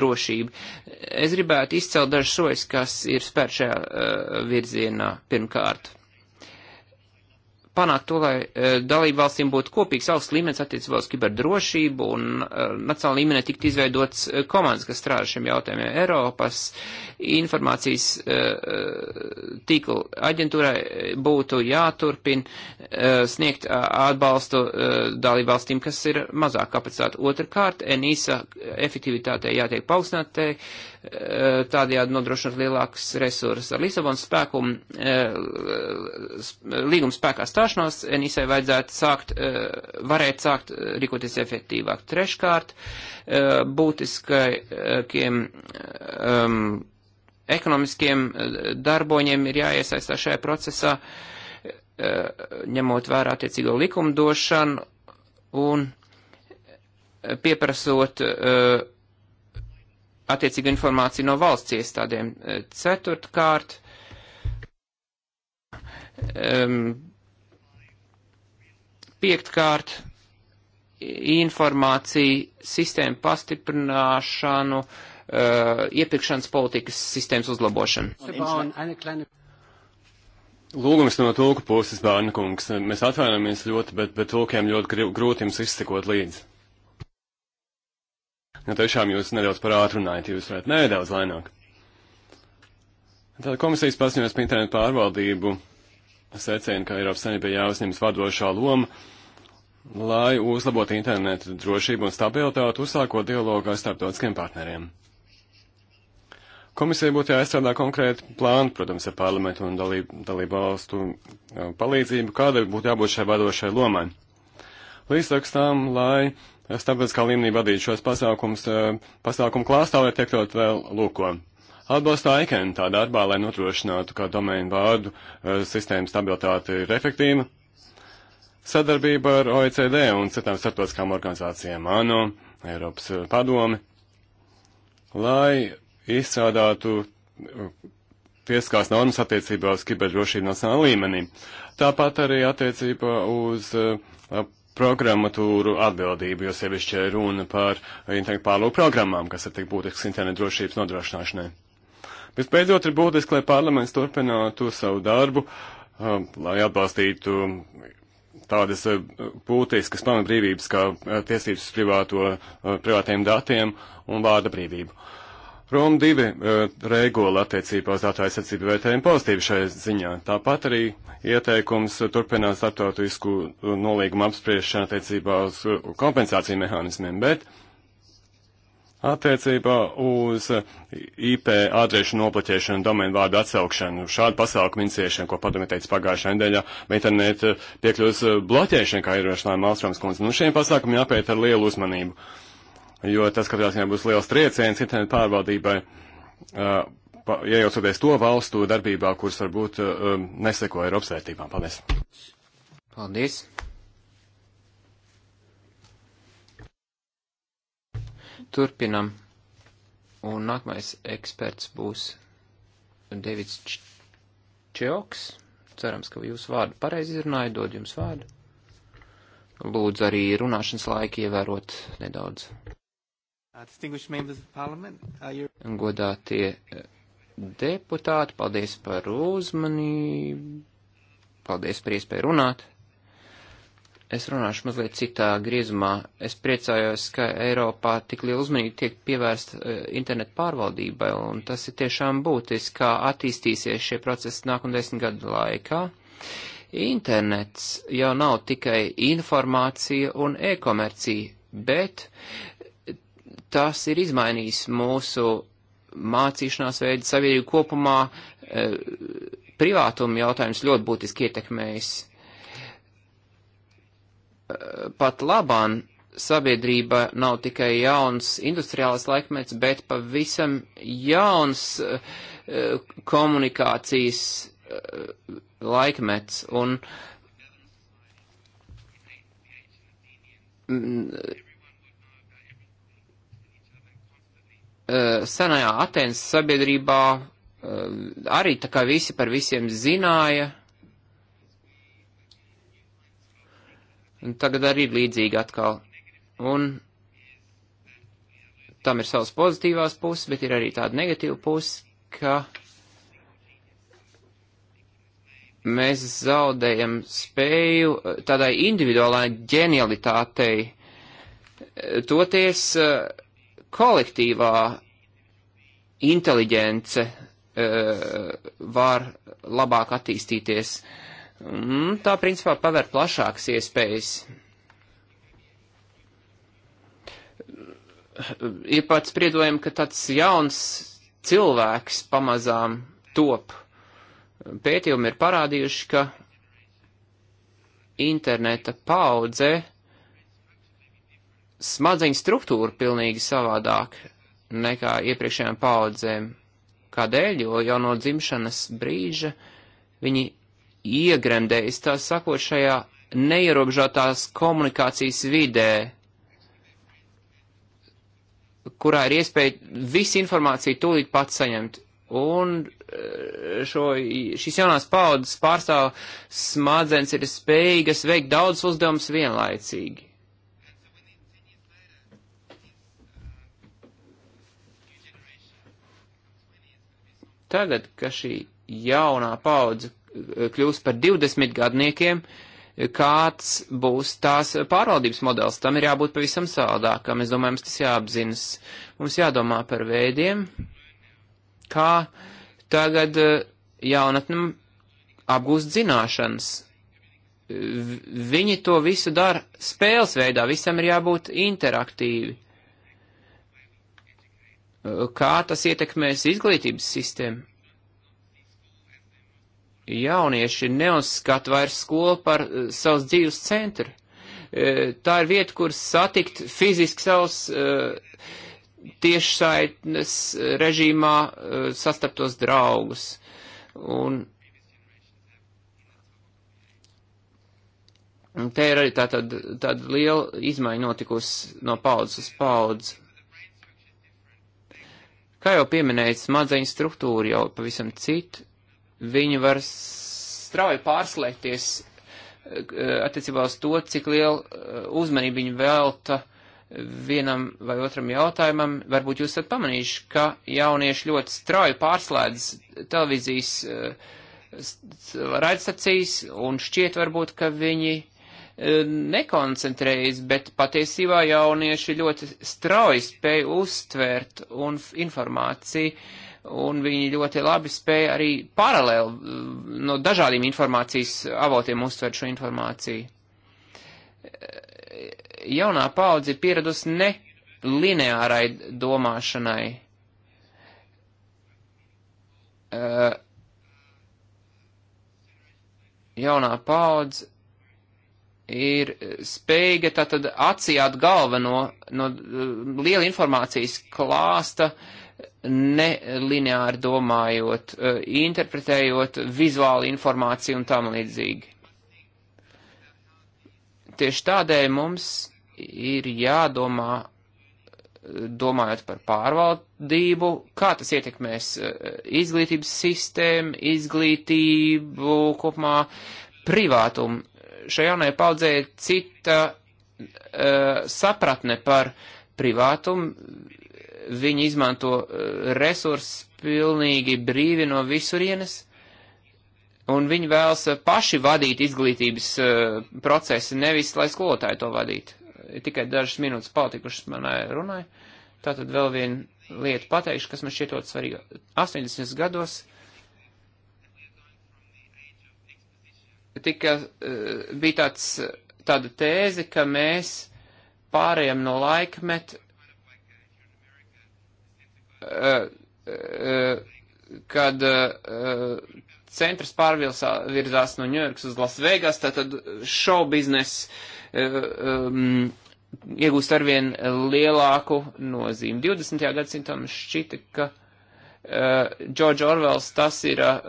drošību. Es gribētu izcelt dažas sojas, kas ir spērt šajā uh, virzienā pirmkārt panākt to, lai e, dalību valstīm būtu kopīgs augsts līmenis attiecībā uz kiberdrošību un e, nacionāla līmenī tikt izveidots e, komandas, kas strādā šiem jautājumiem. Eiropas informācijas tīkla aģentūrai būtu jāturpina sniegt atbalstu dalību valstīm, kas ir mazāk kapacitāti. Otrakārt, NISA efektivitātei jātiek paaugstinātai, Eh, tādējādi nodrošinot lielākus resursus. Ar Lisabonas spēkumu, eh, līguma spēkā stāšanos, NISai vajadzētu sākt, eh, varēt sākt rīkoties efektīvāk. Treškārt, būtiskajiem um, ekonomiskiem darboņiem ir jāiesaistās šajā procesā, ņemot vērā attiecīgo likumdošanu un pieprasot uh, attiecīgu informāciju no valsts iestādēm. Eh, ceturtkārt, um, piektkārt, informācija sistēmu pastiprināšanu, uh, iepirkšanas politikas sistēmas uzlabošanu. Lūgums no tulku puses, Bārna kungs. Mēs atvainojamies ļoti, bet, bet tulkiem ļoti grūti jums izsekot līdzi. Nu, tiešām jūs nedaudz par ātru runājat, jūs varētu nedaudz lēnāk. Tāda komisijas paziņojums par internetu pārvaldību secina, ka Eiropas Savienībai jāuzņemas vadošā loma, lai uzlabotu internetu drošību un stabilitāti, uzsākot dialogu ar starptautiskiem partneriem. Komisija būtu jāizstrādā konkrēti plāni, protams, ar parlamentu un dalību, dalību valstu uh, palīdzību, kāda būtu jābūt šai vadošai lomai. Līdz rakstām, lai starptautiskā līmenī vadīt šos pasākums, eh, pasākumu klāstā, lai tektot vēl lūko. Atbalsta ICANN tā darbā, lai notrošinātu, ka domēnu vārdu eh, sistēma stabilitāte ir efektīva. Sadarbība ar OECD un citām starptautiskām organizācijām ANO, Eiropas eh, padomi, lai izstrādātu tiesiskās normas attiecībā uz kiberdrošību nacionālā līmenī. Tāpat arī attiecībā uz uh, programmatūru atbildību, jo sevišķi runa par internetu pārlūku programmām, kas ir tik būtisks internetu drošības nodrošināšanai. Vispēdējot ir būtiski, lai parlaments turpinātu savu darbu, um, lai atbalstītu tādas uh, būtiskas pamatbrīvības kā uh, tiesības privāto, uh, privātiem datiem un vārda brīvību. Rom 2 e, regula attiecībā uz datu aizsardzību vērtējumu pozitīvi šajā ziņā. Tāpat arī ieteikums turpināt startautisku nolīgumu apspriešanu attiecībā uz e, kompensāciju mehānismiem, bet attiecībā uz IP adrešu noplaķēšanu, domēnu vārdu atsaukšanu, šādu pasākumu iniciēšanu, ko padomē teica pagājušā nedēļā, internetu piekļūs bloķēšana, kā ierosināja Malstroms kundze. Nu, šiem pasākumiem jāpēt ar lielu uzmanību jo tas katrā ziņā būs liels trieciens internetu pārvaldībai, iejaucoties to valstu darbībā, kuras varbūt neseko Eiropas vērtībām. Paldies! Paldies! Turpinam. Un nākamais eksperts būs Davids Čeoks. Cerams, ka jūsu vārdu pareizi izrunāju, dod jums vārdu. Lūdzu arī runāšanas laiku ievērot nedaudz. Uh, Godātie uh, deputāti, paldies par uzmanību, paldies par iespēju runāt. Es runāšu mazliet citā griezumā. Es priecājos, ka Eiropā tik liela uzmanība tiek pievērsta uh, internetu pārvaldībai, un tas ir tiešām būtiski, kā attīstīsies šie procesi nākamā desmit gadu laikā. Internets jau nav tikai informācija un e-komercija, bet uh, tas ir izmainījis mūsu mācīšanās veidu sabiedrību kopumā, e, privātuma jautājums ļoti būtiski ietekmējis. E, pat labāk sabiedrība nav tikai jauns industriāls laikmets, bet pavisam jauns e, komunikācijas laikmets. Un Eh, senajā Atenas sabiedrībā eh, arī tā kā visi par visiem zināja. Un tagad arī ir līdzīgi atkal. Un tam ir savas pozitīvās puses, bet ir arī tāda negatīva puse, ka mēs zaudējam spēju eh, tādai individuālai ģenialitātei toties uh, kolektīvā inteliģence e, var labāk attīstīties. Mm, tā principā paver plašākas iespējas. Ir pat spriedojami, ka tāds jauns cilvēks pamazām top. Pētījumi ir parādījuši, ka interneta paudze uh, smadzeņu struktūra pilnīgi savādāk nekā iepriekšējām paudzēm. Kādēļ? Jo jau no dzimšanas brīža viņi iegremdējas, tā sakot, šajā neierobežotās komunikācijas vidē, kurā ir iespēja visu informāciju tūlīt pat saņemt. Un eh, šo, šīs jaunās paudzes pārstāv smadzenes ir spējīgas veikt daudz uzdevumus vienlaicīgi. Tagad, ka šī jaunā paudze eh, kļūs par 20 gadniekiem, eh, kāds būs tās pārvaldības modelis, tam ir jābūt pavisam sādākam. Es domāju, mums tas jāapzinas. Mums jādomā par veidiem, kā tagad eh, jaunatnam apgūst zināšanas. Viņi to visu dara spēles veidā, visam ir jābūt interaktīvi kā tas ietekmēs izglītības sistēmu. Jaunieši neuzskata vairs skolu par eh, savus dzīves centru. Eh, tā ir vieta, kur satikt fiziski savus eh, tiešsaitnes režīmā sastaptos draugus. Un te ir arī tā, tāda, tāda liela izmaiņa notikusi no paudzes uz paudzi. Kā jau pieminēju, smadzeņu struktūra jau pavisam citu, viņi var strauji pārslēgties eh, attiecībā uz to, cik lielu eh, uzmanību viņi velta vienam vai otram jautājumam. Varbūt jūs esat pamanījuši, ka jaunieši ļoti strauji pārslēdz televīzijas eh, raidstacijas un šķiet varbūt, ka viņi nekoncentrējas, bet patiesībā jaunieši ļoti strauji spēja uztvērt un informāciju, un viņi ļoti labi spēja arī paralēli mm, no dažādiem informācijas avotiem uztvērt šo informāciju. Jaunā paudze ir pieradusi ne lineārai domāšanai. Eh, jaunā paudze ir spējīga tātad atsijāt galveno no eh, liela informācijas klāsta, nelineāri domājot, eh, interpretējot vizuālu informāciju un tam līdzīgi. Tieši tādēļ mums ir jādomā, eh, domājot par pārvaldību, kā tas ietekmēs izglītības sistēmu, izglītību kopumā, privātumu šai jaunai paudzē ir cita uh, sapratne par privātumu. Viņi izmanto uh, resursus pilnīgi brīvi no visurienes, un viņi vēlas eh, paši vadīt izglītības uh, procesu, nevis lai skolotāji to vadītu. Tikai dažas minūtes palikušas manai runai. Tātad vēl viena lieta pateikšu, kas man šķiet ļoti svarīga. 80 gados tika, eh, bija tāds, tāda tēze, ka mēs pārējām no laikmet, eh, eh, kad centrs pārvirzās no Ņujorkas uz Lasvegas, tātad šou biznes um, iegūst arvien lielāku nozīmi. 20. gadsimtam šķita, ka Džordž uh, Orvels tas ir uh,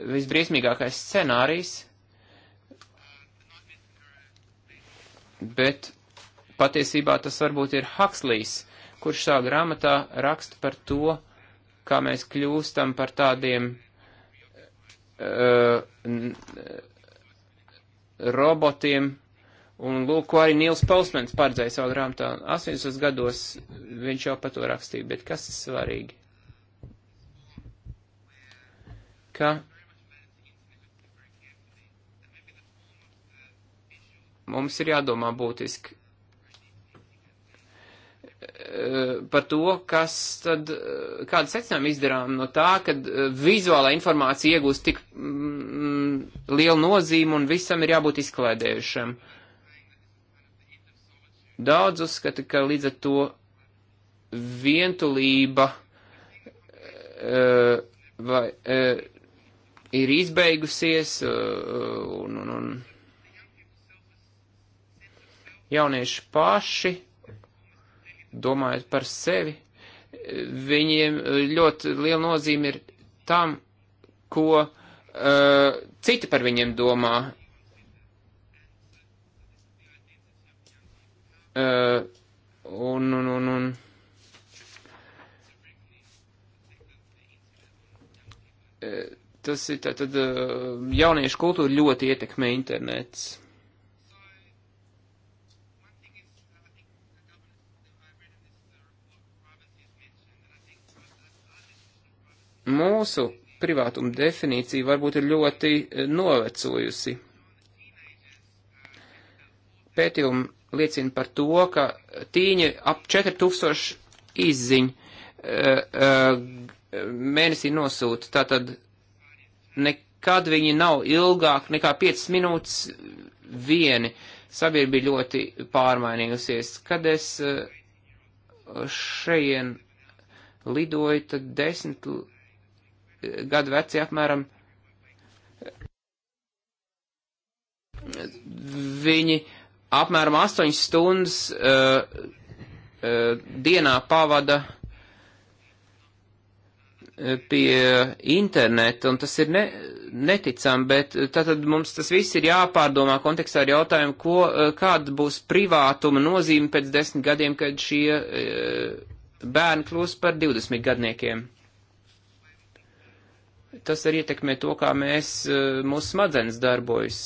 visbriesmīgākais scenārijs, bet patiesībā tas varbūt ir Hakslīs, kurš šā grāmatā raksta par to, kā mēs kļūstam par tādiem uh, robotiem, un lūk, ko arī Nils Pausmans paredzēja savā grāmatā. 80 gados viņš jau par to rakstīja, bet kas ir svarīgi? Ka Mums ir jādomā būtiski eh, par to, kas tad, eh, kāda secinājuma izdarām no tā, ka eh, vizuālā informācija iegūst tik mm, lielu nozīmi un visam ir jābūt izklaidējušam. Daudz uzskata, ka līdz ar to vientulība uh, vai, uh, ir izbeigusies uh, un, un, un jaunieši paši, domājot par sevi, viņiem e, ļoti liela nozīme ir tam, ko uh, citi par viņiem domā. Uh, un, un, un, un. Uh, tas ir tātad uh, jauniešu kultūru ļoti ietekmē internets. Mūsu privātuma definīcija varbūt ir ļoti eh, novecojusi. Pētījumi liecina par to, ka tīņi ap 4000 izziņu eh, eh, mēnesī nosūta. Tātad nekad viņi nav ilgāk nekā 5 minūtes vieni. Sabiedrība ļoti pārmainījusies. Kad es šajien lidoju, tad 10 gadu veci apmēram, viņi apmēram 8 stundas uh, uh, dienā pavada eh, pie interneta, un tas ir ne, neticami, bet tātad mums tas viss ir jāpārdomā kontekstā ar jautājumu, ko, uh, kāda būs privātuma nozīme pēc desmit gadiem, kad šie uh, bērni kļūs par 20 gadniekiem tas arī ietekmē to, kā mēs, eh, mūsu smadzenes darbojas.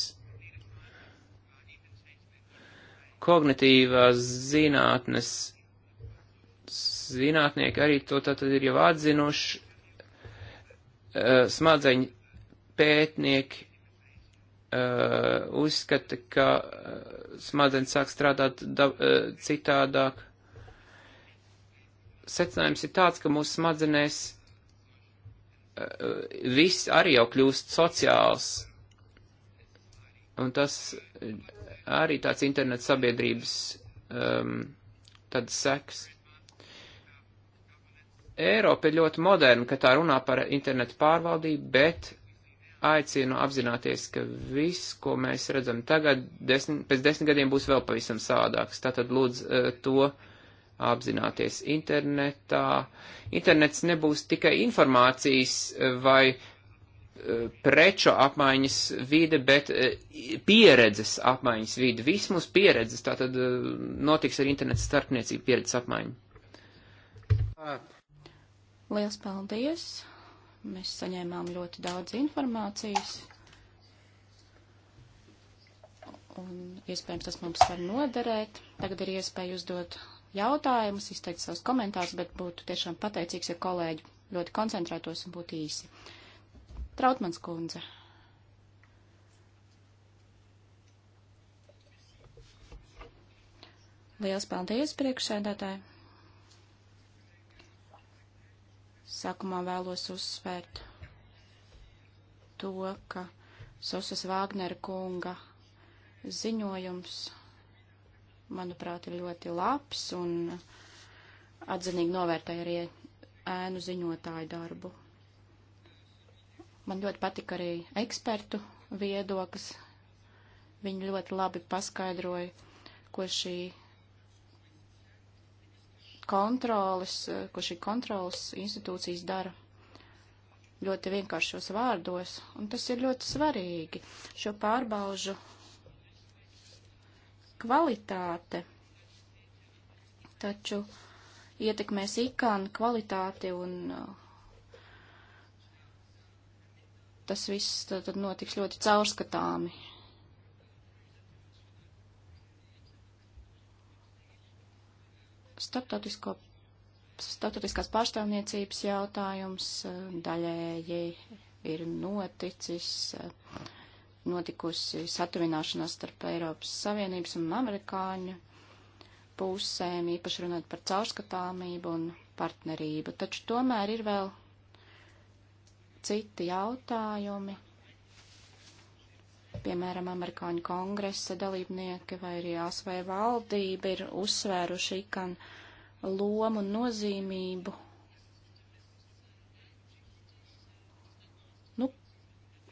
Kognitīvās zinātnes zinātnieki arī to tātad ir jau atzinuši, eh, smadzeņu pētnieki eh, uzskata, ka smadzenes sāk strādāt citādāk. Secinājums ir tāds, ka mūsu smadzenēs Eh, viss arī jau kļūst sociāls. Un tas eh, arī tāds internets sabiedrības um, tad seks. Eiropa ir ļoti moderna, ka tā runā par internetu pārvaldību, bet aicinu apzināties, ka viss, ko mēs redzam tagad, desmit, pēc desmit gadiem būs vēl pavisam sādāks. Tātad lūdzu eh, to uh, apzināties internetā. Internets nebūs tikai informācijas eh, vai eh, preču apmaiņas vide, bet eh, pieredzes apmaiņas vide. Viss mūsu pieredzes, tā tad notiks ar internetu starpniecību pieredzes apmaiņu. Liels paldies! Mēs saņēmām ļoti daudz informācijas. Un iespējams tas mums var noderēt. Tagad ir iespēja uzdot jautājumus, izteikt savus komentārus, bet būtu tiešām pateicīgs, ja kolēģi ļoti koncentrētos un būtu īsi. Trautmans kundze. Liels paldies, priekšsēdētāji! Sākumā vēlos uzsvērt to, ka Sosas Vāgnera kunga ziņojums manuprāt, ir ļoti labs un atzinīgi novērtēja arī ēnu ziņotāju darbu. Man ļoti patika arī ekspertu viedoklis. Viņi ļoti labi paskaidroja, ko šī kontrolas, ko šī kontrolas institūcijas dara ļoti vienkāršos vārdos, un tas ir ļoti svarīgi. Šo pārbaužu kvalitāte, taču ietekmēs ikāna kvalitāti un uh, tas viss tad, tad notiks ļoti caurskatāmi. Startautisko, startautiskās pārstāvniecības jautājums uh, daļēji ir noticis. Uh, notikusi satuvināšanās starp Eiropas Savienības un amerikāņu pusēm, īpaši runāt par caurskatāmību un partnerību. Taču tomēr ir vēl citi jautājumi, piemēram, amerikāņu kongresa dalībnieki vai arī ASV valdība ir uzsvēruši ikan lomu un nozīmību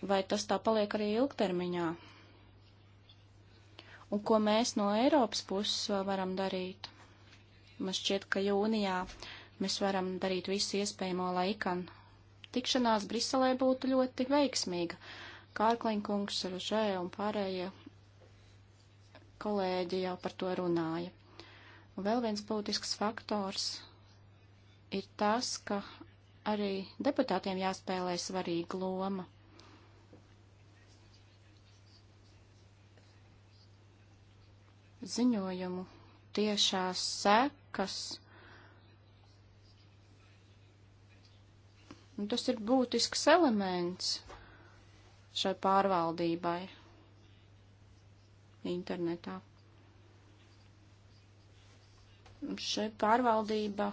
vai tas tā paliek arī ilgtermiņā? Un ko mēs no Eiropas puses vēl varam darīt? Man šķiet, ka jūnijā mēs varam darīt visu iespējamo, lai ikan tikšanās Briselē būtu ļoti veiksmīga. Kārklinkungs, Ružē un pārējie kolēģi jau par to runāja. Un vēl viens būtisks faktors ir tas, ka arī deputātiem jāspēlē svarīga loma. ziņojumu tiešās sekas. Un tas ir būtisks elements šai pārvaldībai internetā. Šai pārvaldība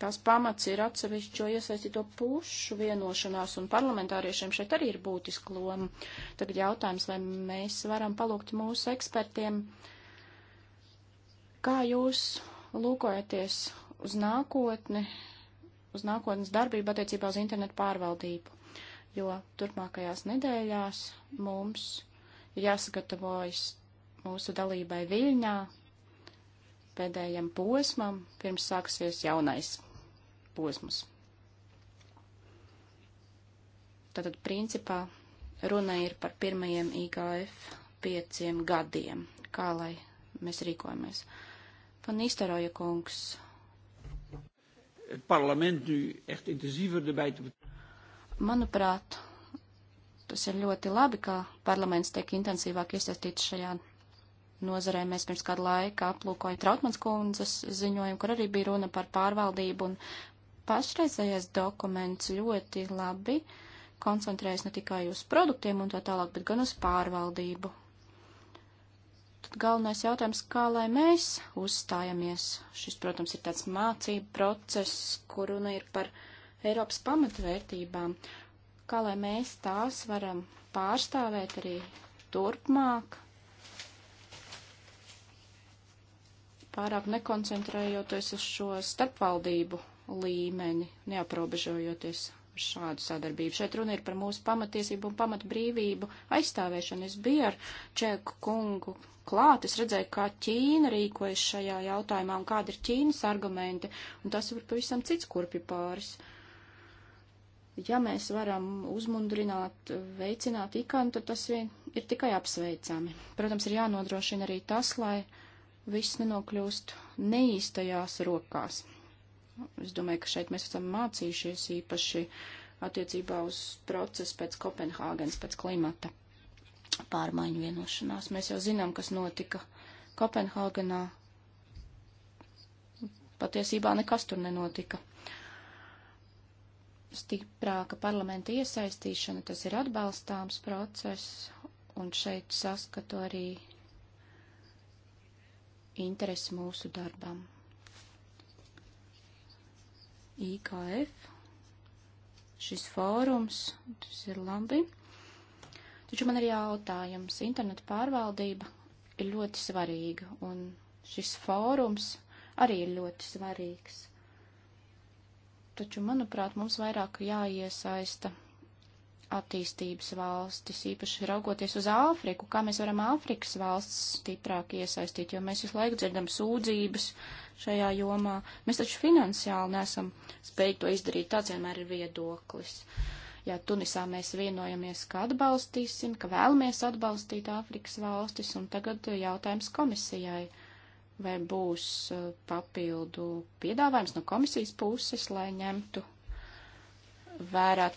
tās pamats ir atsevišķo iesaistīto pušu vienošanās, un parlamentāriešiem šeit arī ir būtiska loma. Tagad jautājums, vai mēs varam palūgt mūsu ekspertiem, kā jūs lūkojaties uz nākotni, uz nākotnes darbību attiecībā uz internetu pārvaldību, jo turpmākajās nedēļās mums ir jāsagatavojas mūsu dalībai Viļņā, pēdējam posmam, pirms sāksies jaunais posms. Tātad, principā, runa ir par pirmajiem IKF pieciem gadiem, kā lai mēs rīkojamies. Van Nistelrooja kungs. Nu Manuprāt, tas ir ļoti labi, ka parlaments tiek intensīvāk iesaistīts šajā nozarē mēs pirms kādu laiku aplūkojam Trautmans kundzes ziņojumu, kur arī bija runa par pārvaldību, un pašreizējais dokuments ļoti labi koncentrējas ne tikai uz produktiem un tā tālāk, bet gan uz pārvaldību tad galvenais jautājums, kā lai mēs uzstājamies. Šis, protams, ir tāds mācību process, kur runa ir par Eiropas pamatvērtībām. Kā lai mēs tās varam pārstāvēt arī turpmāk, pārāk nekoncentrējoties uz šo starpvaldību līmeni, neaprobežojoties ar šādu sadarbību. Šeit runa ir par mūsu pamatiesību un pamatbrīvību aizstāvēšanu. Es biju ar Čēku kungu klāt, es redzēju, kā Ķīna rīkojas šajā jautājumā un kāda ir Ķīnas argumenti, un tas ir pavisam cits kurpju pāris. Ja mēs varam uzmundrināt, veicināt ikanu, tad tas vien ir tikai apsveicami. Protams, ir jānodrošina arī tas, lai uh, viss nenokļūst neīstajās rokās. Es domāju, ka šeit mēs esam mācījušies īpaši attiecībā uz procesu pēc Kopenhāgens, pēc klimata pārmaiņu vienošanās. Mēs jau zinām, kas notika Kopenhāgenā. Patiesībā nekas tur nenotika. Stiprāka parlamenta iesaistīšana, tas ir atbalstāms process, un šeit saskatu arī interesi mūsu darbam. IKF, šis fórums, tas ir labi. Taču man ir jautājums, interneta pārvaldība ir ļoti svarīga, un šis fórums arī ir ļoti svarīgs. Taču, manuprāt, mums vairāk jāiesaista attīstības valstis, īpaši raugoties uz Āfriku, kā mēs varam Āfrikas valsts stiprāk iesaistīt, jo mēs visu laiku dzirdam sūdzības šajā jomā. Mēs taču finansiāli nesam spējīgi to izdarīt, tāds vienmēr ir viedoklis. Ja Tunisā mēs vienojamies, ka atbalstīsim, ka vēlamies atbalstīt Āfrikas valstis, un tagad jautājums komisijai vai būs uh, papildu piedāvājums no komisijas puses, lai ņemtu vērā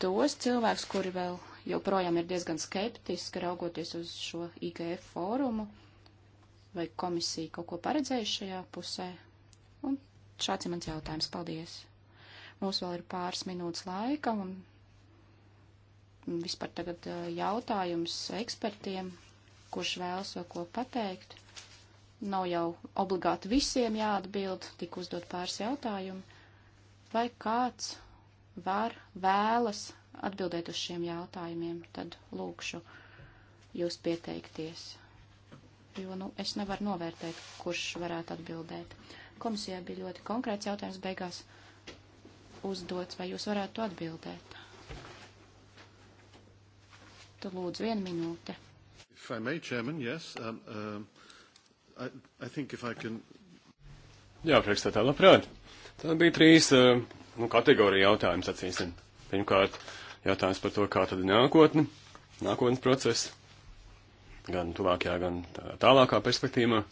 tos cilvēkus, kuri vēl joprojām ir diezgan skeptiski raugoties uz šo IGF fórumu, vai komisija kaut ko paredzējuši šajā pusē. Un šāds ir mans jautājums. Paldies! Mums vēl ir pāris minūtes laika, un vispār tagad jautājums ekspertiem, kurš vēlas vēl ko pateikt. Nav jau obligāti visiem jāatbild, tik uzdot pāris jautājumu. Vai kāds var, vēlas atbildēt uz šiem jautājumiem, tad lūkšu jūs pieteikties. Jo, nu, es nevaru novērtēt, kurš varētu atbildēt. Komisijā bija ļoti konkrēts jautājums beigās uzdots, vai jūs varētu to atbildēt. Tu lūdzu vienu minūte. If I may, Chairman, yes. Um, um, I, I think if I can... Jā, priekšstādā, labprāt. Tā bija trīs uh, nu, kategorija jautājums, acīsim. Pirmkārt, jautājums par to, kā tad nākotne, nākotnes process, gan tuvākajā, gan tā, tālākā perspektīvā.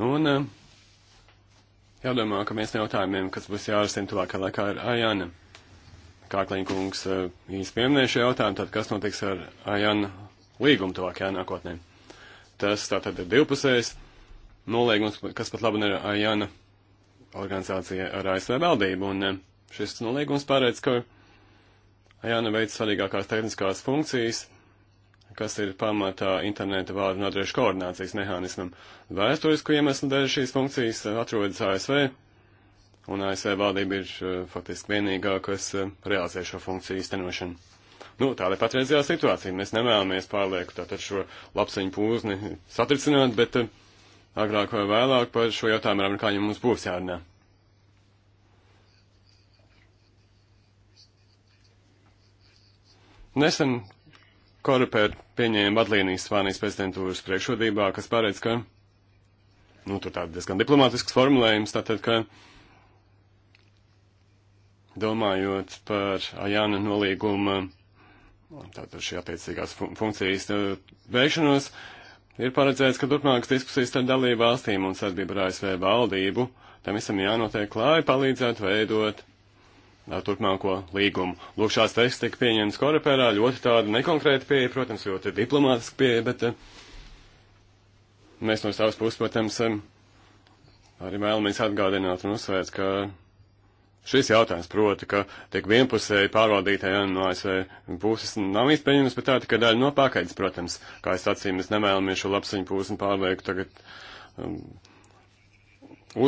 Un eh, jādomā, ka viens no jautājumiem, kas būs jārisina tuvākajā laikā, ir Ajana. Kāklīnkungs eh, īsti pieminēja šo jautājumu, tad kas notiks ar Ajana līgumu tuvākajā nākotnē? Tas tātad ir divpusējs nolīgums, kas pat labi ir AJANA organizācija ar ASV valdību, un šis nolīgums pārēc, ka AJANA veids svarīgākās tehniskās funkcijas, kas ir pamatā interneta vārdu un adrešu koordinācijas mehānismam. Vēsturisku iemeslu dēļ šīs funkcijas atrodas ASV, un ASV valdība ir faktiski vienīgā, kas realizē šo funkciju īstenošanu. Nu, tāda ir patreizējā situācija. Mēs nevēlamies pārlieku tātad šo lapseņu pūzni satricināt, bet uh, agrāk vai vēlāk par šo jautājumu ar amerikāņiem mums būs jārunā. Nesen Korupēr pieņēma vadlīnijas Spānijas prezidentūras priekšrodībā, kas paredz, ka, nu, tur tāds diezgan diplomātisks formulējums, tātad, ka, domājot par Ajāna nolīguma, tātad šī attiecīgās funkcijas uh, veikšanos, uh, Ir paredzēts, ka turpmākas diskusijas starp dalību valstīm un sadarbību ar ASV valdību tam visam jānotiek, lai palīdzētu veidot turpmāko līgumu. Lūk, šāds teksts tika pieņemts korepērā, ļoti tāda nekonkrēta pieeja, protams, ļoti diplomātiska pieeja, bet mēs no savas puses, protams, arī vēlamies atgādināt un uzsvērt, ka Šis jautājums proti, ka tiek vienpusēji pārvaldītā ja, no ASV puses nav izpējams, bet tā tikai daļa no pakaļas, protams. Kā es sacīju, mēs nevēlamies šo lapsiņu pusi pārlieku tagad um,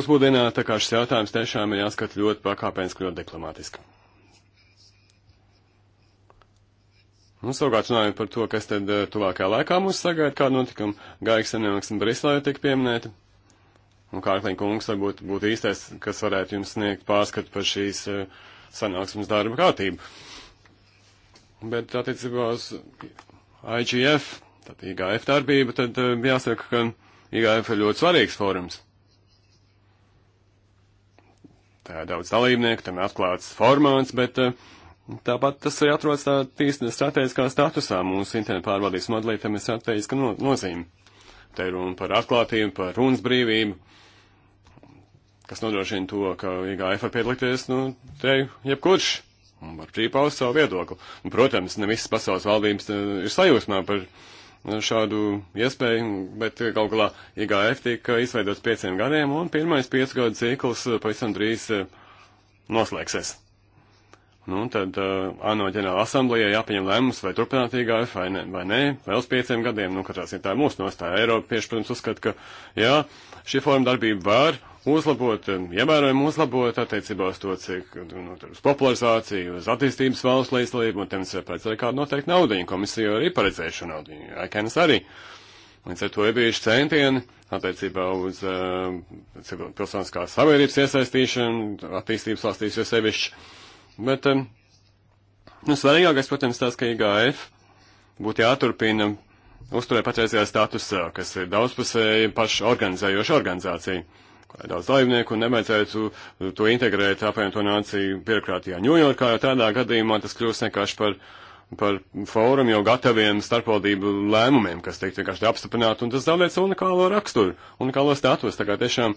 uzbūdināt, tā kā šis jautājums tiešām ir jāskat ļoti pakāpeniski, ļoti deklamātiski. Nu, savukārt runājot par to, kas tad eh, tuvākajā laikā mūs sagaida, kāda notikuma Gaiks Sanēmaks un Brislēja tika pieminēta. Un Kārklīna kungs varbūt būtu īstais, kas varētu jums sniegt pārskatu par šīs eh, sanāksmes darba kārtību. Bet attiecībā uz IGF, tad IGF darbība, tad eh, jāsaka, ka IGF ir ļoti svarīgs forums. Tā ir daudz dalībnieku, tam ir atklāts formāts, bet eh, tāpat tas ir atrodas tā tīsti strateģiskā statusā mūsu internetu pārvaldības modelī, tam ir strateģiska no, nozīme. Te ir runa par atklātību, par runas brīvību, kas nodrošina to, ka IGF var piedalīties, nu, te jebkurš un var brīvi paust savu viedokli. Un, protams, ne visas pasaules valdības eh, ir sajūsmā par eh, šādu iespēju, bet eh, gal galā IGF tika izveidots pieciem gadiem, un pirmais piecu gadu cikls pavisam drīz noslēgsies. Nu, tad uh, ANO ģenerāla asamblējai jāpieņem lēmums, vai turpināt IGF vai, ne, vai nē, vēl uz pieciem gadiem. Nu, katrā ziņā tā ir mūsu nostāja. Eiropa tieši, protams, uzskata, ka jā, šī forma darbība var uh, uzlabot, um, ievērojami uzlabot attiecībā uz to, cik nu, nu uz popularizāciju, uz attīstības valsts līdzlību, un tam es paredzēju kādu noteiktu naudiņu. Komisija arī paredzēja šo naudiņu, Aikenas arī. Līdz ar to ir bijuši centieni attiecībā uz uh, um, pilsoniskās sabiedrības iesaistīšanu, attīstības valstīs jo sevišķi. Bet um, nu, svarīgākais, protams, tas, ka IGF būtu jāturpina uzturēt patreizajā statusā, kas ir daudzpusēji pašorganizējoša organizācija. organizācija daudz laivnieku un nevajadzētu to integrēt apvienoto nāciju birokrātijā. Ņujorkā jau tādā gadījumā tas kļūst vienkārši par, par fórumu jau gataviem starpvaldību lēmumiem, kas tiek vienkārši apstiprināti, un tas zaudēts unikālo raksturu, unikālo status. Tā kā tiešām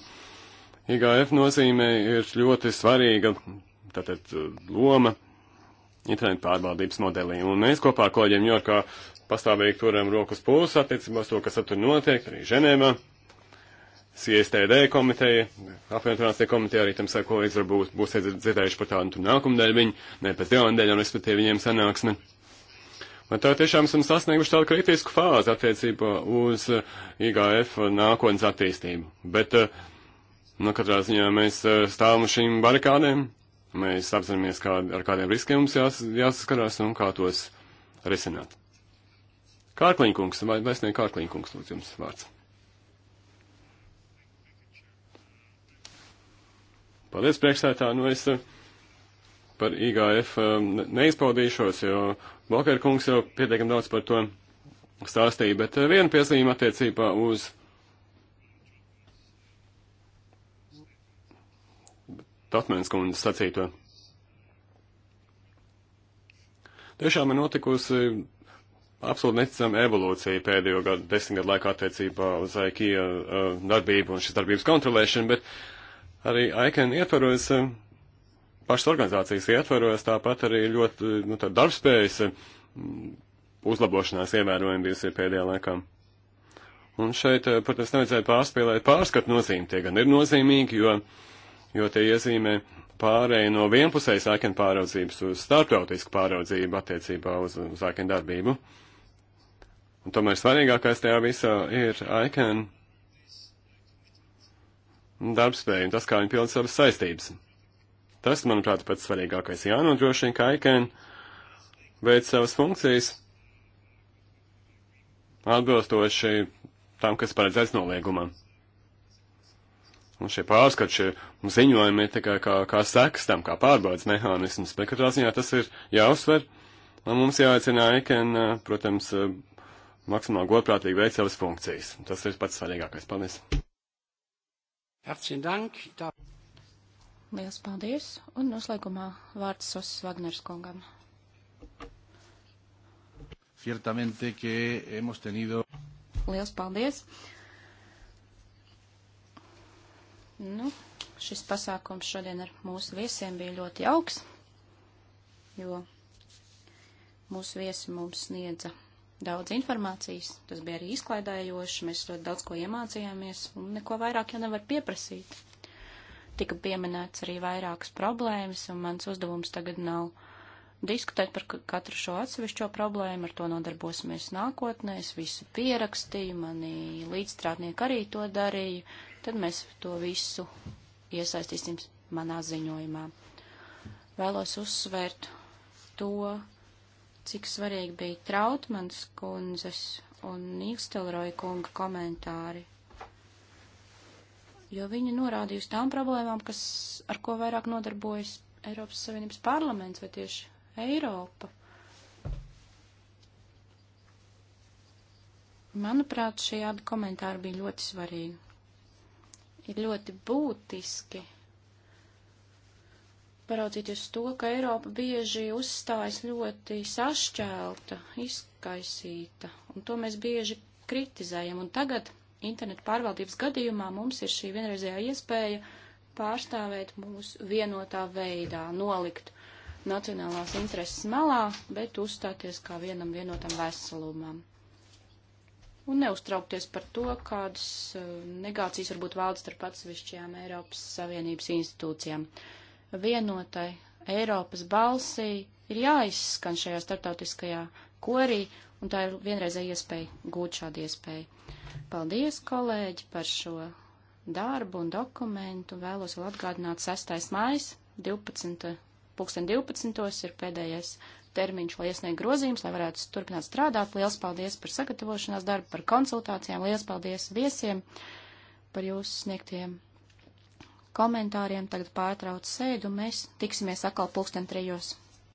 IGF nozīme ir ļoti svarīga, tātad loma internetu pārvaldības modelī. Un mēs kopā ar kolēģiem Ņujorkā pastāvīgi turam rokas pulsu attiecībās to, kas tur notiek, arī Ženēmā. CSTD komiteja, apvienotās tie komiteja arī tam sekojas, varbūt būsiet dzirdējuši par tādu tur nākamdēļ viņu, ne pēc jaunadēļ, un respektīvi viņiem sanāksme. Un tā tiešām esam sasnieguši tādu kritisku fāzi attiecībā uz eh, IGF nākotnes attīstību. Bet, eh, nu, katrā ziņā mēs eh, stāvam šīm barikādēm, mēs apzināmies, kā, ar kādiem riskiem mums jās, jāsaskarās un kā tos risināt. Kārkliņkungs, vai vēstnieku Kārkliņkungs, lūdzu jums vārds. Paldies, priekšsētā. Nu, es eh, par IGF eh, neizpaudīšos, jo Volker kungs jau pietiekam daudz par to stāstīja, bet eh, viena piezīme attiecībā uz. Tatmēns kundze sacīto. Tiešām ir notikusi absolūti neticama evolūcija pēdējo gadu, desmit gadu laikā attiecībā uz IKEA darbību un šīs darbības kontrolēšanu, bet arī ICAN ietvaros, eh, pašas organizācijas ietvaros, tāpat arī ļoti nu, darbspējas eh, uzlabošanās ievērojami bijusi pēdējā laikā. Un šeit, eh, protams, nevajadzētu pārspēlēt pārskatu nozīmi. Tie gan ir nozīmīgi, jo, jo tie iezīmē pārēju no vienpusējas ēkenu pāraudzības uz starptautisku pāraudzību attiecībā uz, uz ēkenu darbību. Un tomēr svarīgākais tajā visā ir ēkenu darbspēju un tas, kā viņi pilda savas saistības. Tas, manuprāt, pats svarīgākais jānodrošina, ka ICANN veic savas funkcijas atbilstoši tam, kas paredzēts noliegumam. Un šie pārskati, šie ziņojumi ir tikai kā, kā sekas tam, kā pārbaudas mehānisms, bet katrā ziņā tas ir jāuzsver, un mums jāaicina ICANN, protams, maksimāli godprātīgi veikt savas funkcijas. Tas ir pats svarīgākais. Paldies! Herzlichen Dank. Da... Liels paldies. Un noslēgumā vārds Sosas Vagners kungam. Ciertamente que hemos tenido. Liels paldies. Nu, šis pasākums šodien ar mūsu viesiem bija ļoti augs, jo mūsu viesi mums sniedza daudz informācijas, tas bija arī izklaidējoši, mēs ļoti daudz ko iemācījāmies un neko vairāk jau nevar pieprasīt. Tika pieminēts arī vairākas problēmas, un mans uzdevums tagad nav diskutēt par katru šo atsevišķo problēmu, ar to nodarbosimies nākotnē, es visu pierakstīju, mani līdzstrādnieki arī to darīja, tad mēs to visu iesaistīsim manā ziņojumā. Vēlos uzsvērt to, cik svarīgi bija Trautmans kundzes un Nīkstelroja kunga komentāri, jo viņa norādīja uz tām problēmām, kas, ar ko vairāk nodarbojas Eiropas Savienības parlaments vai tieši Eiropa. Manuprāt, šie abi komentāri bija ļoti svarīgi. Ir ļoti būtiski paraudzīties to, ka Eiropa bieži uzstājas ļoti sašķelta, izkaisīta, un to mēs bieži kritizējam. Un tagad internetu pārvaldības gadījumā mums ir šī vienreizējā iespēja pārstāvēt mūs vienotā veidā, nolikt nacionālās intereses malā, bet uzstāties kā vienam vienotam veselumam. Un neuztraukties par to, kādas eh, negācijas varbūt valda starp atsevišķajām Eiropas Savienības institūcijām. Uh, vienotai Eiropas balsī ir jāizskan šajā startautiskajā korī, un tā ir vienreizēja iespēja gūt šādu iespēju. Paldies, kolēģi, par šo darbu un dokumentu. Vēlos vēl atgādināt 6. mājas, 12. 2012. ir pēdējais termiņš, lai iesniegtu grozījumus, lai varētu turpināt strādāt. Lielas paldies par sagatavošanās darbu, par konsultācijām. Lielas paldies viesiem par jūsu sniegtiem komentāriem. Tagad pārtrauc sēdu, mēs tiksimies atkal pulksten trijos.